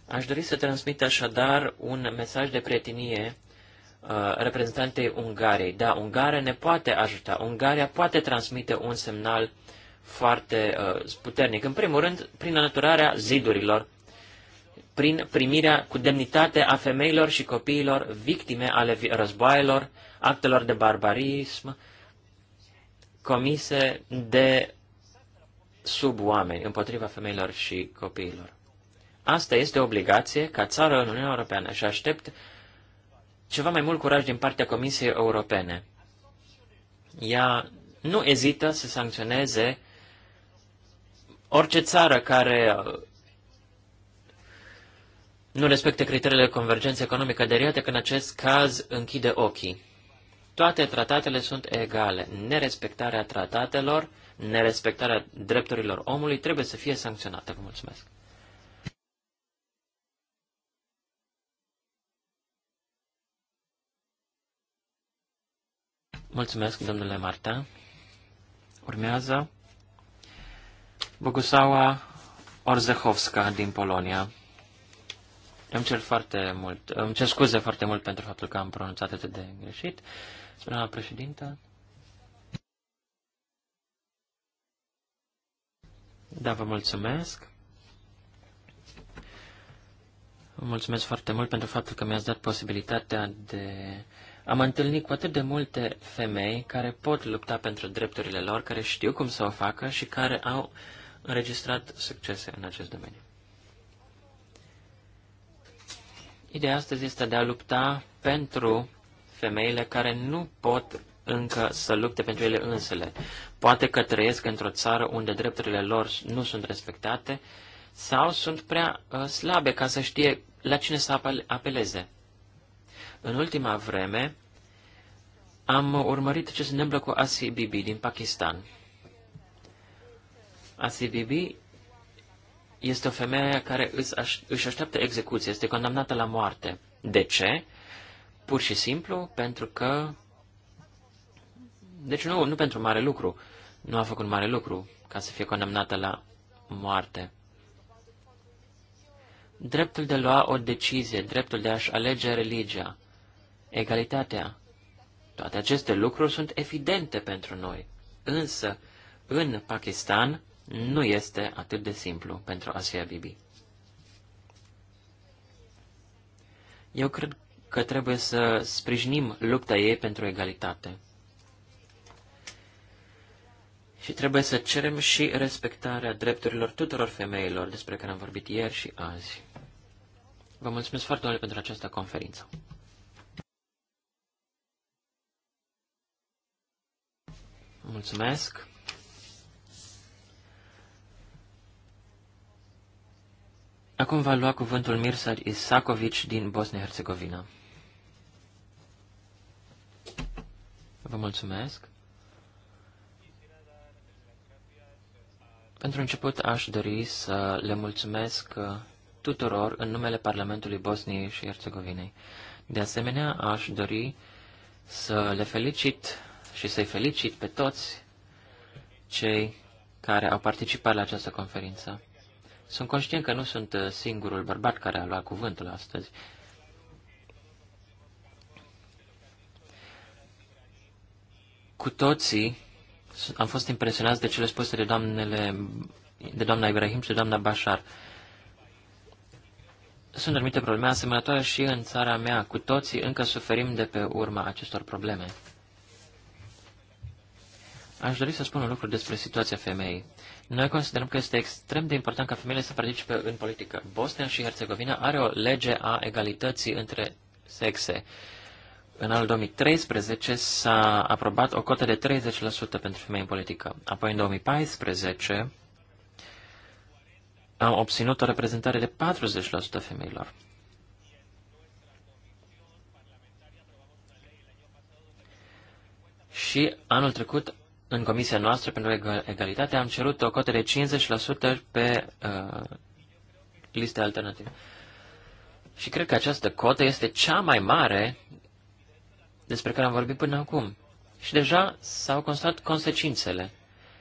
Aș dori să transmit așadar un mesaj de prietenie uh, reprezentantei Ungariei. Da, Ungaria ne poate ajuta. Ungaria poate transmite un semnal foarte uh, puternic. În primul rând, prin înăturarea zidurilor prin primirea cu demnitate a femeilor și copiilor victime ale războaielor, actelor de barbarism comise de sub oameni, împotriva femeilor și copiilor. Asta este o obligație ca țară în Uniunea Europeană și aștept ceva mai mult curaj din partea Comisiei Europene. Ea nu ezită să sancționeze orice țară care nu respecte criteriile de convergență economică, dar că în acest caz închide ochii. Toate tratatele sunt egale. Nerespectarea tratatelor, nerespectarea drepturilor omului trebuie să fie sancționată. Vă mulțumesc. Mulțumesc, domnule Marta. Urmează Bogusawa Orzechowska din Polonia. Îmi cer foarte mult, îmi cer scuze foarte mult pentru faptul că am pronunțat atât de greșit. Spunea președintă. Da, vă mulțumesc. Vă mulțumesc foarte mult pentru faptul că mi-ați dat posibilitatea de... Am întâlnit cu atât de multe femei care pot lupta pentru drepturile lor, care știu cum să o facă și care au înregistrat succese în acest domeniu. Ideea astăzi este de a lupta pentru femeile care nu pot încă să lupte pentru ele însele. Poate că trăiesc într-o țară unde drepturile lor nu sunt respectate sau sunt prea uh, slabe ca să știe la cine să apeleze. În ultima vreme am urmărit ce se întâmplă cu Asi Bibi din Pakistan. Asi Bibi este o femeie care își așteaptă execuție, este condamnată la moarte. De ce? Pur și simplu pentru că... Deci nu, nu pentru mare lucru. Nu a făcut mare lucru ca să fie condamnată la moarte. Dreptul de a lua o decizie, dreptul de a-și alege religia, egalitatea, toate aceste lucruri sunt evidente pentru noi. Însă, în Pakistan, nu este atât de simplu pentru Asia Bibi. Eu cred că trebuie să sprijinim lupta ei pentru egalitate. Și trebuie să cerem și respectarea drepturilor tuturor femeilor despre care am vorbit ieri și azi. Vă mulțumesc foarte mult pentru această conferință. Mulțumesc. Acum va lua cuvântul Mirsad Isakovic din Bosnia-Herzegovina. Vă mulțumesc. Pentru început aș dori să le mulțumesc tuturor în numele Parlamentului Bosniei și Herzegovinei. De asemenea, aș dori să le felicit și să-i felicit pe toți cei care au participat la această conferință. Sunt conștient că nu sunt uh, singurul bărbat care a luat cuvântul astăzi. Cu toții am fost impresionați de cele spuse de, doamnele, de doamna Ibrahim și de doamna Bashar. Sunt anumite probleme asemănătoare și în țara mea. Cu toții încă suferim de pe urma acestor probleme. Aș dori să spun un lucru despre situația femeii. Noi considerăm că este extrem de important ca femeile să participe în politică. Bosnia și Herțegovina are o lege a egalității între sexe. În anul 2013 s-a aprobat o cotă de 30% pentru femei în politică. Apoi, în 2014, am obținut o reprezentare de 40% femeilor. Și anul trecut în comisia noastră pentru egalitate am cerut o cotă de 50% pe uh, liste alternative. Și cred că această cotă este cea mai mare despre care am vorbit până acum. Și deja s-au constat consecințele.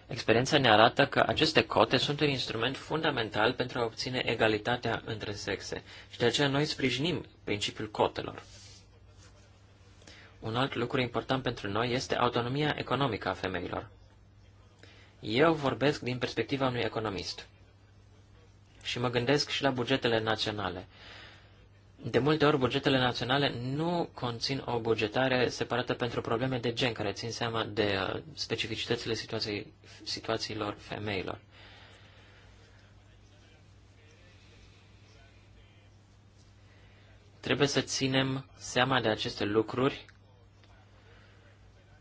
Experiența ne arată că aceste cote sunt un instrument fundamental pentru a obține egalitatea între sexe și de aceea noi sprijinim principiul cotelor. Un alt lucru important pentru noi este autonomia economică a femeilor. Eu vorbesc din perspectiva unui economist și mă gândesc și la bugetele naționale. De multe ori, bugetele naționale nu conțin o bugetare separată pentru probleme de gen, care țin seama de uh, specificitățile situației, situațiilor femeilor. Trebuie să ținem seama de aceste lucruri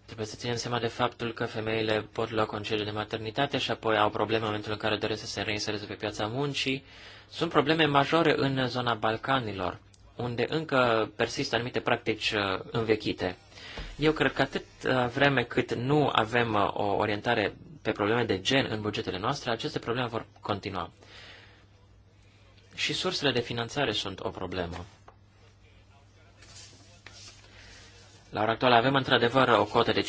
Trebuie să ținem seama de faptul că femeile pot lua concediu de maternitate și apoi au probleme în momentul în care doresc să se reinsereze pe piața muncii. Sunt probleme majore în zona Balcanilor, unde încă persistă anumite practici uh, învechite. Eu cred că atât uh, vreme cât nu avem uh, o orientare pe probleme de gen în bugetele noastre, aceste probleme vor continua. Și sursele de finanțare sunt o problemă. La ora actuală avem într-adevăr o cotă de 50%,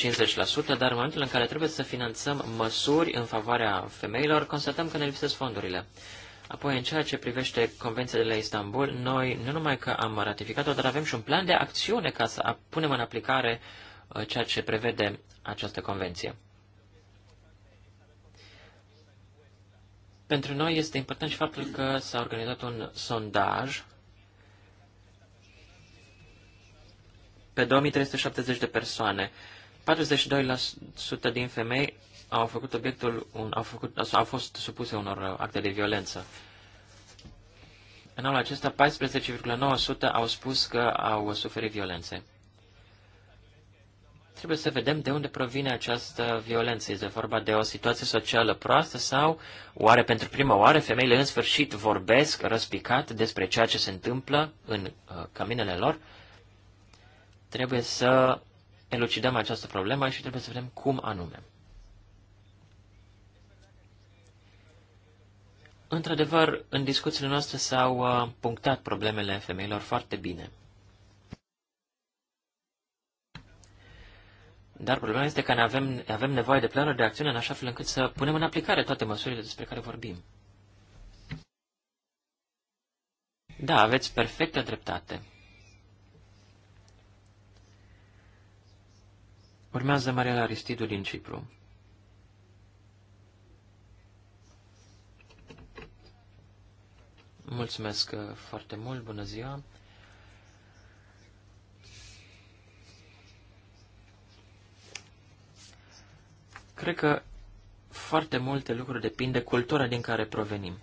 dar în momentul în care trebuie să finanțăm măsuri în favoarea femeilor, constatăm că ne lipsesc fondurile. Apoi, în ceea ce privește Convenția de la Istanbul, noi nu numai că am ratificat-o, dar avem și un plan de acțiune ca să punem în aplicare uh, ceea ce prevede această convenție. Pentru noi este important și faptul că s-a organizat un sondaj pe 2370 de persoane. 42% din femei au făcut obiectul, un, au, făcut, au fost supuse unor acte de violență. În anul acesta, 14,9% au spus că au suferit violențe. Trebuie să vedem de unde provine această violență. Este vorba de o situație socială proastă sau oare pentru prima oară femeile în sfârșit vorbesc răspicat despre ceea ce se întâmplă în uh, caminele lor? Uh, Trebuie să elucidăm această problemă și trebuie să vedem cum anume. Într-adevăr, în discuțiile noastre s-au uh, punctat problemele femeilor foarte bine. Dar problema este că ne avem, avem nevoie de planuri de acțiune în așa fel încât să punem în aplicare toate măsurile despre care vorbim. Da, aveți perfectă dreptate. Urmează Mariela Aristidu din Cipru. Mulțumesc uh, foarte mult, bună ziua! Cred că foarte multe lucruri depind de cultura din care provenim.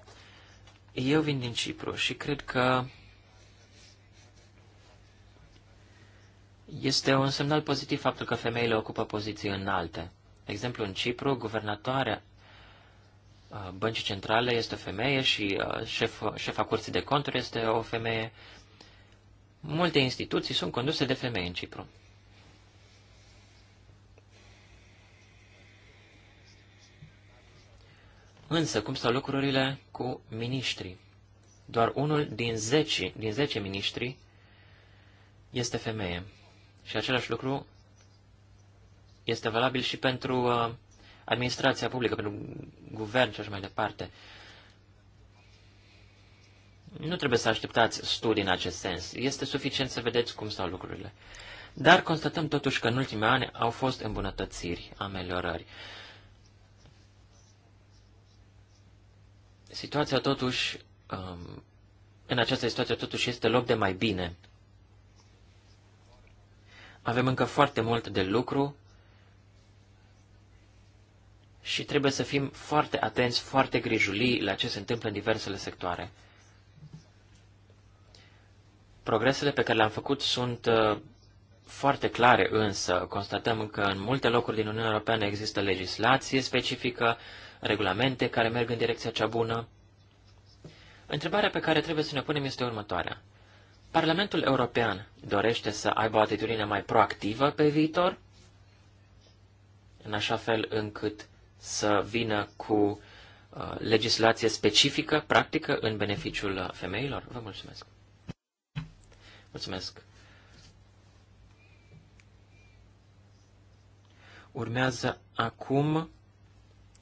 Eu vin din Cipru și cred că Este un semnal pozitiv faptul că femeile ocupă poziții înalte. De exemplu, în Cipru, guvernatoarea uh, băncii centrale este o femeie și uh, șef, șefa curții de conturi este o femeie. Multe instituții sunt conduse de femei în Cipru. Însă, cum stau lucrurile cu miniștrii? Doar unul din zece, din zece miniștri este femeie. Și același lucru este valabil și pentru uh, administrația publică, pentru guvern și așa mai departe. Nu trebuie să așteptați studii în acest sens. Este suficient să vedeți cum stau lucrurile. Dar constatăm totuși că în ultimii ani au fost îmbunătățiri, ameliorări. Situația totuși, um, în această situație totuși este loc de mai bine. Avem încă foarte mult de lucru și trebuie să fim foarte atenți, foarte grijulii la ce se întâmplă în diversele sectoare. Progresele pe care le-am făcut sunt uh, foarte clare, însă constatăm că în multe locuri din Uniunea Europeană există legislație specifică, regulamente care merg în direcția cea bună. Întrebarea pe care trebuie să ne punem este următoarea. Parlamentul European dorește să aibă o atitudine mai proactivă pe viitor, în așa fel încât să vină cu uh, legislație specifică, practică, în beneficiul uh, femeilor? Vă mulțumesc! Mulțumesc! Urmează acum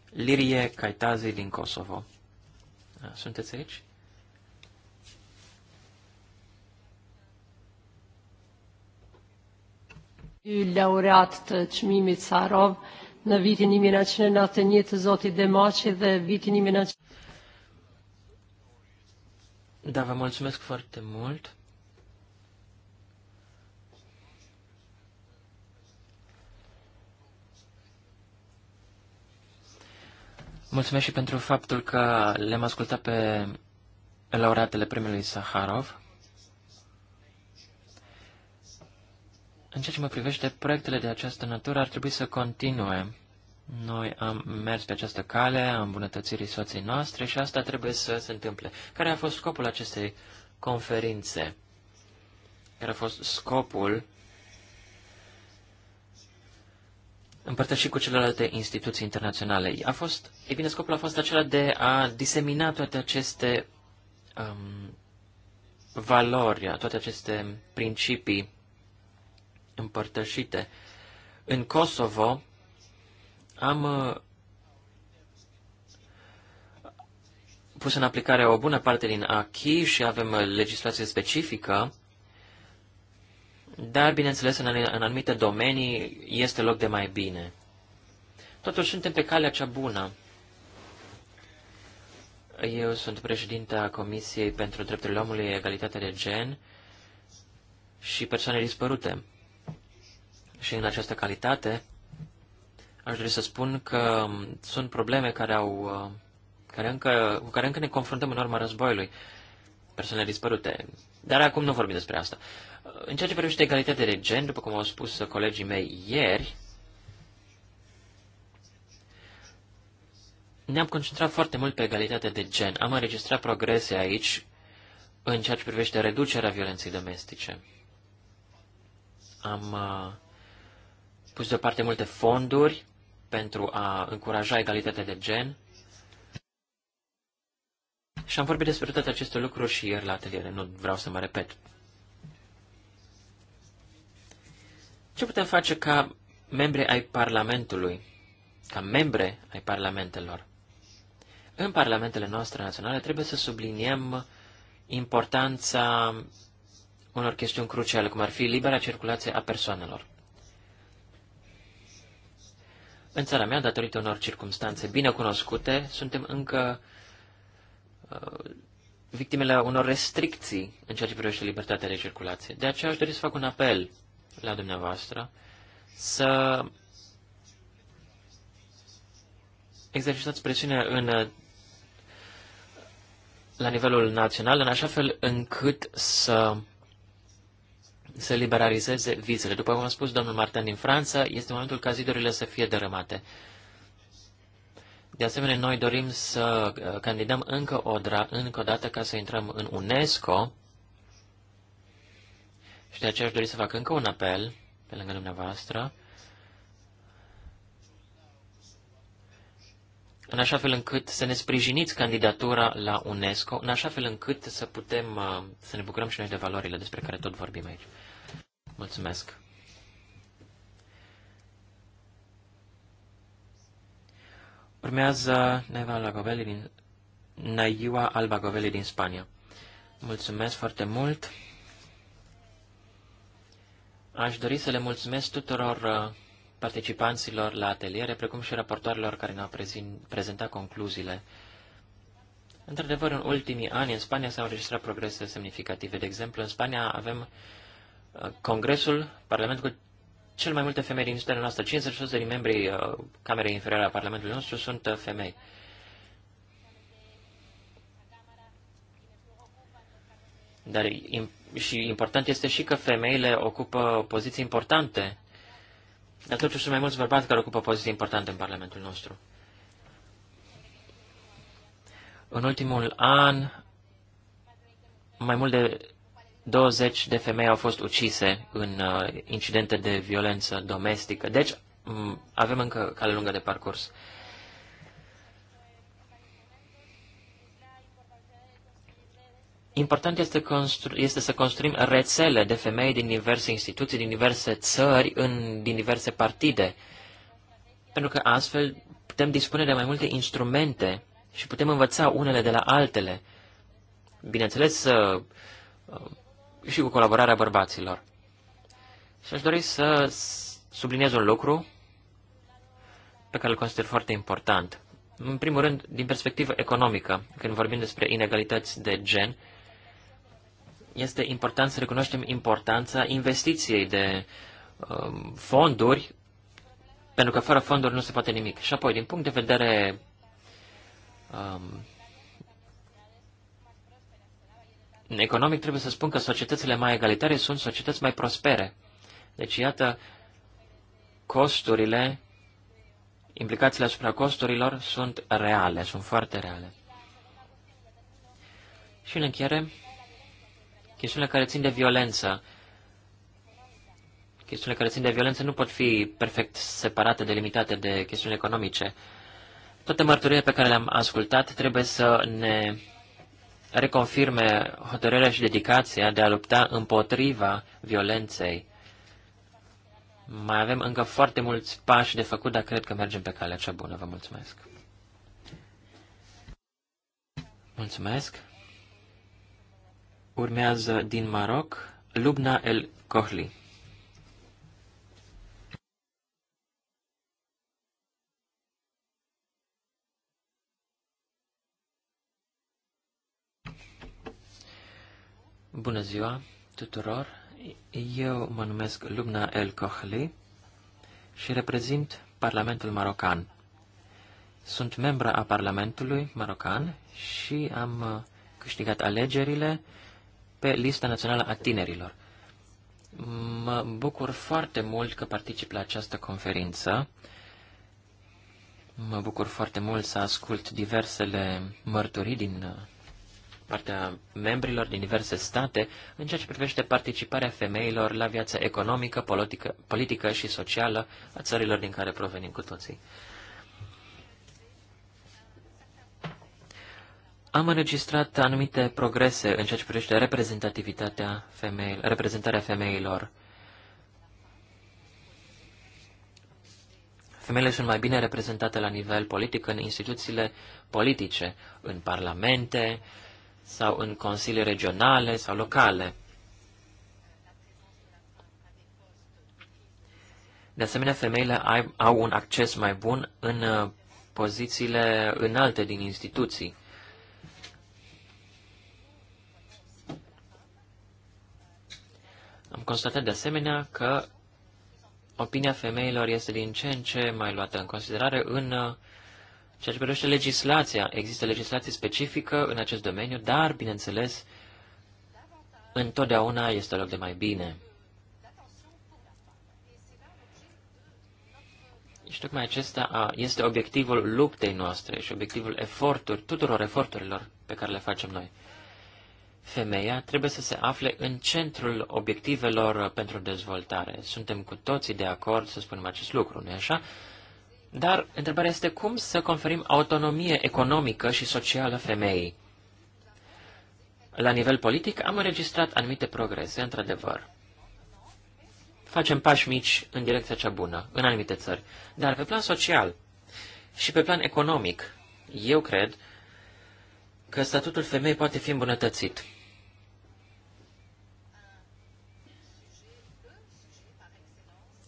Lirie Caitazi din Kosovo. Uh, sunteți aici? laureat të çmimit Sarov në vitin 1991 të zotit Demaci dhe vitin 1991. Da, vă mulțumesc foarte mult. Mulțumesc și pentru faptul că le-am ascultat pe laureatele premiului Saharov. În ceea ce mă privește, proiectele de această natură ar trebui să continue. Noi am mers pe această cale a îmbunătățirii soții noastre și asta trebuie să se întâmple. Care a fost scopul acestei conferințe? Care a fost scopul împărtășit cu celelalte instituții internaționale? A fost, e bine, scopul a fost acela de a disemina toate aceste um, valori, toate aceste principii împărtășite. În Kosovo am uh, pus în aplicare o bună parte din ACHI și avem uh, legislație specifică, dar, bineînțeles, în anumite domenii este loc de mai bine. Totuși, suntem pe calea cea bună. Eu sunt președinta Comisiei pentru Drepturile Omului, Egalitatea de Gen și Persoane Dispărute. Și în această calitate aș dori să spun că sunt probleme care au, uh, care încă, cu care încă ne confruntăm în urma războiului. Persoanele dispărute. Dar acum nu vorbim despre asta. Uh, în ceea ce privește egalitatea de gen, după cum au spus colegii mei ieri, ne-am concentrat foarte mult pe egalitatea de gen. Am înregistrat progrese aici în ceea ce privește reducerea violenței domestice. Am uh, pus deoparte multe fonduri pentru a încuraja egalitatea de gen. Și am vorbit despre toate aceste lucruri și ieri la ateliere, nu vreau să mă repet. Ce putem face ca membre ai Parlamentului, ca membre ai Parlamentelor? În Parlamentele noastre naționale trebuie să subliniem importanța unor chestiuni cruciale, cum ar fi libera circulație a persoanelor. În țara mea, datorită unor circunstanțe bine cunoscute, suntem încă uh, victimele unor restricții în ceea ce privește libertatea de circulație. De aceea aș dori să fac un apel la dumneavoastră să exercitați presiunea în, uh, la nivelul național, în așa fel încât să să liberalizeze vizele. După cum a spus domnul Martin din Franța, este momentul ca zidurile să fie dărâmate. De asemenea, noi dorim să uh, candidăm încă o, dra, încă o dată ca să intrăm în UNESCO și de aceea aș dori să fac încă un apel pe lângă dumneavoastră, în așa fel încât să ne sprijiniți candidatura la UNESCO, în așa fel încât să putem uh, să ne bucurăm și noi de valorile despre care tot vorbim aici. Mulțumesc! Urmează Neva Lagoveli din, Naiua Alba Goveli din Spania. Mulțumesc foarte mult! Aș dori să le mulțumesc tuturor uh, participanților la ateliere, precum și raportoarelor care ne-au prezentat concluziile. Într-adevăr, în ultimii ani, în Spania s-au înregistrat progrese semnificative. De exemplu, în Spania avem Congresul, Parlamentul cu cel mai multe femei din istoria noastră, 50% din membrii uh, Camerei Inferioare a Parlamentului nostru sunt uh, femei. Dar și important este și că femeile ocupă poziții importante. Dar totuși sunt mai mulți bărbați care ocupă poziții importante în Parlamentul nostru. În ultimul an, mai mult de 20 de femei au fost ucise în uh, incidente de violență domestică. Deci, avem încă cale lungă de parcurs. Important este, constru- este să construim rețele de femei din diverse instituții, din diverse țări, în, din diverse partide. Pentru că astfel putem dispune de mai multe instrumente și putem învăța unele de la altele. Bineînțeles, să uh, și cu colaborarea bărbaților. Și aș dori să subliniez un lucru pe care îl consider foarte important. În primul rând, din perspectivă economică, când vorbim despre inegalități de gen, este important să recunoaștem importanța investiției de um, fonduri, pentru că fără fonduri nu se poate nimic. Și apoi, din punct de vedere um, economic, trebuie să spun că societățile mai egalitare sunt societăți mai prospere. Deci, iată, costurile, implicațiile asupra costurilor sunt reale, sunt foarte reale. Și în încheiere, chestiunile care țin de violență. Chestiunile care țin de violență nu pot fi perfect separate, delimitate de chestiuni economice. Toate mărturile pe care le-am ascultat trebuie să ne reconfirme hotărârea și dedicația de a lupta împotriva violenței. Mai avem încă foarte mulți pași de făcut, dar cred că mergem pe calea cea bună. Vă mulțumesc! Mulțumesc! Urmează din Maroc, Lubna El Kohli. Bună ziua tuturor! Eu mă numesc Lumna El Kohli și reprezint Parlamentul Marocan. Sunt membra a Parlamentului Marocan și am uh, câștigat alegerile pe lista națională a tinerilor. Mă bucur foarte mult că particip la această conferință. Mă bucur foarte mult să ascult diversele mărturii din uh, partea membrilor din diverse state în ceea ce privește participarea femeilor la viața economică, politică, politică și socială a țărilor din care provenim cu toții. Am înregistrat anumite progrese în ceea ce privește reprezentativitatea femeilor, reprezentarea femeilor. Femeile sunt mai bine reprezentate la nivel politic în instituțiile politice, în parlamente, sau în consilii regionale sau locale. De asemenea, femeile au un acces mai bun în uh, pozițiile înalte din instituții. Am constatat de asemenea că opinia femeilor este din ce în ce mai luată în considerare în uh, ceea ce privește legislația, există legislație specifică în acest domeniu, dar, bineînțeles, întotdeauna este loc de mai bine. Și tocmai acesta este obiectivul luptei noastre și obiectivul eforturi, tuturor eforturilor pe care le facem noi. Femeia trebuie să se afle în centrul obiectivelor pentru dezvoltare. Suntem cu toții de acord să spunem acest lucru, nu-i așa? Dar întrebarea este cum să conferim autonomie economică și socială femeii. La nivel politic am înregistrat anumite progrese, într-adevăr. Facem pași mici în direcția cea bună, în anumite țări. Dar pe plan social și pe plan economic, eu cred că statutul femei poate fi îmbunătățit.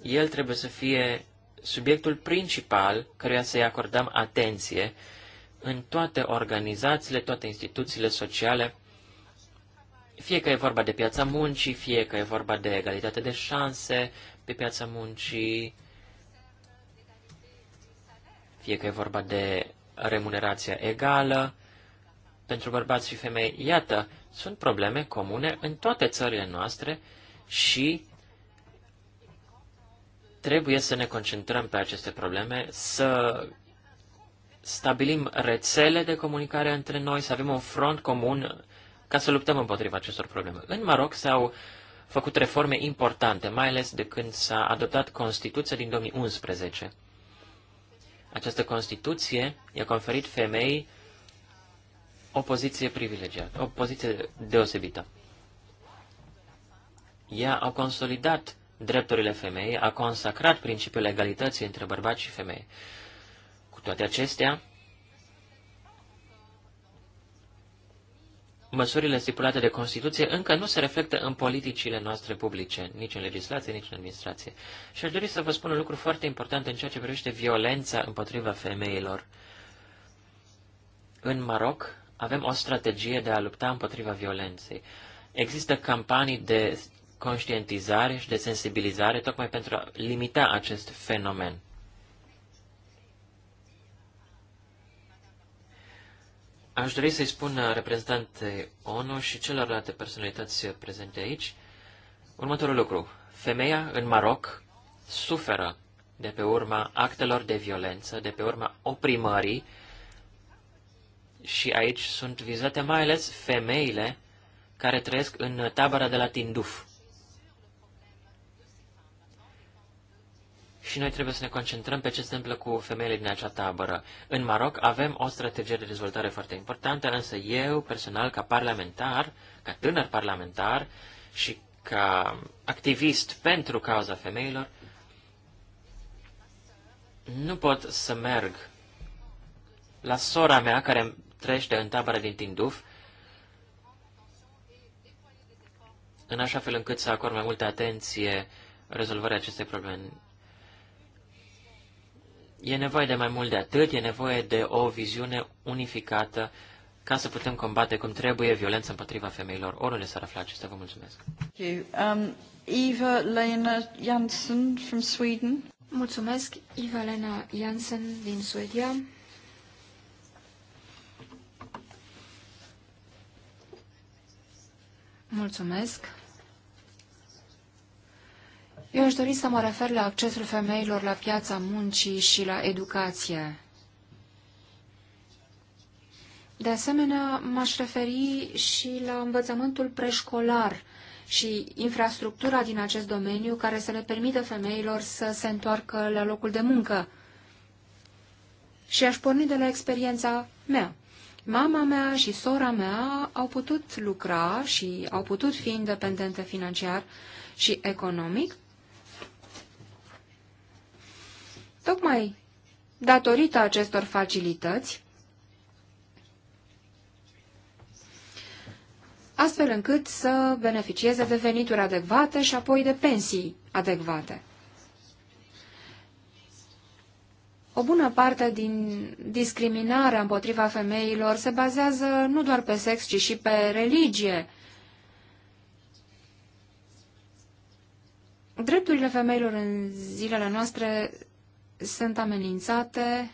El trebuie să fie subiectul principal căruia să-i acordăm atenție în toate organizațiile, toate instituțiile sociale, fie că e vorba de piața muncii, fie că e vorba de egalitate de șanse pe piața muncii, fie că e vorba de remunerația egală pentru bărbați și femei. Iată, sunt probleme comune în toate țările noastre și Trebuie să ne concentrăm pe aceste probleme, să stabilim rețele de comunicare între noi, să avem un front comun ca să luptăm împotriva acestor probleme. În Maroc s-au făcut reforme importante, mai ales de când s-a adoptat Constituția din 2011. Această Constituție i-a conferit femeii o poziție privilegiată, o poziție deosebită. Ea a consolidat drepturile femeii, a consacrat principiul egalității între bărbați și femei. Cu toate acestea, măsurile stipulate de Constituție încă nu se reflectă în politicile noastre publice, nici în legislație, nici în administrație. Și aș dori să vă spun un lucru foarte important în ceea ce privește violența împotriva femeilor. În Maroc avem o strategie de a lupta împotriva violenței. Există campanii de conștientizare și de sensibilizare tocmai pentru a limita acest fenomen. Aș dori să-i spun reprezentante ONU și celorlalte personalități prezente aici următorul lucru. Femeia în Maroc suferă de pe urma actelor de violență, de pe urma oprimării și aici sunt vizate mai ales femeile care trăiesc în tabăra de la Tinduf. și noi trebuie să ne concentrăm pe ce se întâmplă cu femeile din acea tabără. În Maroc avem o strategie de dezvoltare foarte importantă, însă eu, personal, ca parlamentar, ca tânăr parlamentar și ca activist pentru cauza femeilor, nu pot să merg la sora mea care trăiește în tabără din Tinduf, în așa fel încât să acord mai multă atenție rezolvării acestei probleme E nevoie de mai mult de atât, e nevoie de o viziune unificată ca să putem combate cum trebuie violența împotriva femeilor, oriunde s-ar afla acestea. Vă mulțumesc. Um, Eva Lena Jansson from Sweden. Mulțumesc, Eva Lena Jansson din Suedia. Mulțumesc. Eu aș dori să mă refer la accesul femeilor la piața muncii și la educație. De asemenea, m-aș referi și la învățământul preșcolar și infrastructura din acest domeniu care să le permită femeilor să se întoarcă la locul de muncă. Și aș porni de la experiența mea. Mama mea și sora mea au putut lucra și au putut fi independente financiar și economic Tocmai datorită acestor facilități, astfel încât să beneficieze de venituri adecvate și apoi de pensii adecvate. O bună parte din discriminarea împotriva femeilor se bazează nu doar pe sex, ci și pe religie. Drepturile femeilor în zilele noastre sunt amenințate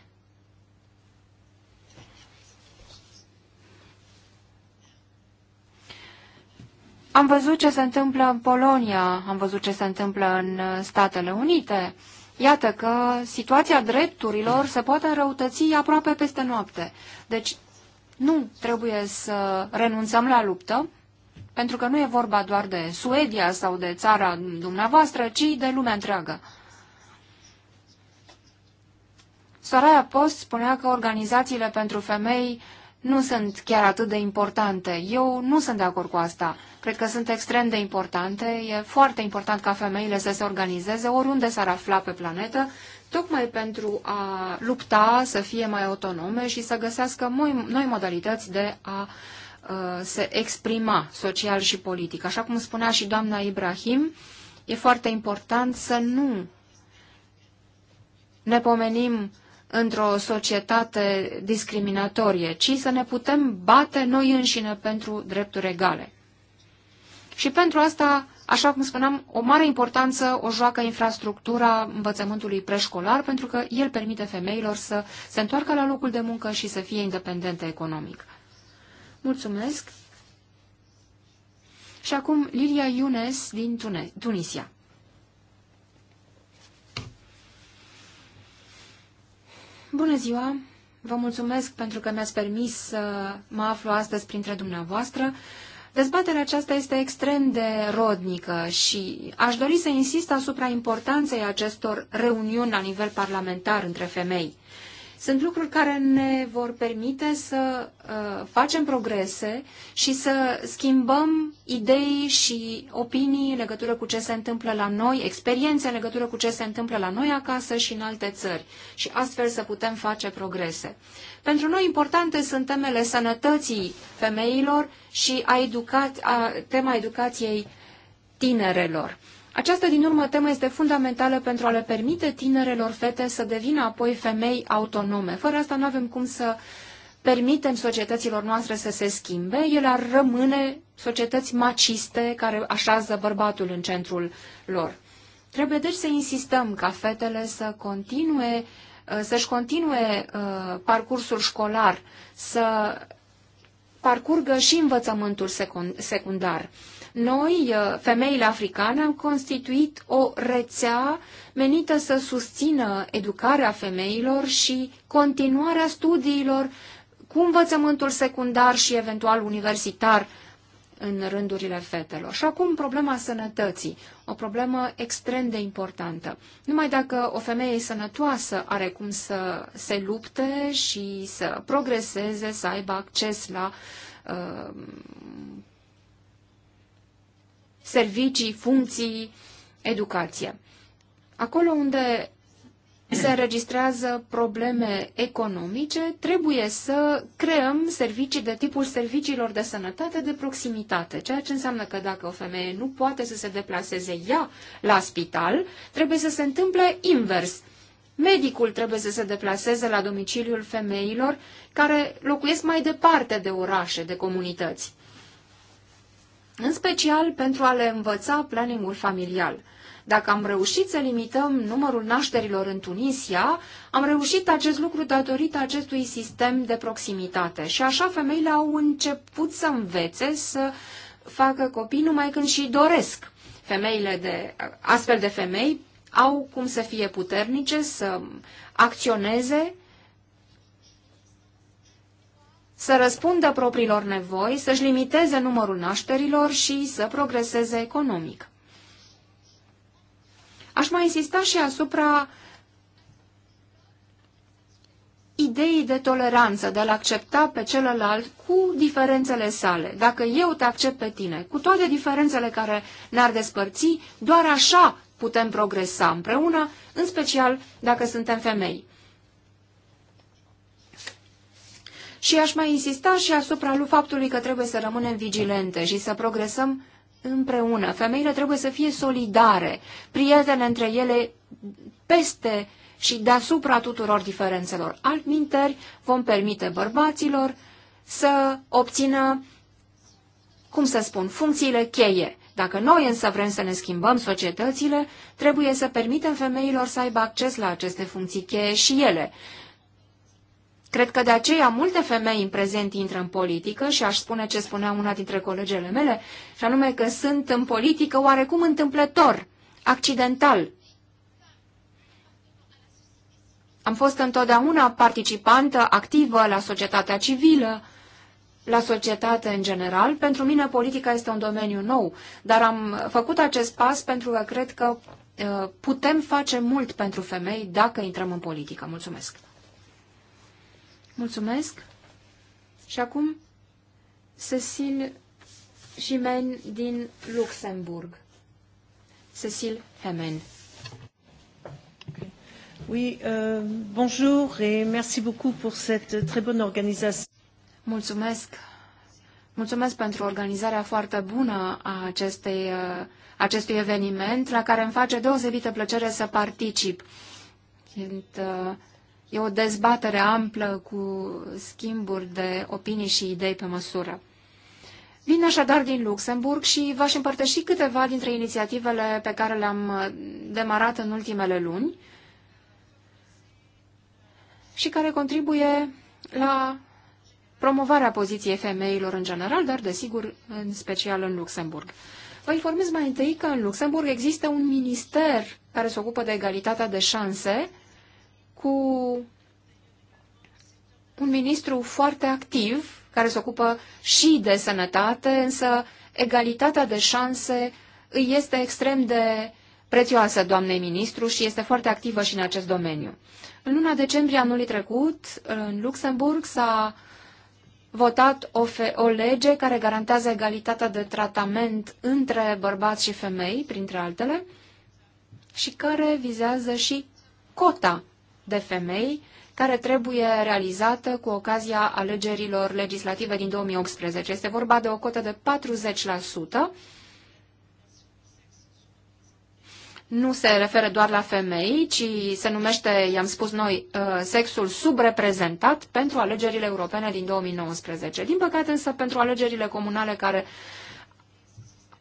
Am văzut ce se întâmplă în Polonia, am văzut ce se întâmplă în uh, Statele Unite. Iată că situația drepturilor se poate înrăutăți aproape peste noapte. Deci nu trebuie să renunțăm la luptă, pentru că nu e vorba doar de Suedia sau de țara dumneavoastră, ci de lumea întreagă. Soraya Post spunea că organizațiile pentru femei nu sunt chiar atât de importante. Eu nu sunt de acord cu asta. Cred că sunt extrem de importante. E foarte important ca femeile să se organizeze oriunde s-ar afla pe planetă, tocmai pentru a lupta, să fie mai autonome și să găsească noi, noi modalități de a uh, se exprima social și politic. Așa cum spunea și doamna Ibrahim, e foarte important să nu ne pomenim într-o societate discriminatorie, ci să ne putem bate noi înșine pentru drepturi egale. Și pentru asta, așa cum spuneam, o mare importanță o joacă infrastructura învățământului preșcolar, pentru că el permite femeilor să se întoarcă la locul de muncă și să fie independente economic. Mulțumesc! Și acum Lilia Iunes din Tunisia. Bună ziua! Vă mulțumesc pentru că mi-ați permis să mă aflu astăzi printre dumneavoastră. Dezbaterea aceasta este extrem de rodnică și aș dori să insist asupra importanței acestor reuniuni la nivel parlamentar între femei. Sunt lucruri care ne vor permite să uh, facem progrese și să schimbăm idei și opinii în legătură cu ce se întâmplă la noi, experiențe în legătură cu ce se întâmplă la noi acasă și în alte țări și astfel să putem face progrese. Pentru noi importante sunt temele sănătății femeilor și a educa- a, tema educației tinerelor. Această din urmă temă este fundamentală pentru a le permite tinerelor fete să devină apoi femei autonome. Fără asta nu avem cum să permitem societăților noastre să se schimbe, ele ar rămâne societăți maciste care așează bărbatul în centrul lor. Trebuie deci să insistăm ca fetele să continue, să-și continue uh, parcursul școlar, să parcurgă și învățământul secundar. Noi, uh, femeile africane, am constituit o rețea menită să susțină educarea femeilor și continuarea studiilor cu învățământul secundar și eventual universitar în rândurile fetelor. Și acum problema sănătății, o problemă extrem de importantă. Numai dacă o femeie sănătoasă are cum să se lupte și să progreseze, să aibă acces la uh, servicii, funcții, educație. Acolo unde se înregistrează probleme economice, trebuie să creăm servicii de tipul serviciilor de sănătate de proximitate, ceea ce înseamnă că dacă o femeie nu poate să se deplaseze ea la spital, trebuie să se întâmple invers. Medicul trebuie să se deplaseze la domiciliul femeilor care locuiesc mai departe de orașe, de comunități în special pentru a le învăța planningul familial. Dacă am reușit să limităm numărul nașterilor în Tunisia, am reușit acest lucru datorită acestui sistem de proximitate. Și așa femeile au început să învețe să facă copii numai când și doresc. Femeile de, astfel de femei au cum să fie puternice, să acționeze să răspundă propriilor nevoi, să-și limiteze numărul nașterilor și să progreseze economic. Aș mai insista și asupra ideii de toleranță, de a-l accepta pe celălalt cu diferențele sale. Dacă eu te accept pe tine, cu toate diferențele care ne-ar despărți, doar așa putem progresa împreună, în special dacă suntem femei. Și aș mai insista și asupra lui faptului că trebuie să rămânem vigilente și să progresăm împreună. Femeile trebuie să fie solidare, prietene între ele peste și deasupra tuturor diferențelor. Altminteri vom permite bărbaților să obțină, cum să spun, funcțiile cheie. Dacă noi însă vrem să ne schimbăm societățile, trebuie să permitem femeilor să aibă acces la aceste funcții cheie și ele. Cred că de aceea multe femei în prezent intră în politică și aș spune ce spunea una dintre colegele mele, și anume că sunt în politică oarecum întâmplător, accidental. Am fost întotdeauna participantă activă la societatea civilă, la societate în general. Pentru mine politica este un domeniu nou, dar am făcut acest pas pentru că cred că uh, putem face mult pentru femei dacă intrăm în politică. Mulțumesc! Mulțumesc. Și acum Cecil Jimen din Luxemburg. Cecil Hemen. Oui, euh, bonjour et merci beaucoup pour cette très bonne organisation. Mulțumesc. Mulțumesc pentru organizarea foarte bună a acestei, uh, acestui eveniment, la care îmi face deosebită plăcere să particip. Sunt uh, E o dezbatere amplă cu schimburi de opinii și idei pe măsură. Vin așadar din Luxemburg și v-aș împărtăși câteva dintre inițiativele pe care le-am demarat în ultimele luni și care contribuie la promovarea poziției femeilor în general, dar desigur în special în Luxemburg. Vă informez mai întâi că în Luxemburg există un minister care se ocupă de egalitatea de șanse cu un ministru foarte activ, care se ocupă și de sănătate, însă egalitatea de șanse îi este extrem de prețioasă doamnei ministru și este foarte activă și în acest domeniu. În luna decembrie anului trecut, în Luxemburg, s-a votat o, o lege care garantează egalitatea de tratament între bărbați și femei, printre altele, și care vizează și cota de femei, care trebuie realizată cu ocazia alegerilor legislative din 2018. Este vorba de o cotă de 40%. Nu se referă doar la femei, ci se numește, i-am spus noi, uh, sexul subreprezentat pentru alegerile europene din 2019. Din păcate însă, pentru alegerile comunale care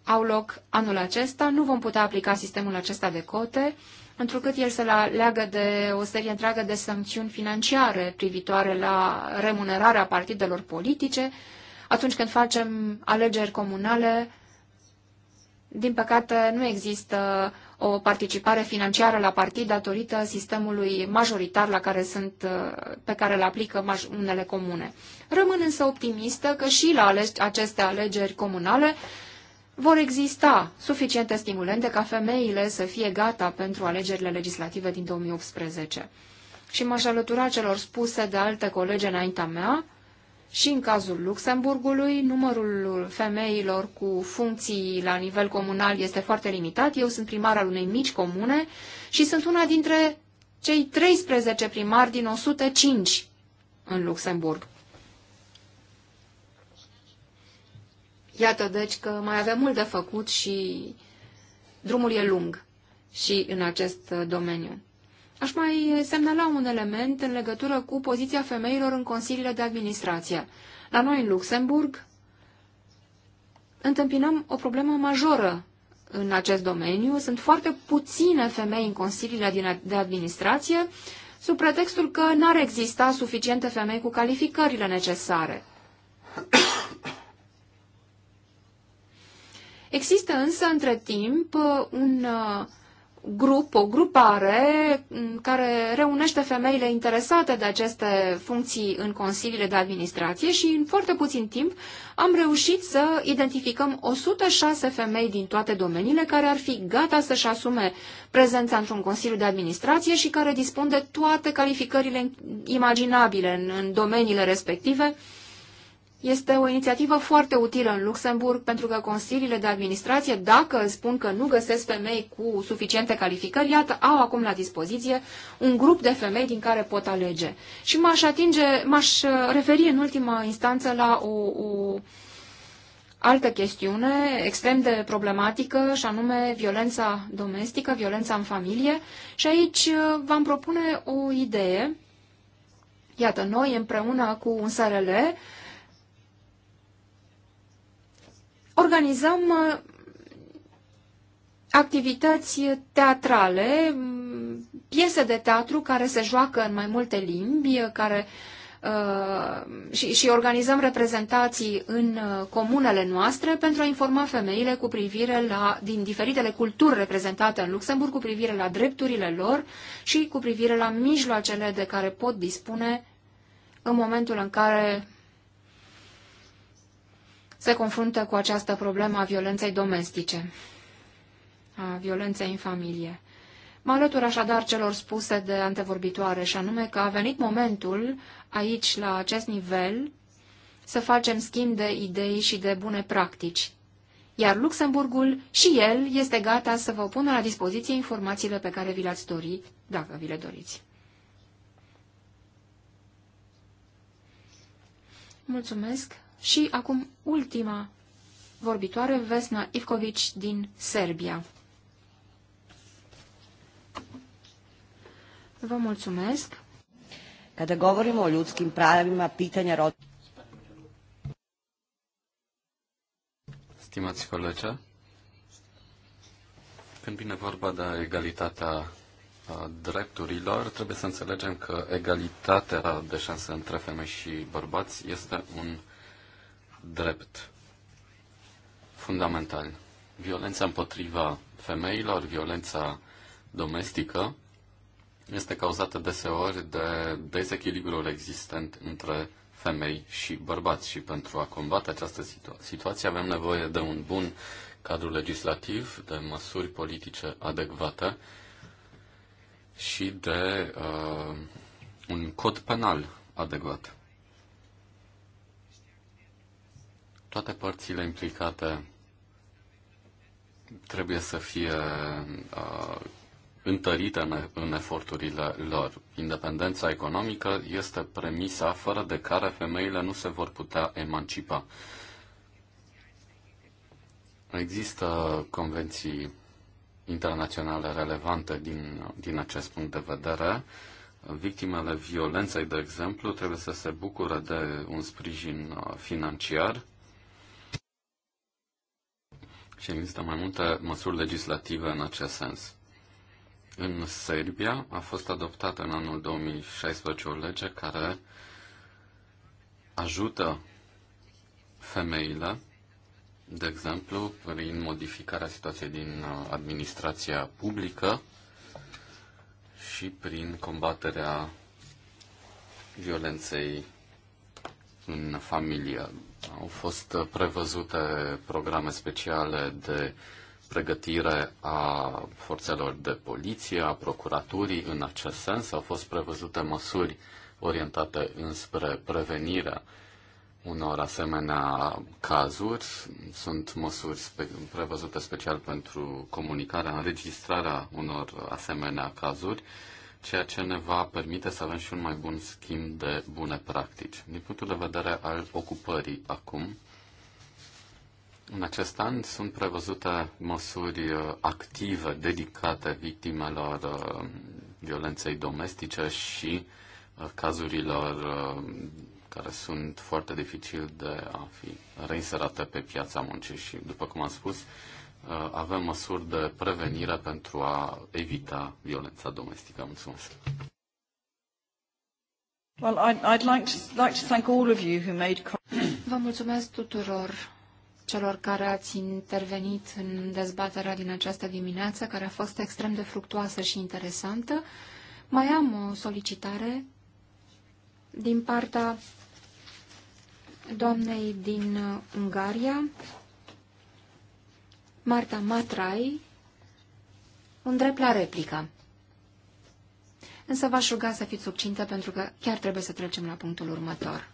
au loc anul acesta, nu vom putea aplica sistemul acesta de cote, întrucât el se leagă de o serie întreagă de sancțiuni financiare privitoare la remunerarea partidelor politice, atunci când facem alegeri comunale, din păcate, nu există o participare financiară la partid datorită sistemului majoritar la care sunt, pe care le aplică unele comune. Rămân însă optimistă că și la aceste alegeri comunale vor exista suficiente stimulente ca femeile să fie gata pentru alegerile legislative din 2018. Și m-aș alătura celor spuse de alte colege înaintea mea, și în cazul Luxemburgului, numărul femeilor cu funcții la nivel comunal este foarte limitat. Eu sunt primar al unei mici comune și sunt una dintre cei 13 primari din 105 în Luxemburg. Iată, deci, că mai avem mult de făcut și drumul e lung și în acest uh, domeniu. Aș mai semnala un element în legătură cu poziția femeilor în consiliile de administrație. La noi, în Luxemburg, întâmpinăm o problemă majoră în acest domeniu. Sunt foarte puține femei în consiliile de administrație, sub pretextul că n-ar exista suficiente femei cu calificările necesare. Există însă între timp uh, un uh, grup, o grupare mm, care reunește femeile interesate de aceste funcții în consiliile de administrație și în foarte puțin timp am reușit să identificăm 106 femei din toate domeniile care ar fi gata să-și asume prezența într-un consiliu de administrație și care dispun de toate calificările imaginabile în, în domeniile respective este o inițiativă foarte utilă în Luxemburg pentru că consiliile de administrație, dacă spun că nu găsesc femei cu suficiente calificări, iată, au acum la dispoziție un grup de femei din care pot alege. Și m-aș atinge, m-aș uh, referi în ultima instanță la o, o altă chestiune extrem de problematică și anume violența domestică, violența în familie și aici uh, v-am propune o idee. Iată, noi împreună cu un SRL organizăm uh, activități teatrale, mm, piese de teatru care se joacă în mai multe limbi, uh, care uh, și, și organizăm reprezentații în comunele noastre pentru a informa femeile cu privire la, din diferitele culturi reprezentate în Luxemburg, cu privire la drepturile lor și cu privire la mijloacele de care pot dispune în momentul în care se confruntă cu această problemă a violenței domestice, a violenței în familie. Mă alătur așadar celor spuse de antevorbitoare și anume că a venit momentul aici, la acest nivel, să facem schimb de idei și de bune practici. Iar Luxemburgul și el este gata să vă pună la dispoziție informațiile pe care vi le-ați dori, dacă vi le doriți. Mulțumesc. Și acum ultima vorbitoare, Vesna Ivkovici din Serbia. Vă mulțumesc. Kada govorimo o ljudskim pravima, pitanja rod... Stimați colegi, când vine vorba de egalitatea drepturilor, trebuie să înțelegem că egalitatea de șanse între femei și bărbați este un drept fundamental. Violența împotriva femeilor, violența domestică, este cauzată deseori de dezechilibrul existent între femei și bărbați și pentru a combate această situa- situație avem nevoie de un bun cadru legislativ, de măsuri politice adecvate și de uh, un cod penal adecvat. Toate părțile implicate trebuie să fie uh, întărite în, în eforturile lor. Independența economică este premisa fără de care femeile nu se vor putea emancipa. Există convenții internaționale relevante din, din acest punct de vedere. Victimele violenței, de exemplu, trebuie să se bucure de un sprijin uh, financiar și există mai multe măsuri legislative în acest sens. În Serbia a fost adoptată în anul 2016 o lege care ajută femeile, de exemplu, prin modificarea situației din uh, administrația publică și prin combaterea violenței în familie. Au fost uh, prevăzute programe speciale de pregătire a forțelor de poliție, a procuraturii în acest sens. Au fost prevăzute măsuri orientate înspre prevenirea unor asemenea cazuri. Sunt măsuri spe- prevăzute special pentru comunicarea, înregistrarea unor asemenea cazuri ceea ce ne va permite să avem și un mai bun schimb de bune practici. Din punctul de vedere al ocupării acum, în acest an sunt prevăzute măsuri uh, active dedicate victimelor uh, violenței domestice și uh, cazurilor care sunt foarte dificil de a fi reinserate pe piața muncii și, după cum am spus, Uh, avem măsuri de prevenire pentru a evita violența domestică. Mulțumesc! Well, I'd, I'd like, to, like to thank all of you who made... Vă mulțumesc tuturor celor care ați intervenit în dezbaterea din această dimineață, care a fost extrem de fructuoasă și interesantă. Mai am o solicitare din partea doamnei din Ungaria, Marta Matrai, un drept la replică. Însă v-aș ruga să fiți subcintă pentru că chiar trebuie să trecem la punctul următor.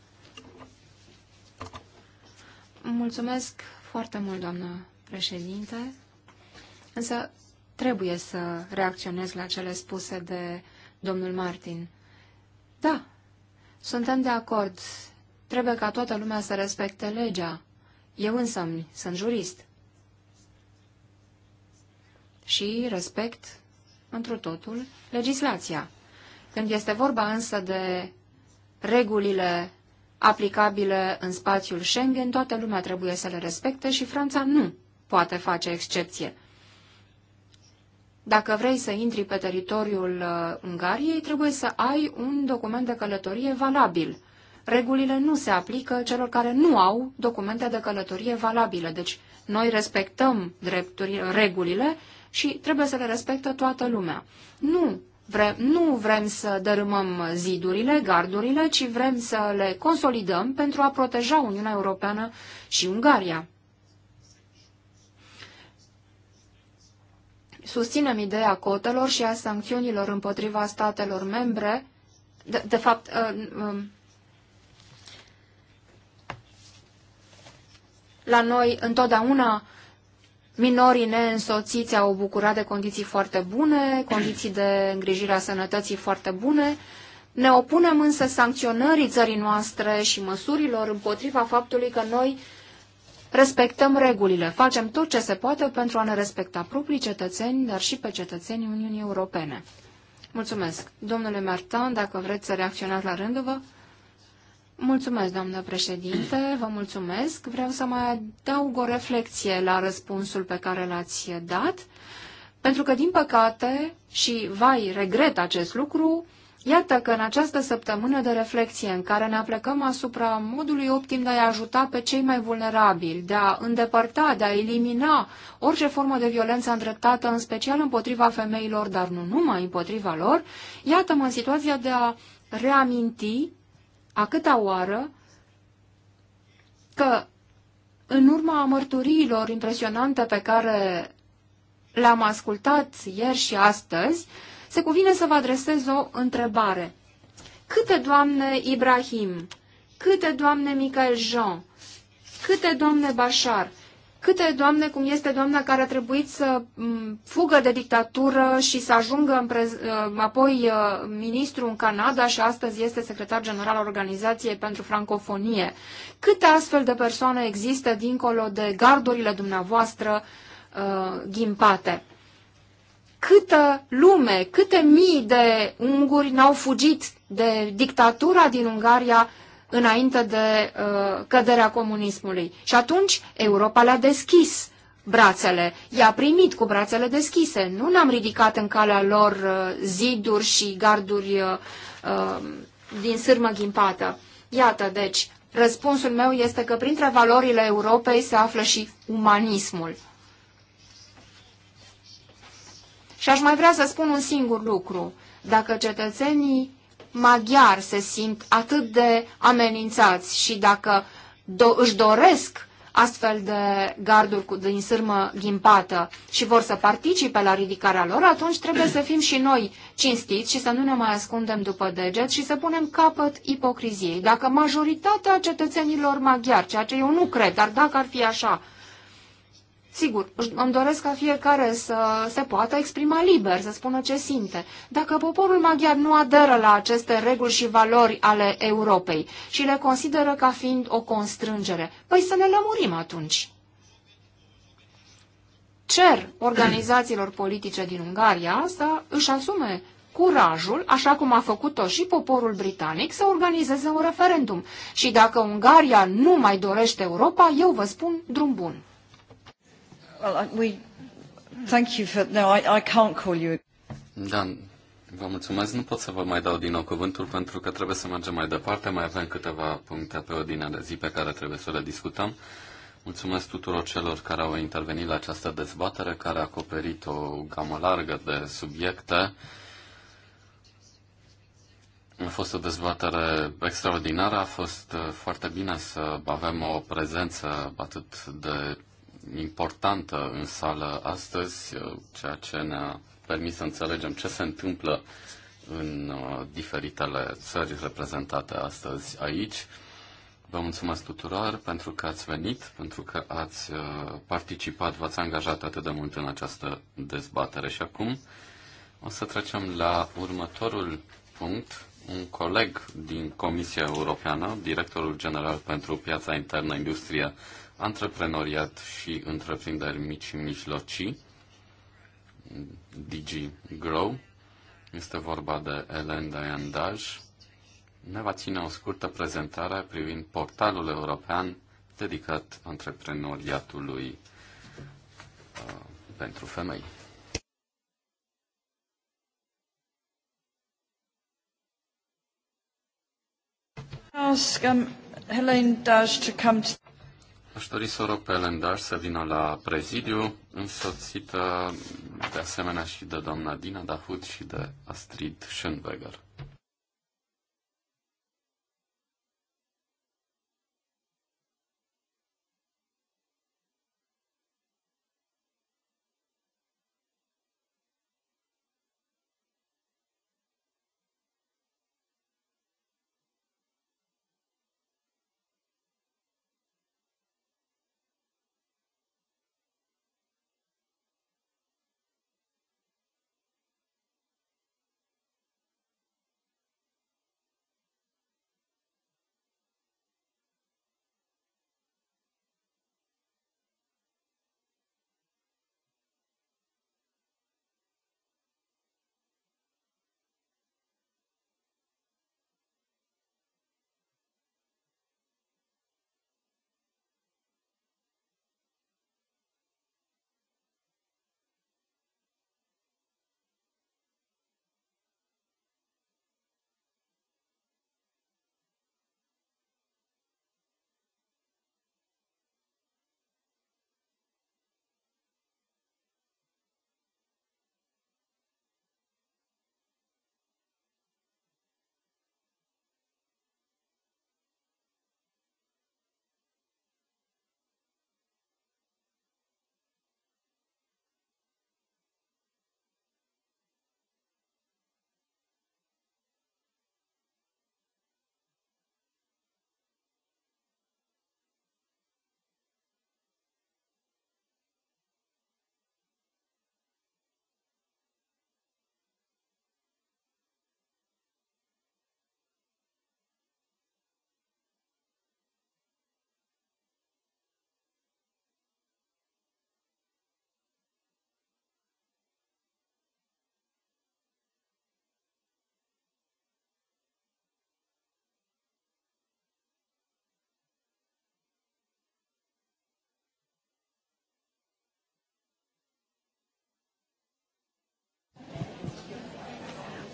Mulțumesc foarte mult, doamnă președinte, însă trebuie să reacționez la cele spuse de domnul Martin. Da, suntem de acord. Trebuie ca toată lumea să respecte legea. Eu însă sunt jurist și respect întru totul legislația. Când este vorba însă de regulile aplicabile în spațiul Schengen, toată lumea trebuie să le respecte și Franța nu poate face excepție. Dacă vrei să intri pe teritoriul uh, Ungariei, trebuie să ai un document de călătorie valabil. Regulile nu se aplică celor care nu au documente de călătorie valabile. Deci, noi respectăm drepturi, regulile și trebuie să le respectă toată lumea. Nu vrem, nu vrem să dărâmăm zidurile, gardurile, ci vrem să le consolidăm pentru a proteja Uniunea Europeană și Ungaria. Susținem ideea cotelor și a sancțiunilor împotriva statelor membre. De, de fapt, uh, um, la noi întotdeauna Minorii neînsoțiți au bucurat de condiții foarte bune, condiții de îngrijire a sănătății foarte bune. Ne opunem însă sancționării țării noastre și măsurilor împotriva faptului că noi respectăm regulile, facem tot ce se poate pentru a ne respecta proprii cetățeni, dar și pe cetățenii Uniunii Europene. Mulțumesc. Domnule Martin, dacă vreți să reacționați la rândul vă... Mulțumesc, doamnă președinte, vă mulțumesc. Vreau să mai adaug o reflexie la răspunsul pe care l-ați dat, pentru că, din păcate, și vai, regret acest lucru, Iată că în această săptămână de reflexie în care ne aplecăm asupra modului optim de a-i ajuta pe cei mai vulnerabili, de a îndepărta, de a elimina orice formă de violență îndreptată, în special împotriva femeilor, dar nu numai împotriva lor, iată-mă în situația de a reaminti a câta oară că în urma mărturiilor impresionante pe care le-am ascultat ieri și astăzi, se cuvine să vă adresez o întrebare. Câte, doamne Ibrahim, câte, doamne Michael Jean, câte, doamne Bashar, Câte doamne cum este doamna care a trebuit să fugă de dictatură și să ajungă în prez- uh, apoi uh, ministru în Canada și astăzi este secretar general al Organizației pentru Francofonie. Câte astfel de persoane există dincolo de gardurile dumneavoastră uh, ghimpate? Câtă lume, câte mii de unguri n-au fugit de dictatura din Ungaria înainte de uh, căderea comunismului. Și atunci Europa le-a deschis brațele, i-a primit cu brațele deschise. Nu ne-am ridicat în calea lor uh, ziduri și garduri uh, uh, din sârmă ghimpată. Iată, deci, răspunsul meu este că printre valorile Europei se află și umanismul. Și aș mai vrea să spun un singur lucru. Dacă cetățenii maghiari se simt atât de amenințați și dacă do- își doresc astfel de garduri cu, din sârmă ghimpată și vor să participe la ridicarea lor, atunci trebuie să fim și noi cinstiți și să nu ne mai ascundem după deget și să punem capăt ipocriziei. Dacă majoritatea cetățenilor maghiari, ceea ce eu nu cred, dar dacă ar fi așa, Sigur, îmi doresc ca fiecare să se poată exprima liber, să spună ce simte. Dacă poporul maghiar nu aderă la aceste reguli și valori ale Europei și le consideră ca fiind o constrângere, păi să ne lămurim atunci. Cer organizațiilor politice din Ungaria să își asume curajul, așa cum a făcut-o și poporul britanic, să organizeze un referendum. Și dacă Ungaria nu mai dorește Europa, eu vă spun drum bun. Well, we... Thank you for... No, I, I can't call you... Da, vă mulțumesc. Nu pot să vă mai dau din nou cuvântul pentru că trebuie să mergem mai departe. Mai avem câteva puncte pe ordinea de zi pe care trebuie să le discutăm. Mulțumesc tuturor celor care au intervenit la această dezbatere, care a acoperit o gamă largă de subiecte. A fost o dezbatere extraordinară, a fost uh, foarte bine să avem o prezență atât de importantă în sală astăzi, ceea ce ne-a permis să înțelegem ce se întâmplă în uh, diferitele țări reprezentate astăzi aici. Vă mulțumesc tuturor pentru că ați venit, pentru că ați uh, participat, v-ați angajat atât de mult în această dezbatere. Și acum o să trecem la următorul punct. Un coleg din Comisia Europeană, directorul general pentru piața internă, industrie, antreprenoriat și întreprinderi mici și mijlocii, Digi Grow. Este vorba de Ellen Diane Daj. Ne va ține o scurtă prezentare privind portalul european dedicat antreprenoriatului uh, pentru femei. Ask um, Helene Daj to come to Aș dori să rog pe Elendar să vină la prezidiu, însoțită de asemenea și de doamna Dina Dahut și de Astrid Schönberger.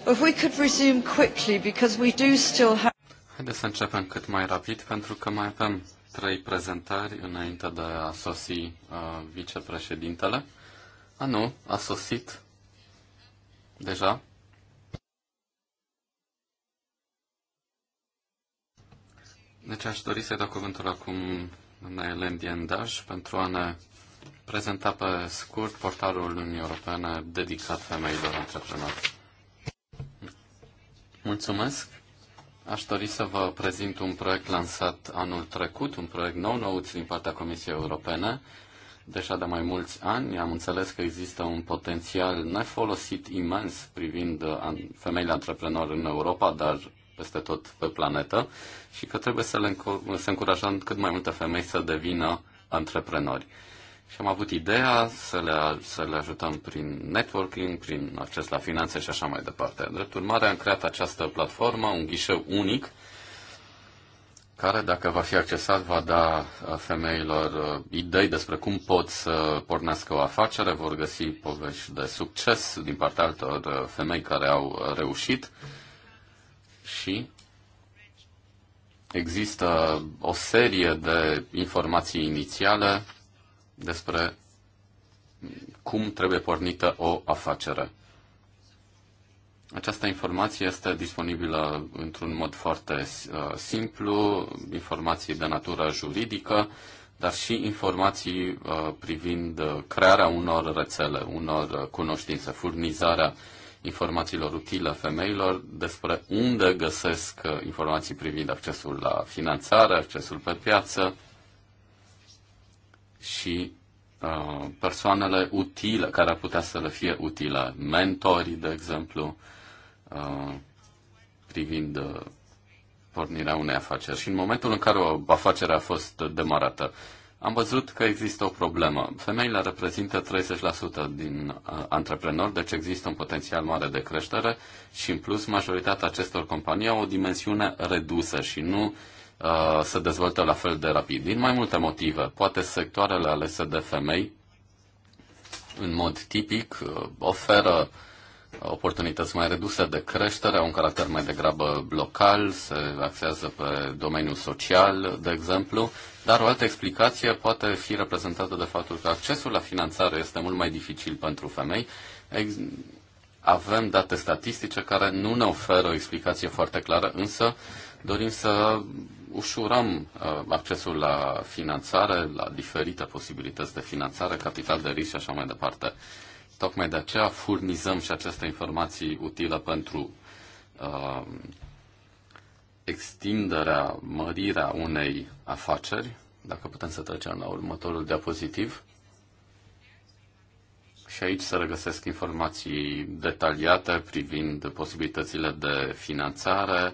If we could resume quickly, because we do still have... Haideți să începem cât mai rapid, pentru că mai avem trei prezentări înainte de a sosi uh, vicepreședintele. A, nu, a sosit deja. Deci aș dori să-i dau cuvântul acum în Elendien Diendaș pentru a ne prezenta pe scurt portalul Uniunii Europene dedicat femeilor antreprenori. Mulțumesc. Aș dori să vă prezint un proiect lansat anul trecut, un proiect nou nouț din partea Comisiei Europene. Deja de mai mulți ani am înțeles că există un potențial nefolosit imens privind uh, femeile antreprenori în Europa, dar peste tot pe planetă și că trebuie să, le, să încurajăm cât mai multe femei să devină antreprenori. Și am avut ideea să le, să le ajutăm prin networking, prin acces la finanțe și așa mai departe. Drept urmare, am creat această platformă, un ghișeu unic, care, dacă va fi accesat, va da uh, femeilor uh, idei despre cum pot să pornească o afacere, vor găsi povești de succes din partea altor uh, femei care au reușit și există o serie de informații inițiale despre cum trebuie pornită o afacere. Această informație este disponibilă într-un mod foarte uh, simplu, informații de natură juridică, dar și informații uh, privind crearea unor rețele, unor cunoștințe, furnizarea informațiilor utile femeilor despre unde găsesc uh, informații privind accesul la finanțare, accesul pe piață, și uh, persoanele utile, care ar putea să le fie utile, Mentorii, de exemplu, uh, privind uh, pornirea unei afaceri. Și în momentul în care o afacere a fost demarată, am văzut că există o problemă. Femeile reprezintă 30% din antreprenori, deci există un potențial mare de creștere și, în plus, majoritatea acestor companii au o dimensiune redusă și nu uh, Uh, se dezvoltă la fel de rapid. Din mai multe motive, poate sectoarele alese de femei, în mod tipic, uh, oferă oportunități mai reduse de creștere, au un caracter mai degrabă local, se axează pe domeniul social, de exemplu, dar o altă explicație poate fi reprezentată de faptul că accesul la finanțare este mult mai dificil pentru femei. Avem date statistice care nu ne oferă o explicație foarte clară, însă dorim să ușurăm uh, accesul la finanțare, la diferite posibilități de finanțare, capital de risc și așa mai departe. Tocmai de aceea furnizăm și aceste informații utile pentru uh, extinderea, mărirea unei afaceri, dacă putem să trecem la următorul diapozitiv. Și aici se regăsesc informații detaliate privind posibilitățile de finanțare,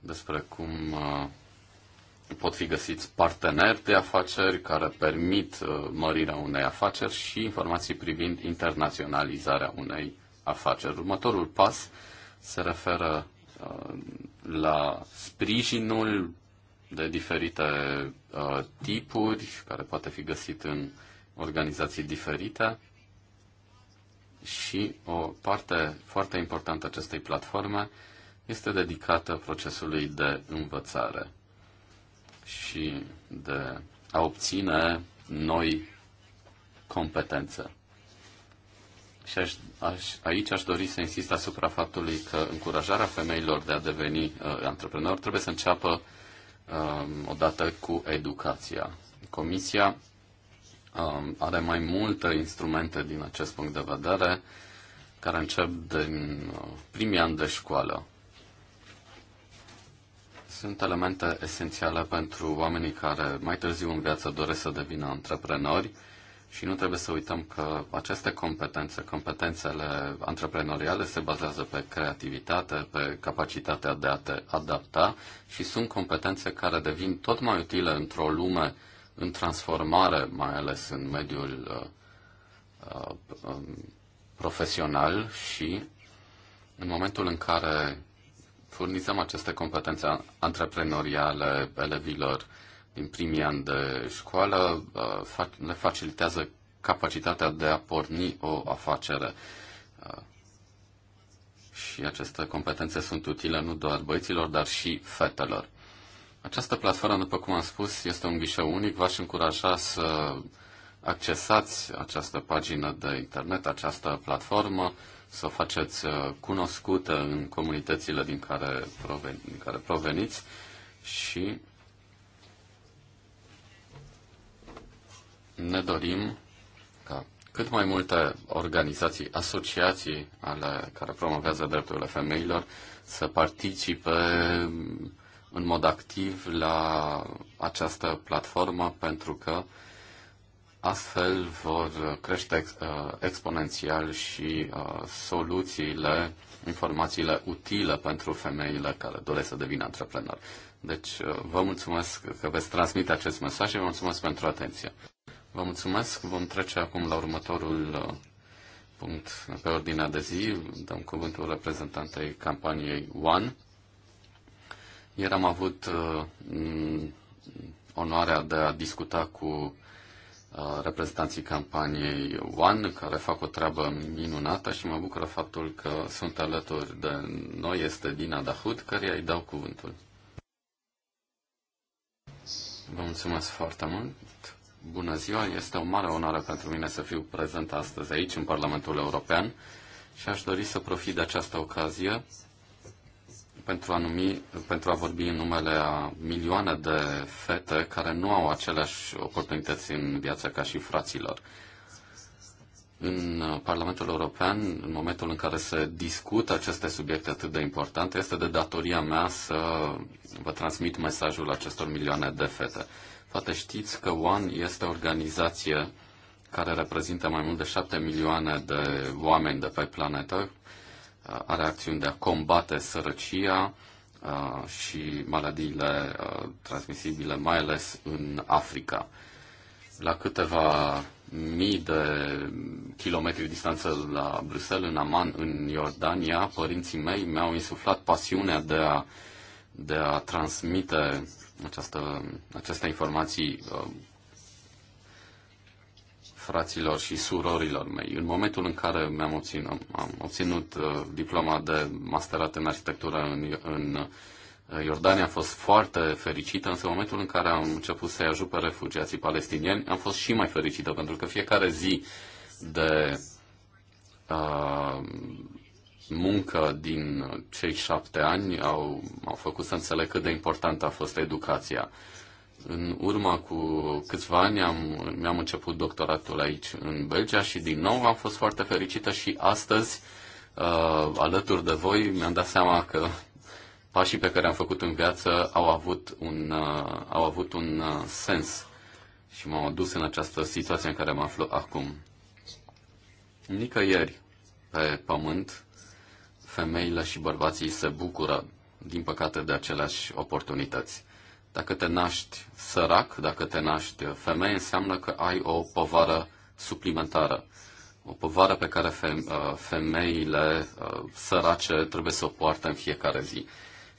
despre cum uh, pot fi găsiți parteneri de afaceri care permit uh, mărirea unei afaceri și informații privind internaționalizarea unei afaceri. Următorul pas se referă uh, la sprijinul de diferite uh, tipuri care poate fi găsit în organizații diferite și o parte foarte importantă acestei platforme este dedicată procesului de învățare și de a obține noi competențe. Și aș, aș, aici aș dori să insist asupra faptului că încurajarea femeilor de a deveni uh, antreprenor trebuie să înceapă uh, odată cu educația. Comisia uh, are mai multe instrumente din acest punct de vedere care încep din uh, primii ani de școală sunt elemente esențiale pentru oamenii care mai târziu în viață doresc să devină antreprenori și nu trebuie să uităm că aceste competențe, competențele antreprenoriale se bazează pe creativitate, pe capacitatea de a te adapta și sunt competențe care devin tot mai utile într-o lume în transformare, mai ales în mediul uh, uh, um, profesional și în momentul în care furnizăm aceste competențe antreprenoriale elevilor din primii ani de școală, uh, le facilitează capacitatea de a porni o afacere. Uh, și aceste competențe sunt utile nu doar băieților, dar și fetelor. Această platformă, după cum am spus, este un ghișeu unic. V-aș încuraja să accesați această pagină de internet, această platformă să o faceți uh, cunoscută în comunitățile din care, proven, din care proveniți și ne dorim ca cât mai multe organizații, asociații ale care promovează drepturile femeilor să participe în mod activ la această platformă pentru că uh, Astfel vor crește uh, exponențial și uh, soluțiile, informațiile utile pentru femeile care doresc să devină antreprenori. Deci uh, vă mulțumesc că veți transmite acest mesaj și vă mulțumesc pentru atenție. Vă mulțumesc. Vom trece acum la următorul punct pe ordinea de zi. Dăm cuvântul reprezentantei campaniei One. Ieri am avut onoarea de a discuta cu reprezentanții campaniei One, care fac o treabă minunată și mă bucură faptul că sunt alături de noi. Este Dina Dahut, care îi dau cuvântul. Vă mulțumesc foarte mult. Bună ziua! Este o mare onoare pentru mine să fiu prezent astăzi aici, în Parlamentul European, și aș dori să profit de această ocazie pentru a, numi, pentru a vorbi în numele a milioane de fete care nu au aceleași oportunități în viață ca și fraților. În Parlamentul European, în momentul în care se discută aceste subiecte atât de importante, este de datoria mea să vă transmit mesajul acestor milioane de fete. Poate știți că ONE este o organizație care reprezintă mai mult de șapte milioane de oameni de pe planetă, are acțiuni de a combate sărăcia uh, și maladiile uh, transmisibile, mai ales în Africa. La câteva mii de kilometri distanță la Bruxelles, în Aman, în Iordania, părinții mei mi-au insuflat pasiunea de a, de a transmite această, aceste informații uh, fraților și surorilor mei. În momentul în care mi-am obținut, am obținut uh, diploma de masterat în arhitectură în, în uh, Iordania, am fost foarte fericită, însă în momentul în care am început să-i ajut pe refugiații palestinieni, am fost și mai fericită, pentru că fiecare zi de uh, muncă din cei șapte ani au, au făcut să înțeleg cât de importantă a fost educația. Uh, în urmă cu câțiva ani am, mi-am început doctoratul aici în Belgia și din nou am fost foarte fericită și astăzi, uh, alături de voi, mi-am dat seama că pașii pe care am făcut în viață au avut un, uh, au avut un uh, sens și m-au adus în această situație în care mă aflu acum. Nicăieri pe pământ, femeile și bărbații se bucură, din păcate, de aceleași oportunități. Dacă te naști sărac, dacă te naști femeie, înseamnă că ai o povară suplimentară. O povară pe care uh, femeile uh, sărace trebuie să o poartă în fiecare zi.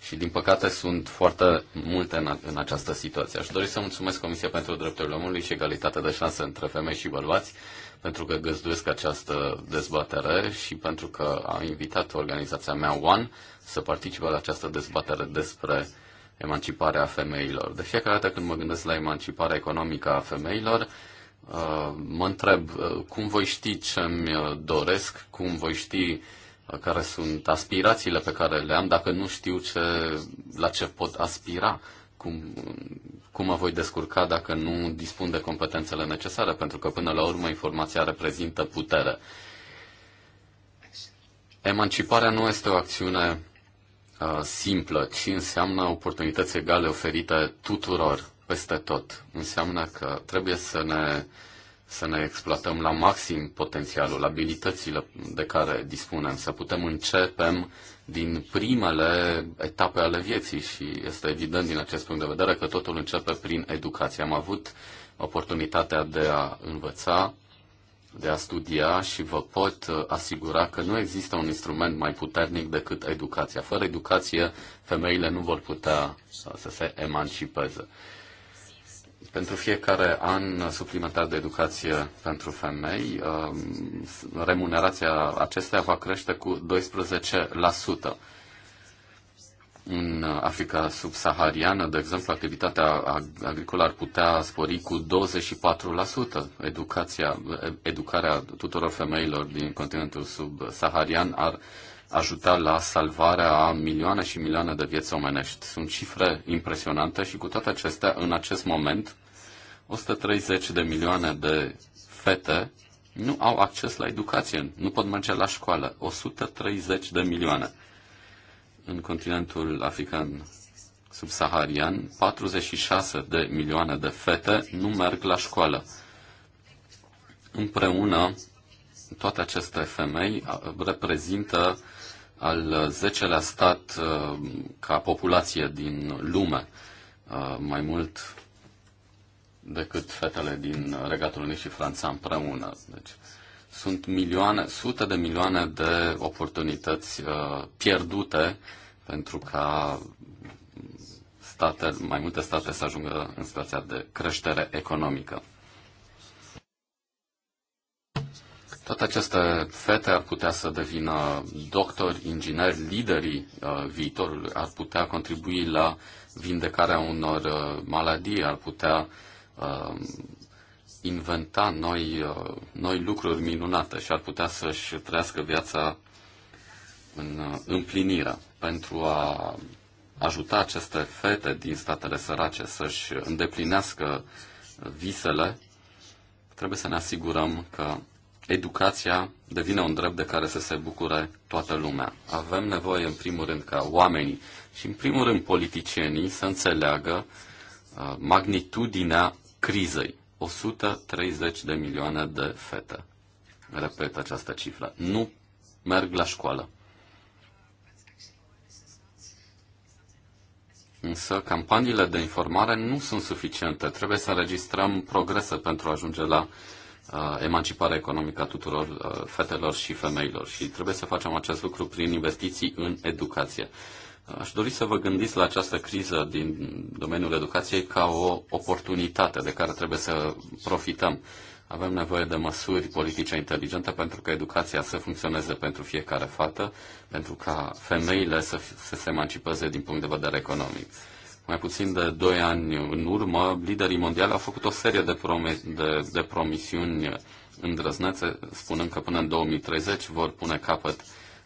Și din păcate sunt foarte multe în, această situație. Aș dori să mulțumesc Comisia pentru Drepturile Omului și Egalitatea de Șanse între Femei și Bărbați pentru că găzduiesc această dezbatere și pentru că a invitat organizația mea One să participe la această dezbatere despre uh, emanciparea femeilor. De fiecare dată când mă gândesc la emanciparea economică a femeilor, uh, mă întreb uh, cum voi ști ce îmi uh, doresc, cum voi ști care sunt aspirațiile pe care le am, dacă nu știu ce, la ce pot aspira, cum, cum mă voi descurca dacă nu dispun de competențele necesare, pentru că până la urmă informația reprezintă putere. Emanciparea nu este o acțiune Uh, simplă, ci înseamnă oportunități egale oferite tuturor, peste tot. Înseamnă că trebuie să ne, să ne exploatăm la maxim potențialul, abilitățile de care dispunem, să putem începem din primele etape ale vieții și este evident din acest punct de vedere că totul începe prin educație. Am avut oportunitatea de a învăța de a studia și vă pot uh, asigura că nu există un instrument mai puternic decât educația. Fără educație, femeile nu vor putea uh, să se emancipeze. Pentru fiecare an suplimentar de educație pentru femei, um, remunerația acesteia va crește cu 12%. În Africa subsahariană, de exemplu, activitatea agricolă ar putea spori cu 24%. Educația, educarea tuturor femeilor din continentul subsaharian ar ajuta la salvarea a milioane și milioane de vieți omenești. Sunt cifre impresionante și cu toate acestea, în acest moment, 130 de milioane de fete nu au acces la educație, nu pot merge la școală. 130 de milioane în continentul african subsaharian, 46 de milioane de fete nu merg la școală. Împreună, toate aceste femei reprezintă al 10-lea stat uh, ca populație din lume, uh, mai mult decât fetele din Regatul Unit și Franța împreună. Deci, sunt milioane, sute de milioane de oportunități uh, pierdute uh, pentru ca state, mai multe state să ajungă în situația de creștere economică. Toate aceste fete ar putea să devină doctori, ingineri, liderii uh, viitorului, ar putea contribui la vindecarea unor uh, maladii, ar putea uh, inventa noi, uh, noi lucruri minunate și ar putea să-și trăiască viața în uh, împlinire pentru a ajuta aceste fete din statele sărace să-și îndeplinească visele, trebuie să ne asigurăm că educația devine un drept de care să se bucure toată lumea. Avem nevoie, în primul rând, ca oamenii și, în primul rând, politicienii să înțeleagă uh, magnitudinea crizei. 130 de milioane de fete. Repet această cifră. Nu merg la școală. Însă campaniile de informare nu sunt suficiente. Trebuie să înregistrăm progrese pentru a ajunge la uh, emanciparea economică a tuturor uh, fetelor și femeilor și trebuie să facem acest lucru prin investiții în educație. Aș dori să vă gândiți la această criză din domeniul educației ca o oportunitate de care trebuie să profităm. Uh, avem nevoie de măsuri politice inteligente pentru că educația să funcționeze pentru fiecare fată, pentru ca femeile să, să se emancipeze din punct de vedere economic. Mai puțin de doi ani în urmă, liderii mondiali au făcut o serie de, promi- de, de promisiuni îndrăznețe, spunând că până în 2030 vor pune capăt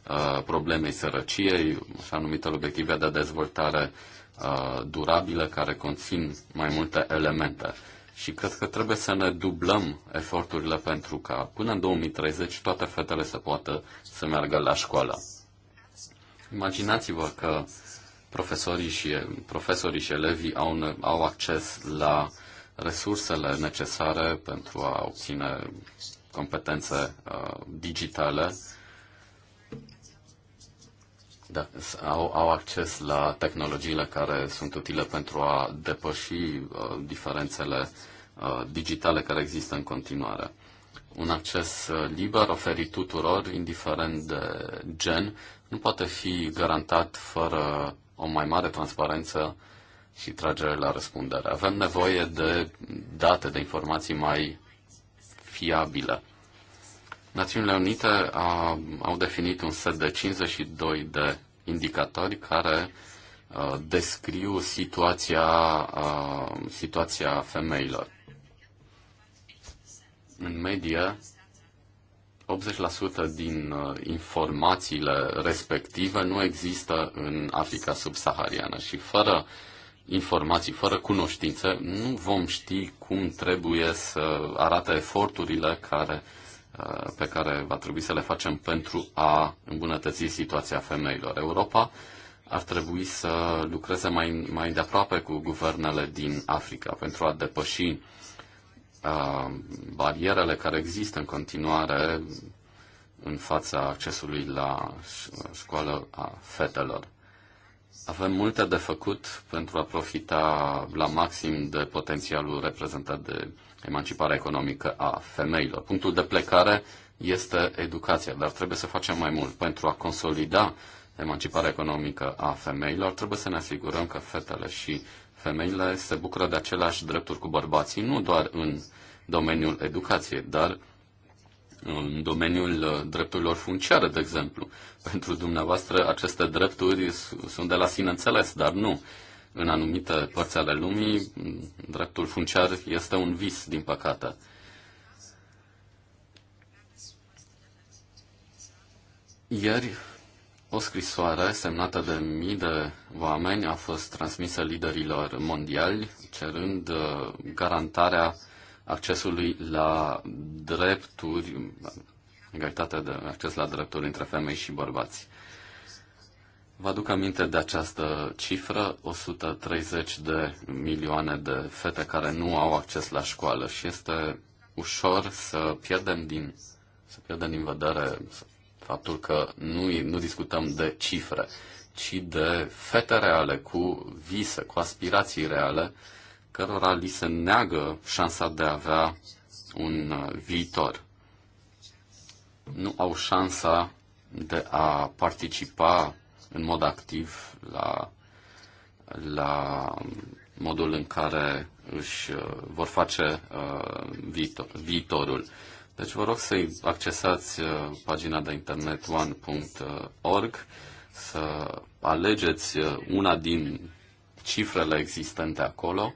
uh, problemei sărăciei, așa numitele obiective de dezvoltare uh, durabilă, care conțin mai multe elemente și cred că trebuie să ne dublăm eforturile pentru ca până în 2030 toate fetele să poată să meargă la școală. Imaginați-vă că profesorii și, profesorii și elevii au, au acces la resursele necesare pentru a obține competențe uh, digitale da, au, au acces la tehnologiile care sunt utile pentru a depăși uh, diferențele uh, digitale care există în continuare. Un acces uh, liber oferit tuturor, indiferent de gen, nu poate fi garantat fără o mai mare transparență și tragere la răspundere. Avem nevoie de date, de informații mai fiabile. Națiunile Unite a, au definit un set de 52 de indicatori care descriu situația, situația femeilor. În medie, 80% din informațiile respective nu există în Africa subsahariană și fără informații, fără cunoștințe, nu vom ști cum trebuie să arate eforturile care uh, Uh, pe care va trebui să le facem pentru a îmbunătăți situația femeilor. Europa ar trebui să lucreze mai, mai de aproape cu guvernele din Africa pentru a depăși uh, barierele care există în continuare în fața accesului la școală a fetelor. Avem multe de făcut pentru a profita la maxim de potențialul reprezentat de emanciparea economică a femeilor. Punctul de plecare este educația, dar trebuie să facem mai mult. Pentru a consolida emanciparea economică a femeilor, trebuie să ne asigurăm că fetele și femeile se bucură de aceleași drepturi cu bărbații, nu doar în domeniul educației, dar în domeniul uh, drepturilor funciare, de exemplu. Pentru dumneavoastră, aceste drepturi sunt de la sine înțeles, dar nu în anumite părți ale lumii, dreptul funciar este un vis, din păcate. Ieri, o scrisoare semnată de mii de oameni a fost transmisă liderilor mondiali, cerând uh, garantarea accesului la drepturi, egalitatea de acces la drepturi între femei și bărbați. Vă aduc aminte de această cifră, 130 de milioane de fete care nu au acces la școală și este ușor să pierdem din, să pierdem din vedere faptul că nu, nu discutăm de cifre, ci de fete reale cu vise, cu aspirații reale, cărora li se neagă șansa de a avea un uh, viitor. Nu au șansa de a participa în mod activ la, la modul în care își uh, vor face uh, viitor, viitorul. Deci vă rog să accesați uh, pagina de internet one.org, să alegeți una din cifrele existente acolo,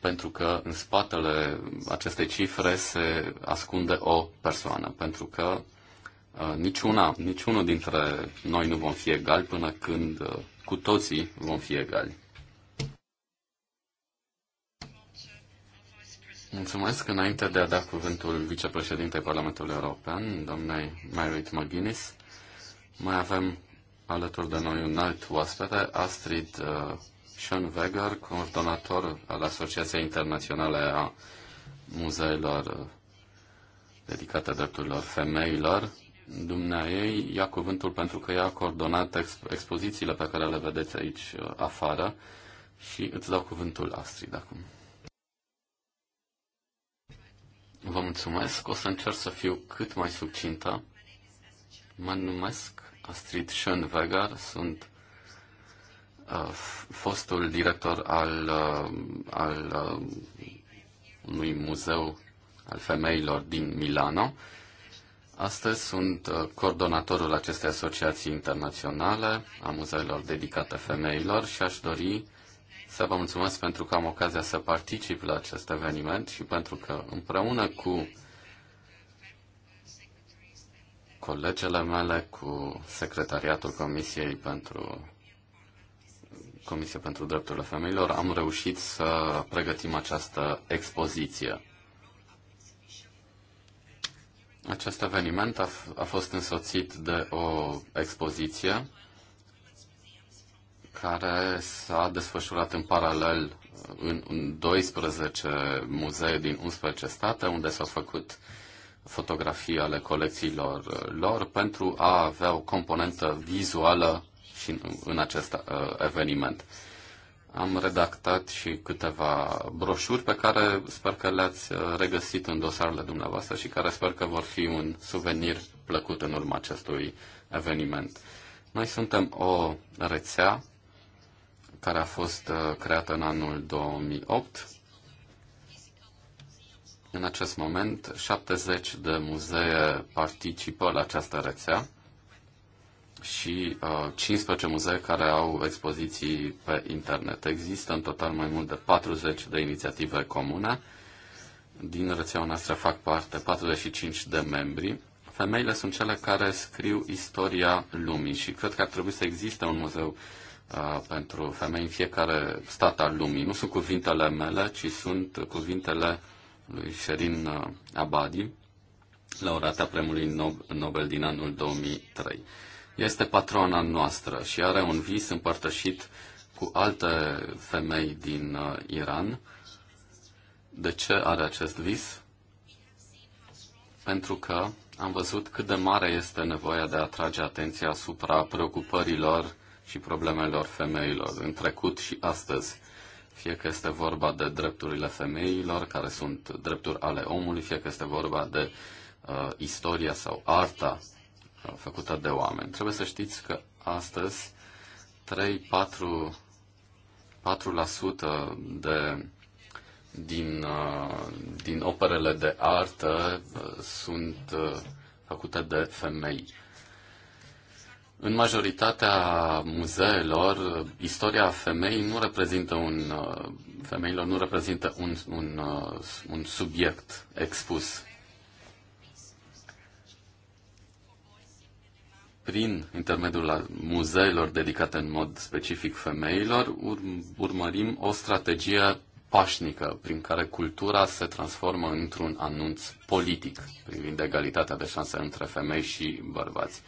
pentru că în spatele acestei cifre se ascunde o persoană, pentru că Uh, niciuna, niciunul dintre noi nu vom fi egali până când uh, cu toții vom fi egali. Mulțumesc. Înainte de a da cuvântul vicepreședintei Parlamentului European, doamnei Marit McGuinness, mai avem alături de noi un alt oaspete, Astrid uh, Schoenweger, coordonator al Asociației Internaționale a Muzeilor dedicate drepturilor femeilor dumneaei ia cuvântul pentru că ea a coordonat ex- expozițiile pe care le vedeți aici uh, afară și îți dau cuvântul Astrid acum. Vă mulțumesc, o să încerc să fiu cât mai subcintă. Mă numesc Astrid Schönweger, sunt uh, fostul director al, uh, al unui muzeu al femeilor din Milano Astăzi sunt uh, coordonatorul acestei asociații internaționale a muzeelor dedicate femeilor și aș dori să vă mulțumesc pentru că am ocazia să particip la acest eveniment și pentru că împreună cu colegele mele, cu secretariatul Comisiei pentru Comisia pentru Drepturile Femeilor, am reușit să pregătim această expoziție. Acest eveniment a, a fost însoțit de o expoziție care s-a desfășurat în paralel în, 12 muzee din 11 state, unde s-au făcut fotografii ale colecțiilor uh, lor pentru a avea o componentă vizuală și în, în acest uh, eveniment am redactat și câteva broșuri pe care sper că le-ați uh, regăsit în dosarele dumneavoastră și care sper că vor fi un suvenir plăcut în urma acestui eveniment. Noi suntem o rețea care a fost uh, creată în anul 2008. În acest moment, 70 de muzee participă la această rețea și uh, 15 muzee care au expoziții pe internet. Există în total mai mult de 40 de inițiative comune. Din rețeaua noastră fac parte 45 de membri. Femeile sunt cele care scriu istoria lumii și cred că ar trebui să existe un muzeu uh, pentru femei în fiecare stat al lumii. Nu sunt cuvintele mele, ci sunt cuvintele lui Sherin uh, Abadi, laureata premiului Nobel din anul 2003 este patrona noastră și are un vis împărtășit cu alte femei din uh, Iran. De ce are acest vis? Pentru că am văzut cât de mare este nevoia de a atrage atenția asupra preocupărilor și problemelor femeilor în trecut și astăzi. Fie că este vorba de drepturile femeilor, care sunt drepturi ale omului, fie că este vorba de uh, istoria sau arta făcută de oameni. Trebuie să știți că astăzi 3-4% de, din, uh, din operele de artă uh, sunt uh, făcute de femei. În majoritatea muzeelor, istoria femei nu reprezintă un, femeilor nu reprezintă un, un, un subiect expus prin intermediul muzeilor dedicate în mod specific femeilor, urmărim o strategie pașnică prin care cultura se transformă într-un anunț politic privind egalitatea de șanse între femei și bărbați.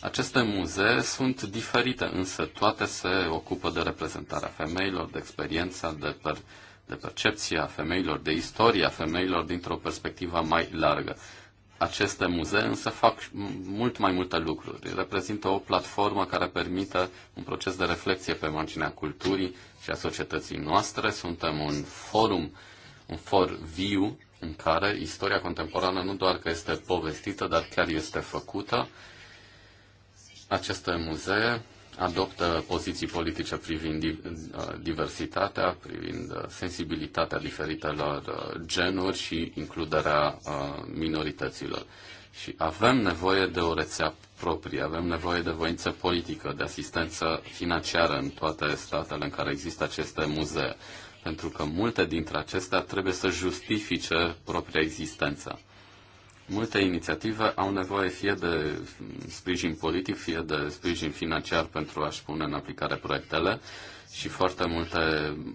Aceste muzee sunt diferite, însă toate se ocupă de reprezentarea femeilor, de experiența, de, per- de percepția femeilor, de istoria femeilor dintr-o perspectivă mai largă. Aceste muzee însă fac mult mai multe lucruri. Reprezintă o platformă care permite un proces de reflexie pe marginea culturii și a societății noastre. Suntem un forum, un for viu în care istoria contemporană nu doar că este povestită, dar chiar este făcută. Aceste muzee adoptă poziții politice privind uh, diversitatea, privind uh, sensibilitatea diferitelor uh, genuri și includerea minorităților. Și avem nevoie de o rețea proprie, avem nevoie de voință politică, de asistență financiară în toate statele în care există aceste muzee, pentru că multe dintre acestea trebuie să justifice propria existență. Multe inițiative au nevoie fie de sprijin politic, fie de sprijin financiar pentru a-și pune în aplicare proiectele și foarte multe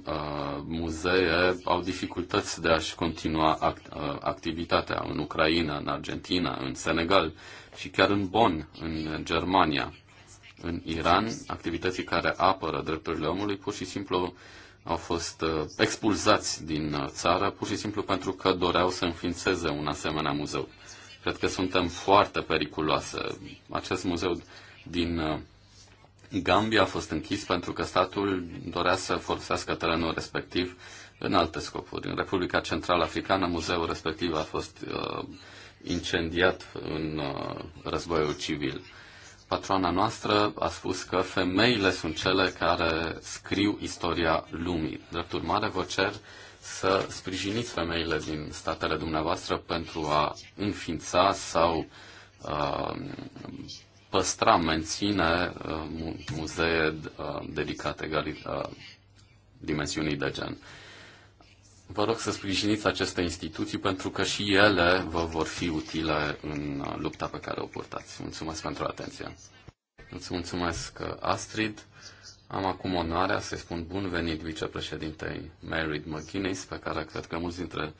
uh, muzee au dificultăți de a-și continua act, uh, activitatea în Ucraina, în Argentina, în Senegal și chiar în Bonn, în Germania. În Iran, activității care apără drepturile omului pur și simplu au fost uh, expulzați din uh, țară, pur și simplu pentru că doreau să înființeze un asemenea muzeu. Cred că suntem foarte periculoase. Acest muzeu din uh, Gambia a fost închis pentru că statul dorea să folosească terenul respectiv în alte scopuri. În Republica Central Africană, muzeul respectiv a fost uh, incendiat în uh, războiul civil. Patroana noastră a spus că femeile sunt cele care scriu istoria lumii. Drept urmare, vă cer uh, să sprijiniți femeile din statele dumneavoastră pentru a înființa sau uh, păstra, menține uh, muzee uh, dedicate uh, dimensiunii de gen. Vă rog să sprijiniți aceste instituții pentru că și ele vă vor fi utile în uh, lupta pe care o purtați. Mulțumesc pentru atenție. Îți mulțumesc, uh, Astrid. Am acum onoarea să-i spun bun venit vicepreședintei Mary McGuinness, pe care cred că mulți dintre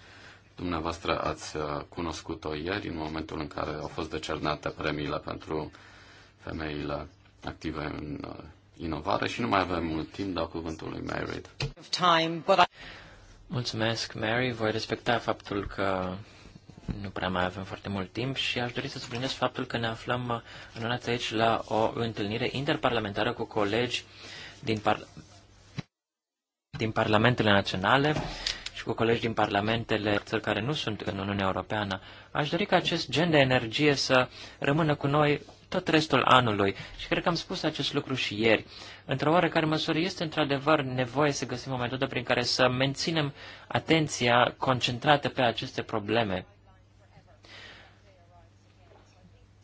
dumneavoastră ați uh, cunoscut-o ieri, în momentul în care au fost decernate premiile pentru femeile active în uh, inovare și nu mai avem mult timp, dar cuvântul lui Mary. Mulțumesc, Mary. Voi respecta faptul că nu prea mai avem foarte mult timp și aș dori să subliniez faptul că ne aflăm uh, în aici la o întâlnire interparlamentară cu colegi uh, din, par- din parlamentele naționale și cu colegi din parlamentele țări care nu sunt în Uniunea Europeană. Aș dori ca acest gen de energie să rămână cu noi tot restul anului. Și cred că am spus acest lucru și ieri. Într-o oarecare măsură este într-adevăr nevoie să găsim o metodă prin care să menținem atenția concentrată pe aceste probleme.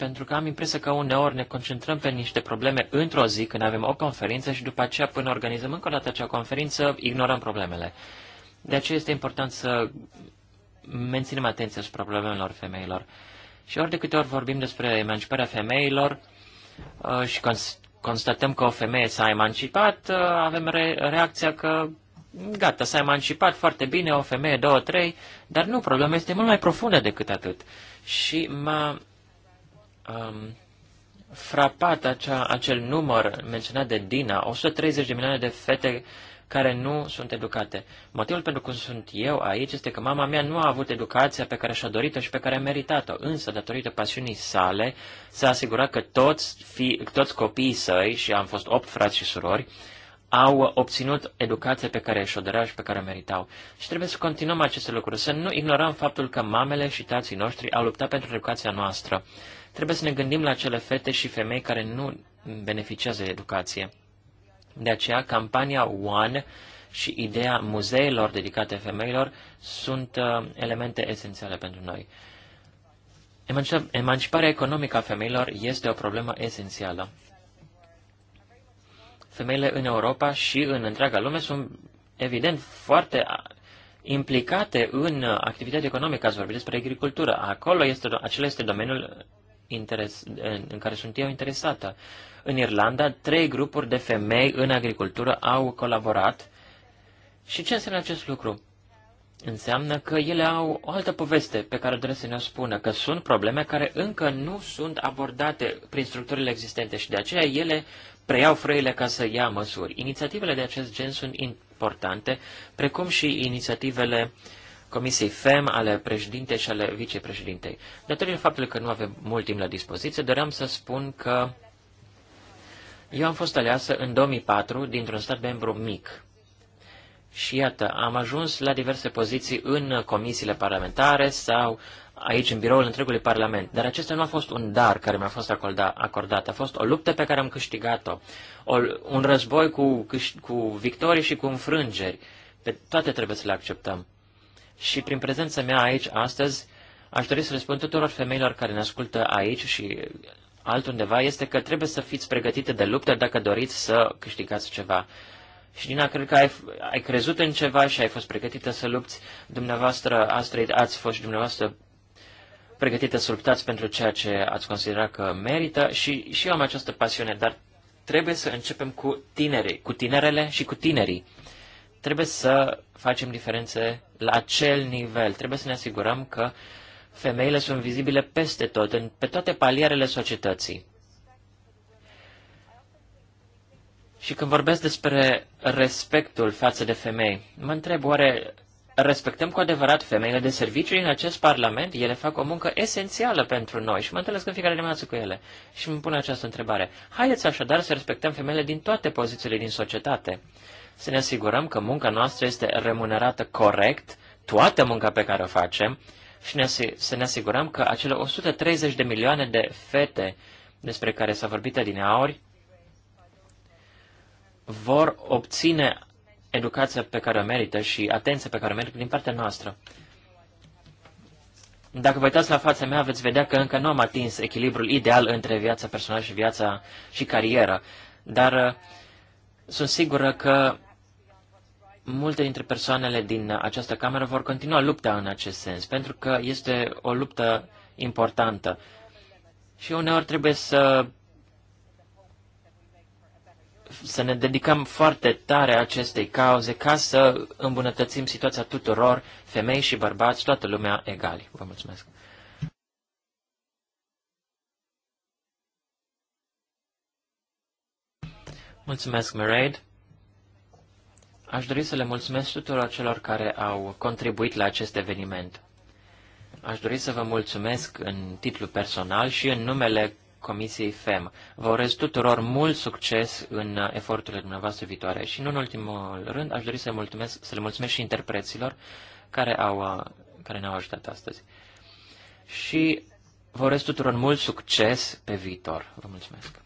pentru că am impresia că uneori ne concentrăm pe niște probleme într-o zi când avem o conferință și după aceea până organizăm încă o dată acea conferință, ignorăm problemele. De aceea este important să menținem atenția asupra problemelor femeilor. Și ori de câte ori vorbim despre emanciparea femeilor uh, și constatăm că o femeie s-a emancipat, uh, avem re- reacția că gata, s-a emancipat foarte bine, o femeie, două, trei, dar nu, problema este mult mai profundă decât atât. Și m-a um, frapat acea, acel număr menționat de Dina, 130 de milioane de fete care nu sunt educate. Motivul pentru cum sunt eu aici este că mama mea nu a avut educația pe care și-a dorit-o și pe care a meritat-o, însă, datorită pasiunii sale, s-a asigurat că toți, fi, toți copiii săi, și am fost opt frați și surori, au obținut educația pe care și-o doreau și pe care o meritau. Și trebuie să continuăm aceste lucruri, să nu ignorăm faptul că mamele și tații noștri au luptat pentru educația noastră. Trebuie să ne gândim la acele fete și femei care nu beneficiază de educație. De aceea, campania One și ideea muzeelor dedicate femeilor sunt uh, elemente esențiale pentru noi. Emanciparea economică a femeilor este o problemă esențială. Femeile în Europa și în întreaga lume sunt, evident, foarte implicate în uh, activitatea economică. Ați vorbit despre agricultură. Acolo este, acela este domeniul interes, în, în care sunt eu interesată. În Irlanda, trei grupuri de femei în agricultură au colaborat. Și ce înseamnă acest lucru? Înseamnă că ele au o altă poveste pe care doresc să ne-o spună, că sunt probleme care încă nu sunt abordate prin structurile existente și de aceea ele preiau frăile ca să ia măsuri. Inițiativele de acest gen sunt importante, precum și inițiativele uh, Comisiei FEM, ale președintei și ale vicepreședintei. Datorită faptului că nu avem mult timp la dispoziție, doream să spun că eu am fost aleasă în 2004 dintr-un stat membru mic. Și iată, am ajuns la diverse poziții în comisiile parlamentare sau aici în biroul întregului Parlament. Dar acesta nu a fost un dar care mi-a fost acordat, a fost o luptă pe care am câștigat-o, un război cu, cu victorii și cu înfrângeri. Pe toate trebuie să le acceptăm și prin prezența mea aici astăzi aș dori să le spun tuturor femeilor care ne ascultă aici și altundeva este că trebuie să fiți pregătite de luptă dacă doriți să câștigați ceva. Și Dina, cred că ai, ai crezut în ceva și ai fost pregătită să lupți. Dumneavoastră, Astrid, ați fost și dumneavoastră pregătită să luptați pentru ceea ce ați considera că merită și, și eu am această pasiune, dar trebuie să începem cu tinerii, cu tinerele și cu tinerii. Trebuie să facem diferențe la acel nivel. Trebuie să ne asigurăm că femeile sunt vizibile peste tot, în, pe toate palierele societății. Și când vorbesc despre respectul față de femei, mă întreb oare respectăm cu adevărat femeile de serviciu în acest parlament? Ele fac o muncă esențială pentru noi și mă întâlnesc în fiecare dimineață cu ele și îmi pun această întrebare. Haideți așadar să respectăm femeile din toate pozițiile din societate să ne asigurăm că munca noastră este remunerată corect, toată munca pe care o facem, și ne, să ne asigurăm că acele 130 de milioane de fete despre care s-a vorbit adineaori vor obține educația pe care o merită și atenția pe care o merită din partea noastră. Dacă vă uitați la fața mea, veți vedea că încă nu am atins echilibrul ideal între viața personală și viața și carieră, dar sunt sigură că multe dintre persoanele din această cameră vor continua lupta în acest sens, pentru că este o luptă importantă. Și uneori trebuie să să ne dedicăm foarte tare acestei cauze ca să îmbunătățim situația tuturor, femei și bărbați, toată lumea egali. Vă mulțumesc! Mulțumesc, Mairead. Aș dori să le mulțumesc tuturor celor care au contribuit la acest eveniment. Aș dori să vă mulțumesc în titlu personal și în numele Comisiei FEM. Vă urez tuturor mult succes în eforturile dumneavoastră viitoare și, nu în ultimul rând, aș dori să, mulțumesc, să le mulțumesc și interpreților care, au, care ne-au ajutat astăzi. Și vă urez tuturor mult succes pe viitor. Vă mulțumesc!